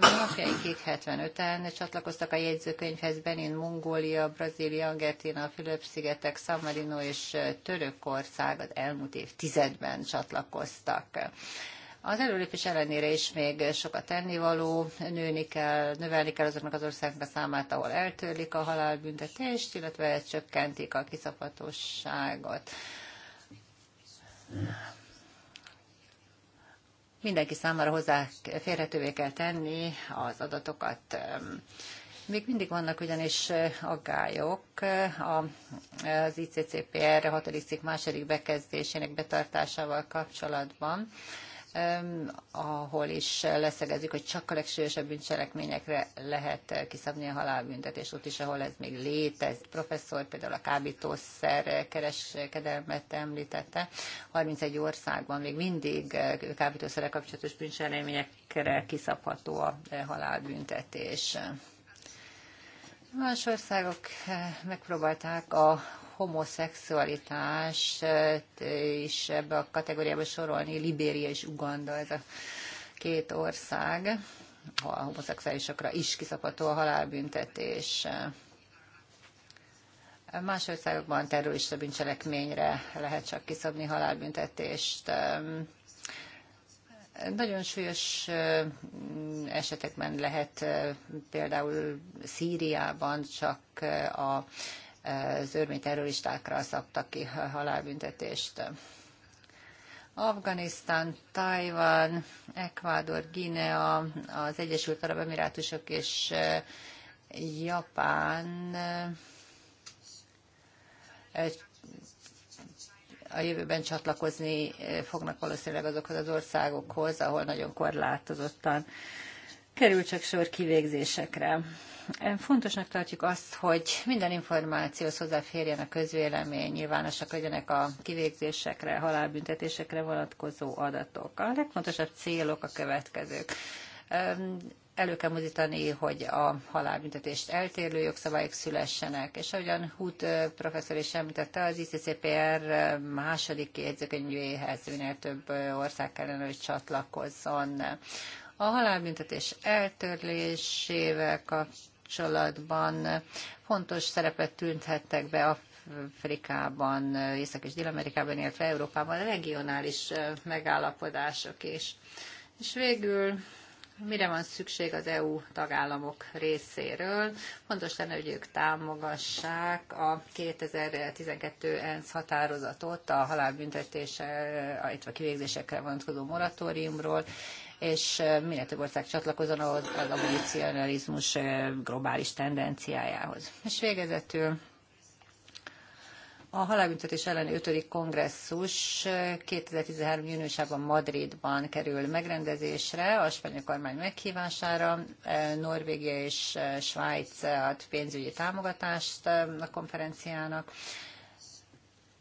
Speaker 3: Napjainkig 75-en csatlakoztak a jegyzőkönyvhez Benin, Mongólia, Brazília, Argentina, Fülöp-szigetek, San Marino és Törökország az elmúlt évtizedben csatlakoztak. Az előlépés ellenére is még sokat tennivaló, nőni kell, növelni kell azoknak az országnak a számát, ahol eltörlik a halálbüntetést, illetve csökkentik a kiszabhatóságot. Mindenki számára férhetővé kell tenni az adatokat. Még mindig vannak ugyanis aggályok az ICCPR 6. cikk második bekezdésének betartásával kapcsolatban ahol is leszegezik, hogy csak a legsúlyosabb bűncselekményekre lehet eh, kiszabni a halálbüntetést, ott is, ahol ez még létezik. Professzor például a kábítószer kereskedelmet említette. 31 országban még mindig eh, kábítószerre kapcsolatos bűncselekményekre kiszabható a eh, halálbüntetés. Más országok megpróbálták a homoszexualitás is ebbe a kategóriába sorolni, Libéria és Uganda, ez a két ország, ha a homoszexuálisokra is kiszabható a halálbüntetés. Más országokban terrorista bűncselekményre lehet csak kiszabni halálbüntetést. Nagyon súlyos esetekben lehet például Szíriában csak a az terroristákra szabtak ki halálbüntetést. Afganisztán, Tajvan, Ekvádor, Guinea, az Egyesült Arab Emirátusok és eh, Japán eh, a jövőben csatlakozni eh, fognak valószínűleg azokhoz az országokhoz, ahol nagyon korlátozottan kerül csak sor kivégzésekre. Fontosnak tartjuk azt, hogy minden információhoz hozzáférjen a közvélemény, nyilvánosak legyenek a kivégzésekre, halálbüntetésekre vonatkozó adatok. A legfontosabb célok a következők elő kell mozítani, hogy a halálbüntetést eltérő jogszabályok szülessenek. És ahogyan Hút professzor is említette, az ICCPR második jegyzőkönyvéhez minél több ország kellene, hogy csatlakozzon. A halálbüntetés eltörlésével kapcsolatban fontos szerepet tűnthettek be a Afrikában, Észak- és Dél-Amerikában, illetve Európában regionális megállapodások is. És végül mire van szükség az EU tagállamok részéről. Fontos lenne, hogy ők támogassák a 2012 ENSZ határozatot a halálbüntetése, illetve kivégzésekre vonatkozó moratóriumról, és minél több ország csatlakozon az abolicionalizmus globális tendenciájához. És végezetül a halálbüntetés elleni 5. kongresszus 2013. júniusában Madridban kerül megrendezésre, a spanyol kormány meghívására. Norvégia és Svájc ad pénzügyi támogatást a konferenciának,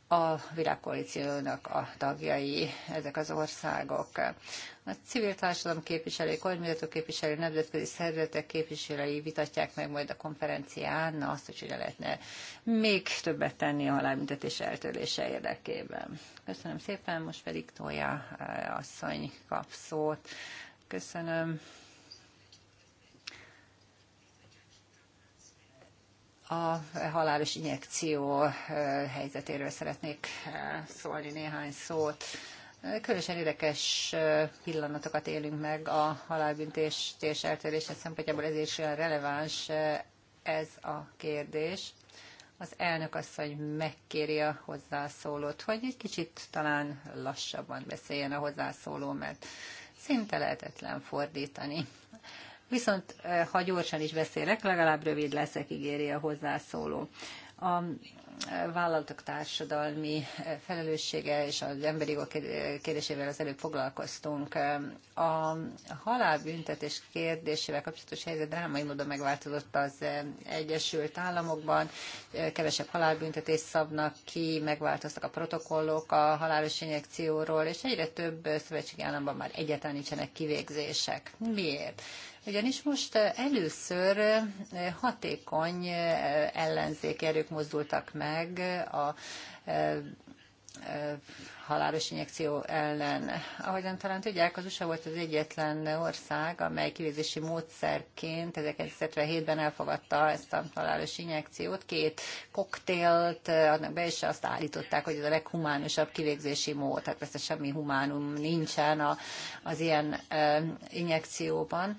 Speaker 3: a világkoalíciónak a tagjai ezek az országok. A civil társadalom képviselői, kormányzatok képviselői, nemzetközi szervezetek képviselői vitatják meg majd a konferencián azt, hogy lehetne még többet tenni a halálbüntetés eltörlése érdekében. Köszönöm szépen, most pedig Tója eh, asszony kap szót. Köszönöm. a halálos injekció helyzetéről szeretnék szólni néhány szót. Különösen érdekes pillanatokat élünk meg a és eltörése szempontjából, ezért is olyan releváns ez a kérdés. Az elnök asszony megkéri a hozzászólót, hogy egy kicsit talán lassabban beszéljen a hozzászóló, mert szinte lehetetlen fordítani Viszont eh, ha gyorsan is beszélek, legalább rövid leszek, ígéri a hozzászóló. A eh, vállalatok társadalmi eh, felelőssége és az emberi jogok kérdésével az előbb foglalkoztunk. A halálbüntetés kérdésével kapcsolatos helyzet drámai módon megváltozott az Egyesült Államokban. Kevesebb halálbüntetés szabnak ki, megváltoztak a protokollok a halálos injekcióról, és egyre több szövetségi államban már egyáltalán nincsenek kivégzések. Miért? Ugyanis most eh, először eh, hatékony eh, ellenzék erők mozdultak meg a halálos injekció ellen. Ahogyan talán tudják, az USA volt az egyetlen ország, amely kivézési módszerként 1977-ben elfogadta ezt a halálos injekciót. Két koktélt adnak be, és azt állították, hogy ez a leghumánusabb kivégzési mód. tehát persze semmi humánum nincsen a, az ilyen injekcióban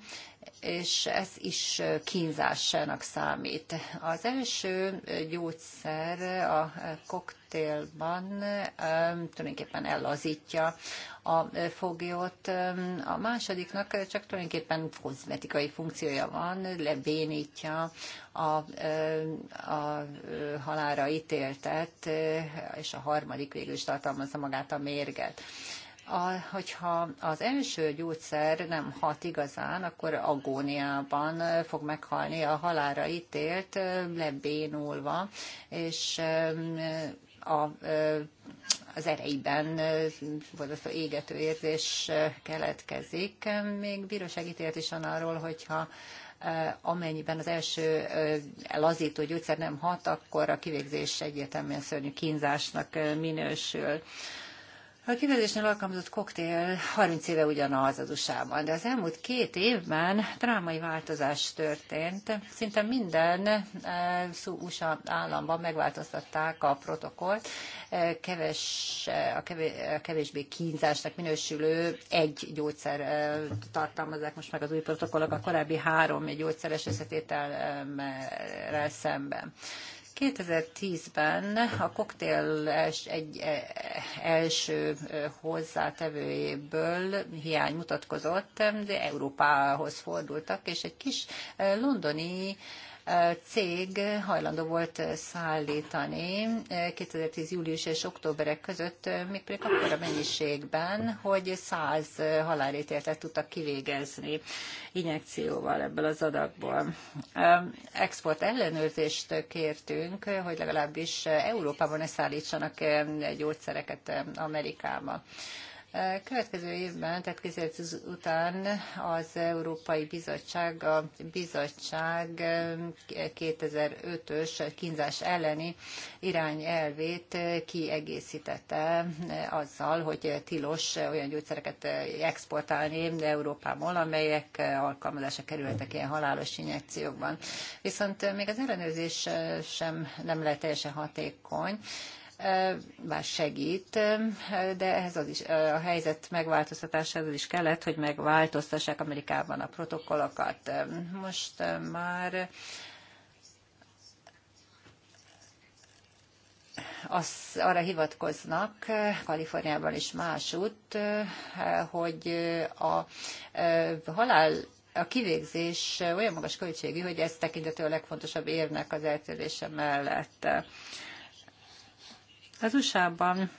Speaker 3: és ez is kínzásának számít. Az első gyógyszer a koktélban um, tulajdonképpen ellazítja a foglyot. Um, a másodiknak csak tulajdonképpen kozmetikai funkciója van, lebénítja a, um, a uh, halára ítéltet, uh, és a harmadik végül is tartalmazza magát a mérget a, hogyha az első gyógyszer nem hat igazán, akkor agóniában fog meghalni a halára ítélt, lebénulva, és a, az ereiben borzasztó égető érzés keletkezik. Még bíróság ítélt is van arról, hogyha amennyiben az első lazító gyógyszer nem hat, akkor a kivégzés egyértelműen szörnyű kínzásnak minősül. A kifejezésnél alkalmazott koktél 30 éve ugyanaz az USA-ban, de az elmúlt két évben drámai változás történt. Szinte minden eh, USA államban megváltoztatták a protokollt. Eh, keves, eh, a, kevés, a kevésbé kínzásnak minősülő egy gyógyszer tartalmazzák most meg az új protokollok a korábbi három gyógyszeres összetételrel szemben. 2010-ben a koktél egy e, első e, hozzátevőjéből hiány mutatkozott, de Európához fordultak, és egy kis e, londoni cég hajlandó volt szállítani 2010. Eh, július és októberek között, eh, pedig akkor a mennyiségben, hogy 100 eh, halálítéltet tudtak kivégezni injekcióval ebből az adagból. Export ellenőrzést kértünk, hogy legalábbis Európában ne szállítsanak gyógyszereket Amerikába. Következő évben, tehát 2010 után az Európai Bizottság, a bizottság 2005-ös eh, kínzás elleni irányelvét kiegészítette eh, azzal, hogy tilos olyan gyógyszereket eh, exportálni Európából, amelyek alkalmazása kerültek ilyen halálos injekciókban. Viszont még az ellenőrzés sem nem lehet teljesen hatékony, bár segít, de ehhez az is, a helyzet megváltoztatásához is kellett, hogy megváltoztassák Amerikában a protokollokat. Most eh, már az, arra hivatkoznak Kaliforniában is másút, eh, hogy a eh, halál a kivégzés olyan magas költségű, hogy ez tekintető a legfontosabb érnek az eltörlése mellett. Az USA-ban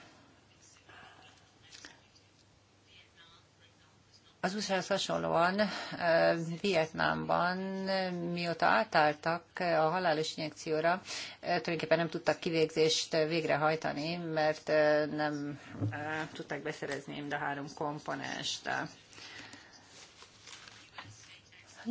Speaker 3: Az usa hasonlóan Vietnámban, mióta átálltak a halálos injekcióra, tulajdonképpen nem tudtak kivégzést végrehajtani, mert nem tudták beszerezni mind a három komponest.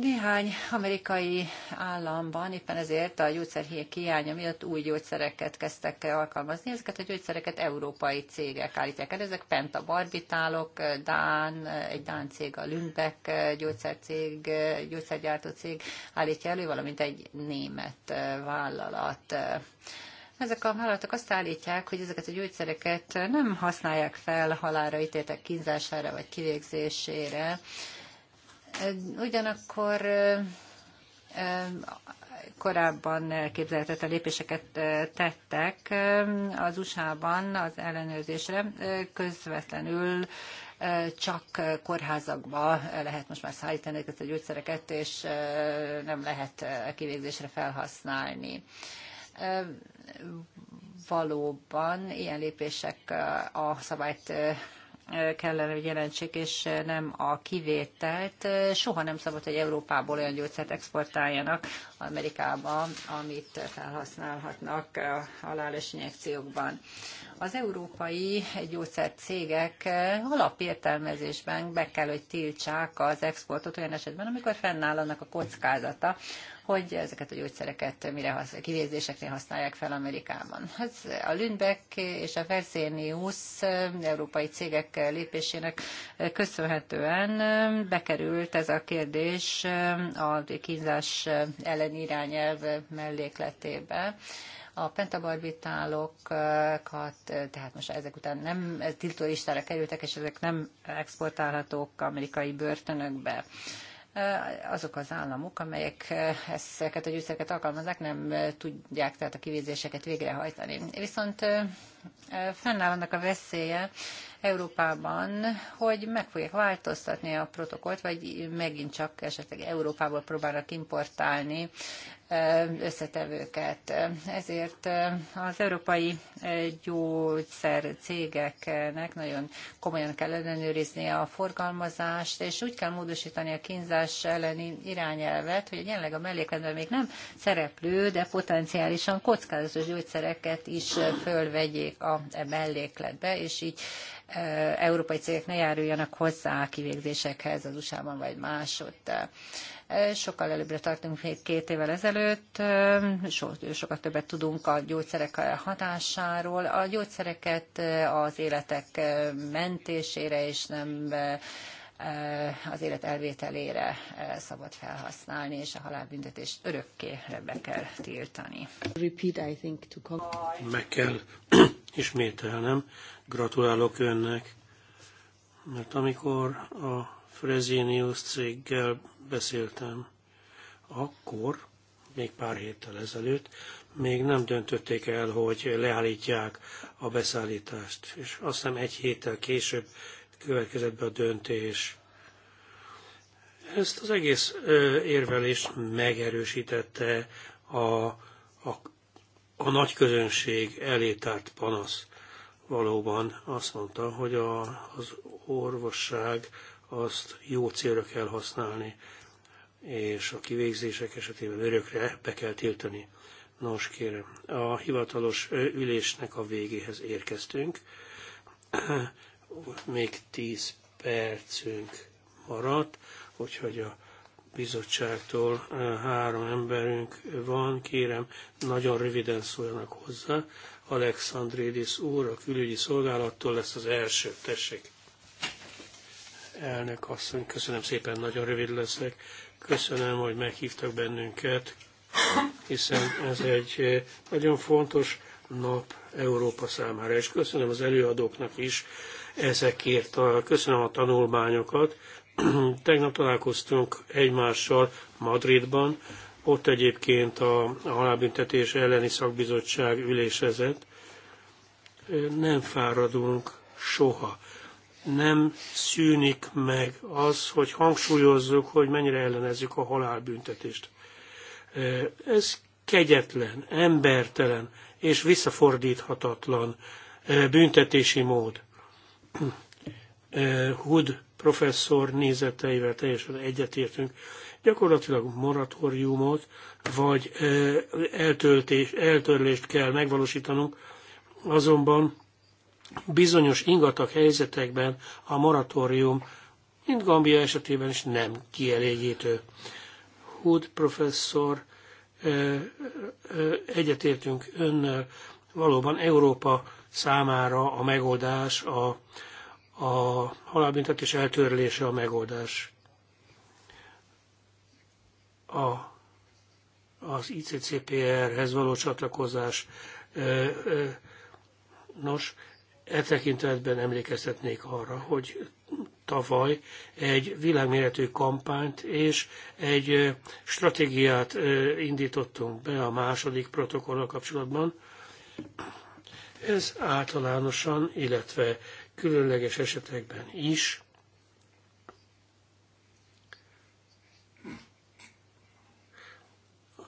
Speaker 3: Néhány amerikai államban éppen ezért a gyógyszerhiek hiánya miatt új gyógyszereket kezdtek alkalmazni. Ezeket a gyógyszereket európai cégek állítják el. Ezek pentabarbitálok, Dán, egy Dán cég, a Lübeck gyógyszercég, gyógyszergyártó cég állítja elő, valamint egy német vállalat. Ezek a vállalatok azt állítják, hogy ezeket a gyógyszereket nem használják fel halára ítéltek kínzására vagy kivégzésére, Ugyanakkor korábban a lépéseket tettek az USA-ban az ellenőrzésre. Közvetlenül csak kórházakba lehet most már szállítani ezeket a gyógyszereket, és nem lehet kivégzésre felhasználni. Valóban ilyen lépések a szabályt kellene, hogy jelentsék, és nem a kivételt. Soha nem szabad, hogy Európából olyan gyógyszert exportáljanak, Amerikában, amit felhasználhatnak a injekciókban. Az európai gyógyszercégek alapértelmezésben be kell, hogy tiltsák az exportot olyan esetben, amikor fennáll annak a kockázata, hogy ezeket a gyógyszereket mire hasz, kivézésekre használják fel Amerikában. Ez a Lübeck és a Versenius európai cégek lépésének köszönhetően bekerült ez a kérdés a kínzás ellen minden irányelv mellékletébe. A pentabarbitálokat, tehát most ezek után nem tiltó listára kerültek, és ezek nem exportálhatók amerikai börtönökbe azok az államok, amelyek ezeket a gyűjtőket alkalmaznak, nem tudják tehát a kivézéseket végrehajtani. Viszont fennáll annak a veszélye, Európában, hogy meg fogják változtatni a protokollt, vagy megint csak esetleg Európából próbálnak importálni összetevőket. Ezért az európai gyógyszer cégeknek nagyon komolyan kell ellenőrizni a forgalmazást, és úgy kell módosítani a kínzás elleni irányelvet, hogy jelenleg a mellékletben még nem szereplő, de potenciálisan kockázatos gyógyszereket is fölvegyék a mellékletbe, és így európai cégek ne járuljanak hozzá kivégzésekhez az USA-ban vagy máshogy. Sokkal előbbre tartunk még két évvel ezelőtt, so, sokat többet tudunk a gyógyszerek hatásáról. A gyógyszereket az életek mentésére és nem az élet elvételére szabad felhasználni, és a halálbüntetést örökké be kell tiltani. Repeat, I think, to
Speaker 1: Meg kell ismételnem, Gratulálok önnek, mert amikor a Frezinius céggel beszéltem, akkor, még pár héttel ezelőtt, még nem döntötték el, hogy leállítják a beszállítást. És azt hiszem egy héttel később következett be a döntés. Ezt az egész érvelést megerősítette a, a, a nagy közönség elé tárt panasz valóban azt mondta, hogy a, az orvosság azt jó célra kell használni, és a kivégzések esetében örökre be kell tiltani. Nos kérem, a hivatalos ülésnek a végéhez érkeztünk. Még tíz percünk maradt, úgyhogy a bizottságtól három emberünk van. Kérem, nagyon röviden szóljanak hozzá, Alexandridis úr a külügyi szolgálattól lesz az első. Tessék! Elnök asszony, köszönöm szépen, nagyon rövid leszek. Köszönöm, hogy meghívtak bennünket, hiszen ez egy eh, nagyon fontos nap Európa számára, és köszönöm az előadóknak is ezekért, a, köszönöm a tanulmányokat. Tegnap találkoztunk egymással Madridban, ott egyébként a halálbüntetés elleni szakbizottság ülésezett. Nem fáradunk soha. Nem szűnik meg az, hogy hangsúlyozzuk, hogy mennyire ellenezzük a halálbüntetést. Ez kegyetlen, embertelen és visszafordíthatatlan eh, büntetési mód. Eh, Hood professzor nézeteivel teljesen egyetértünk gyakorlatilag moratóriumot vagy eltöltés, eltörlést kell megvalósítanunk, azonban bizonyos ingatag helyzetekben a moratórium, mint Gambia esetében is nem kielégítő. Hood professzor, egyetértünk önnel, valóban Európa számára a megoldás, a, a halálbüntetés eltörlése a megoldás a, az ICCPR-hez való csatlakozás. Nos, e tekintetben emlékeztetnék arra, hogy tavaly egy világméretű kampányt és egy stratégiát indítottunk be a második protokollal kapcsolatban. Ez általánosan, illetve különleges esetekben is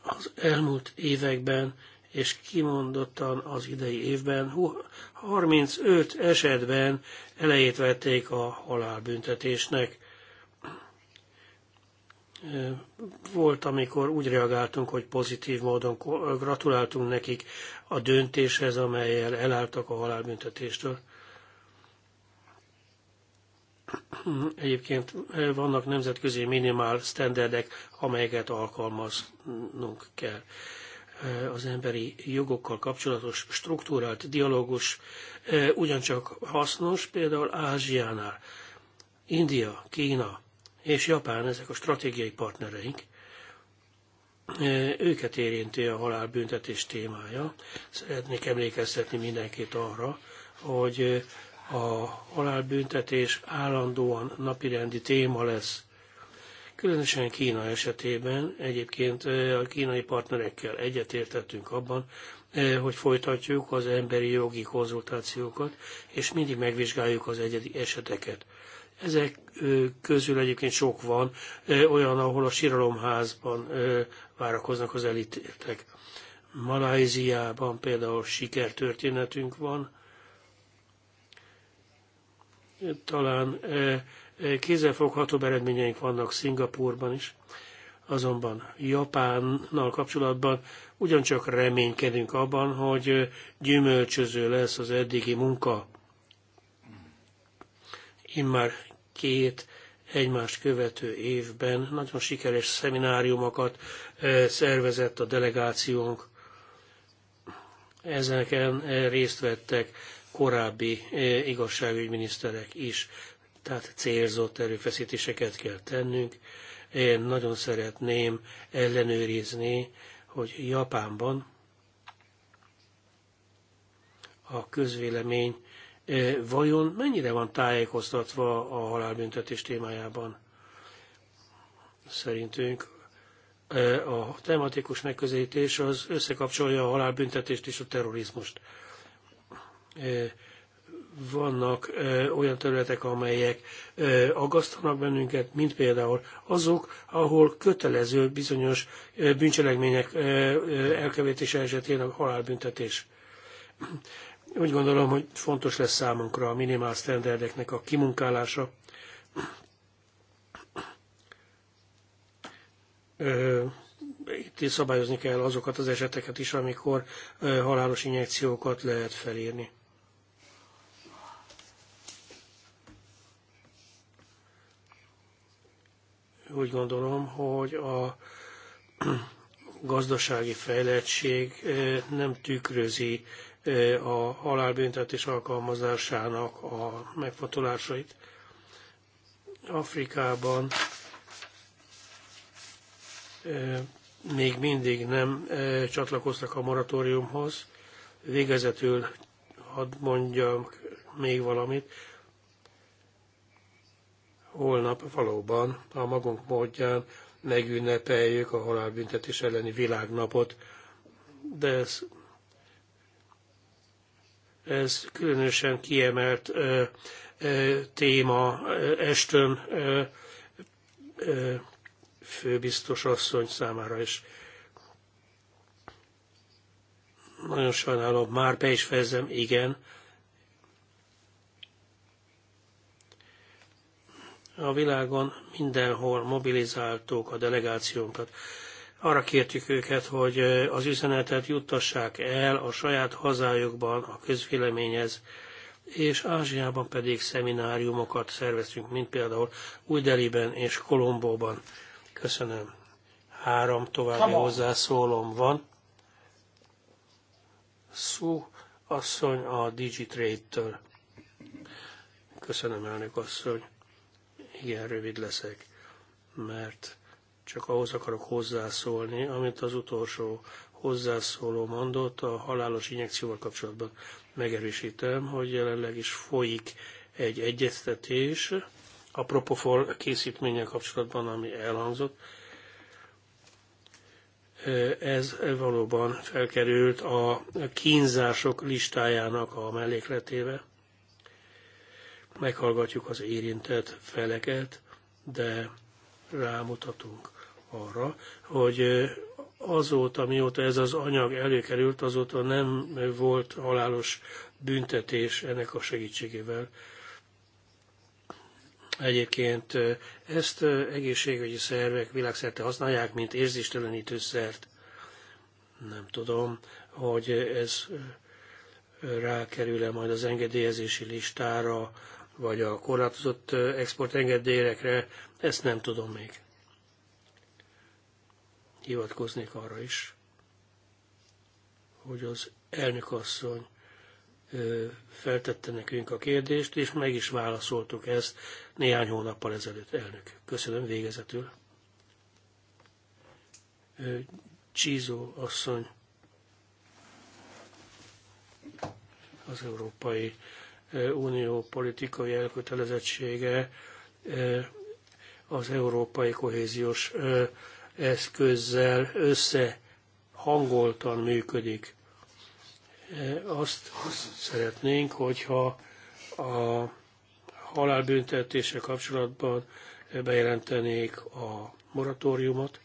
Speaker 1: az elmúlt években és kimondottan az idei évben 35 esetben elejét vették a halálbüntetésnek. Volt, amikor úgy reagáltunk, hogy pozitív módon gratuláltunk nekik a döntéshez, amelyel elálltak a halálbüntetéstől. Egyébként vannak nemzetközi minimál standardek, amelyeket alkalmaznunk kell. Az emberi jogokkal kapcsolatos struktúrált dialógus ugyancsak hasznos, például Ázsiánál. India, Kína és Japán ezek a stratégiai partnereink. Őket érinti a halálbüntetés témája. Szeretnék emlékeztetni mindenkit arra, hogy a halálbüntetés állandóan napirendi téma lesz. Különösen Kína esetében egyébként eh, a kínai partnerekkel egyetértettünk abban, eh, hogy folytatjuk az emberi jogi konzultációkat, és mindig megvizsgáljuk az egyedi eseteket. Ezek eh, közül egyébként sok van, olyan, ahol a síralomházban várakoznak az elítéltek. Malajziában például sikertörténetünk van, talán e, e, kézzelfoghatóbb eredményeink vannak Szingapurban is, azonban Japánnal kapcsolatban ugyancsak reménykedünk abban, hogy e, gyümölcsöző lesz az eddigi munka. Immár két egymást követő évben nagyon sikeres szemináriumokat szervezett a delegációnk. Ezeken részt vettek korábbi eh, igazságügyminiszterek is, tehát célzott erőfeszítéseket kell tennünk. Én nagyon szeretném ellenőrizni, hogy Japánban a közvélemény eh, vajon mennyire van tájékoztatva a halálbüntetés témájában. Szerintünk eh, a tematikus megközelítés az összekapcsolja a halálbüntetést és a terrorizmust. E, vannak e, olyan területek, amelyek e, aggasztanak bennünket, mint például azok, ahol kötelező bizonyos bűncselekmények elkövetése esetén a halálbüntetés. Úgy gondolom, hogy fontos lesz számunkra a minimál sztenderdeknek a kimunkálása. Itt szabályozni kell azokat az eseteket is, amikor halálos injekciókat lehet felírni úgy gondolom, hogy a gazdasági fejlettség nem tükrözi a halálbüntetés alkalmazásának a megfontolásait. Afrikában még mindig nem csatlakoztak a moratóriumhoz. Végezetül hadd mondjam még valamit holnap valóban a magunk módján megünnepeljük a halálbüntetés elleni világnapot, de ez, ez különösen kiemelt ö, ö, téma Estön ö, ö, főbiztos asszony számára is. Nagyon sajnálom, már be is fejezem, igen, a világon mindenhol mobilizáltuk a delegációnkat. Arra kértük őket, hogy az üzenetet juttassák el a saját hazájukban a közvéleményhez, és Ázsiában pedig szemináriumokat szerveztünk, mint például új és Kolombóban. Köszönöm. Három további hozzászólom van. Szó asszony a Digitrade-től. Köszönöm, elnök asszony igen rövid leszek, mert csak ahhoz akarok hozzászólni, amit az utolsó hozzászóló mondott a halálos injekcióval kapcsolatban. Megerősítem, hogy jelenleg is folyik egy egyeztetés a Propofol készítménye kapcsolatban, ami elhangzott. Ez valóban felkerült a kínzások listájának a mellékletébe meghallgatjuk az érintett feleket, de rámutatunk arra, hogy azóta, mióta ez az anyag előkerült, azóta nem volt halálos büntetés ennek a segítségével. Egyébként ezt egészségügyi szervek világszerte használják, mint érzéstelenítő szert. Nem tudom, hogy ez rákerül-e majd az engedélyezési listára, vagy a korlátozott exportengedélyekre, ezt nem tudom még. Hivatkoznék arra is, hogy az asszony feltette nekünk a kérdést, és meg is válaszoltuk ezt néhány hónappal ezelőtt, elnök. Köszönöm végezetül. Csízó asszony az európai Unió politikai elkötelezettsége az európai kohéziós eszközzel összehangoltan működik. Azt szeretnénk, hogyha a halálbüntetése kapcsolatban bejelentenék a moratóriumot.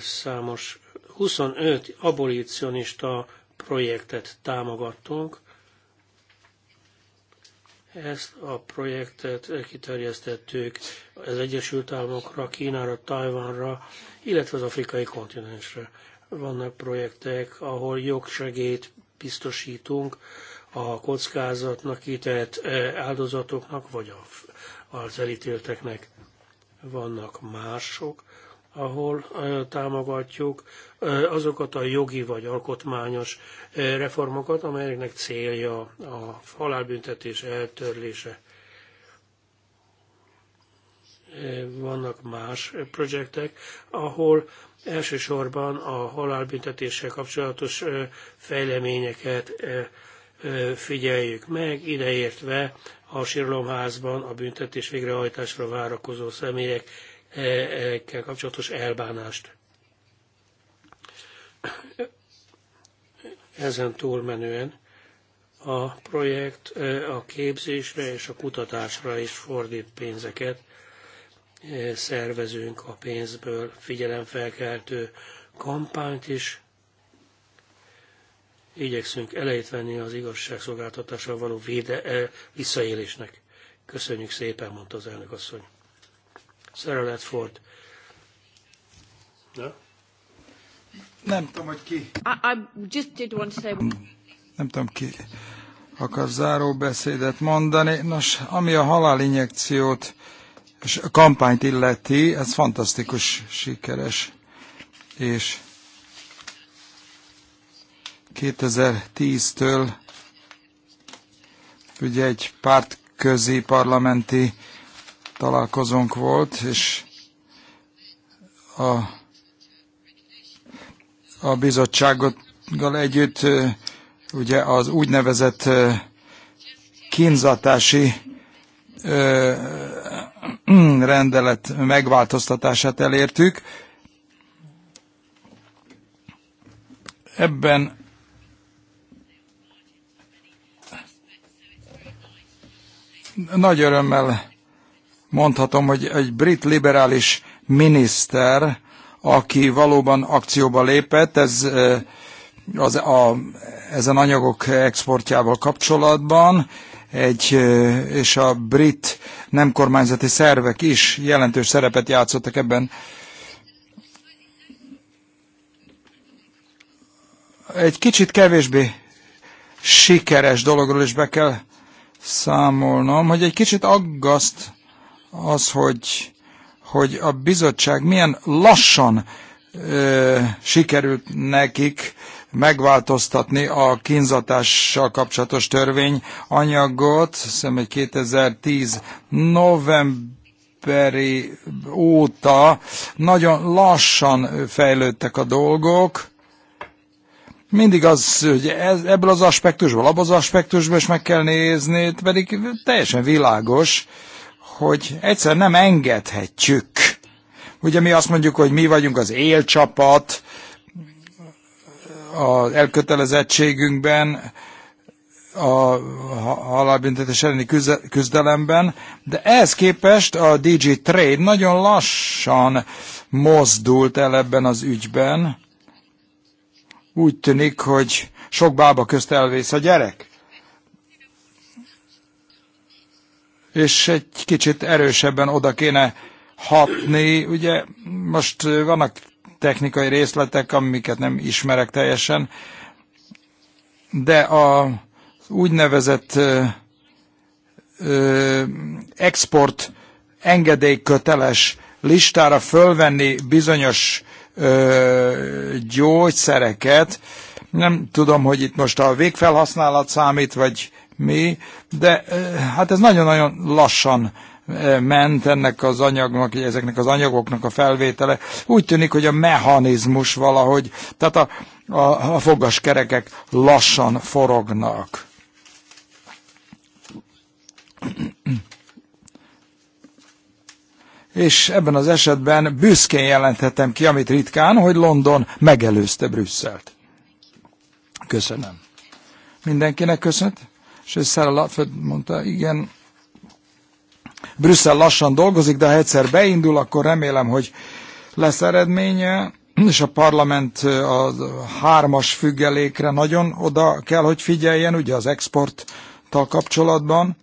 Speaker 1: Számos 25 abolicionista projektet támogattunk. Ezt a projektet kiterjesztettük az Egyesült Államokra, Kínára, Tajvánra, illetve az afrikai kontinensre. Vannak projektek, ahol jogsegét biztosítunk a kockázatnak kitett eh, áldozatoknak, vagy az elítélteknek. Vannak mások, ahol támogatjuk azokat a jogi vagy alkotmányos reformokat, amelyeknek célja a halálbüntetés eltörlése. Vannak más projektek, ahol elsősorban a halálbüntetéssel kapcsolatos fejleményeket figyeljük meg, ideértve a sírlomházban a büntetés végrehajtásra várakozó személyek E, kell kapcsolatos elbánást. Ezen túlmenően a projekt e, a képzésre és a kutatásra is fordít pénzeket. E, szervezünk a pénzből figyelemfelkeltő kampányt is. Igyekszünk elejét venni az igazságszolgáltatással való véde, visszaélésnek. Köszönjük szépen, mondta az elnök asszony. Szerelet Ford. Nem tudom, hogy ki. I, I just did want to say...
Speaker 2: Nem tudom ki akar záró beszédet mondani. Nos, ami a halálinjekciót és a kampányt illeti, ez fantasztikus, sikeres. És 2010-től ugye egy pártközi parlamenti találkozónk volt, és a, a bizottsággal együtt ugye az úgynevezett kínzatási rendelet megváltoztatását elértük. Ebben nagy örömmel mondhatom, hogy egy brit liberális miniszter, aki valóban akcióba lépett, ez eh, az, a, ezen anyagok exportjával kapcsolatban, egy, eh, és a brit nem kormányzati szervek is jelentős szerepet játszottak ebben. Egy kicsit kevésbé sikeres dologról is be kell számolnom, hogy egy kicsit aggaszt az, hogy, hogy a bizottság milyen lassan ö, sikerült nekik megváltoztatni a kínzatással kapcsolatos anyagot, hiszem, hogy 2010 november Peri óta nagyon lassan fejlődtek a dolgok. Mindig az, hogy ez, ebből az aspektusból, abban az aspektusból is meg kell nézni, pedig teljesen világos, hogy egyszer nem engedhetjük. Ugye mi azt mondjuk, hogy mi vagyunk az élcsapat, az elkötelezettségünkben, a halálbüntetés elleni küzdelemben, de ehhez képest a DG Trade nagyon lassan mozdult el ebben az ügyben. Úgy tűnik, hogy sok bába közt elvész a gyerek. és egy kicsit erősebben oda kéne hatni. Ugye most vannak technikai részletek, amiket nem ismerek teljesen, de a úgynevezett ö, ö, export engedélyköteles listára fölvenni bizonyos ö, gyógyszereket. Nem tudom, hogy itt most a végfelhasználat számít, vagy mi, de hát ez nagyon-nagyon lassan ment ennek az anyagnak, ezeknek az anyagoknak a felvétele. Úgy tűnik, hogy a mechanizmus valahogy, tehát a, a, a fogaskerekek lassan forognak. És ebben az esetben büszkén jelenthetem ki, amit ritkán, hogy London megelőzte Brüsszelt. Köszönöm. Mindenkinek köszönöm és ez Sarah Latford mondta, igen, Brüsszel lassan dolgozik, de ha egyszer beindul, akkor remélem, hogy lesz eredménye, és a parlament a hármas függelékre nagyon oda kell, hogy figyeljen, ugye az exporttal kapcsolatban.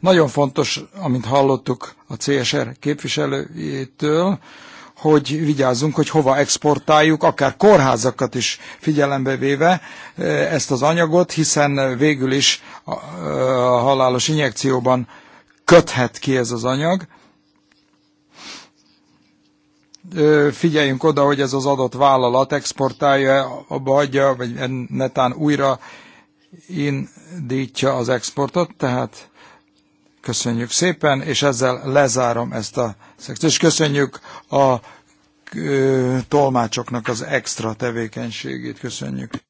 Speaker 2: Nagyon fontos, amint hallottuk a CSR képviselőjétől, hogy vigyázzunk, hogy hova exportáljuk, akár kórházakat is figyelembe véve eh, ezt az anyagot, hiszen végül is eh, a halálos injekcióban köthet ki ez az anyag. Eh, figyeljünk oda, hogy ez az adott vállalat exportálja, abba adja, vagy netán újra indítja az exportot, tehát Köszönjük szépen, és ezzel lezárom ezt a szekciót, és köszönjük a tolmácsoknak az extra tevékenységét. Köszönjük.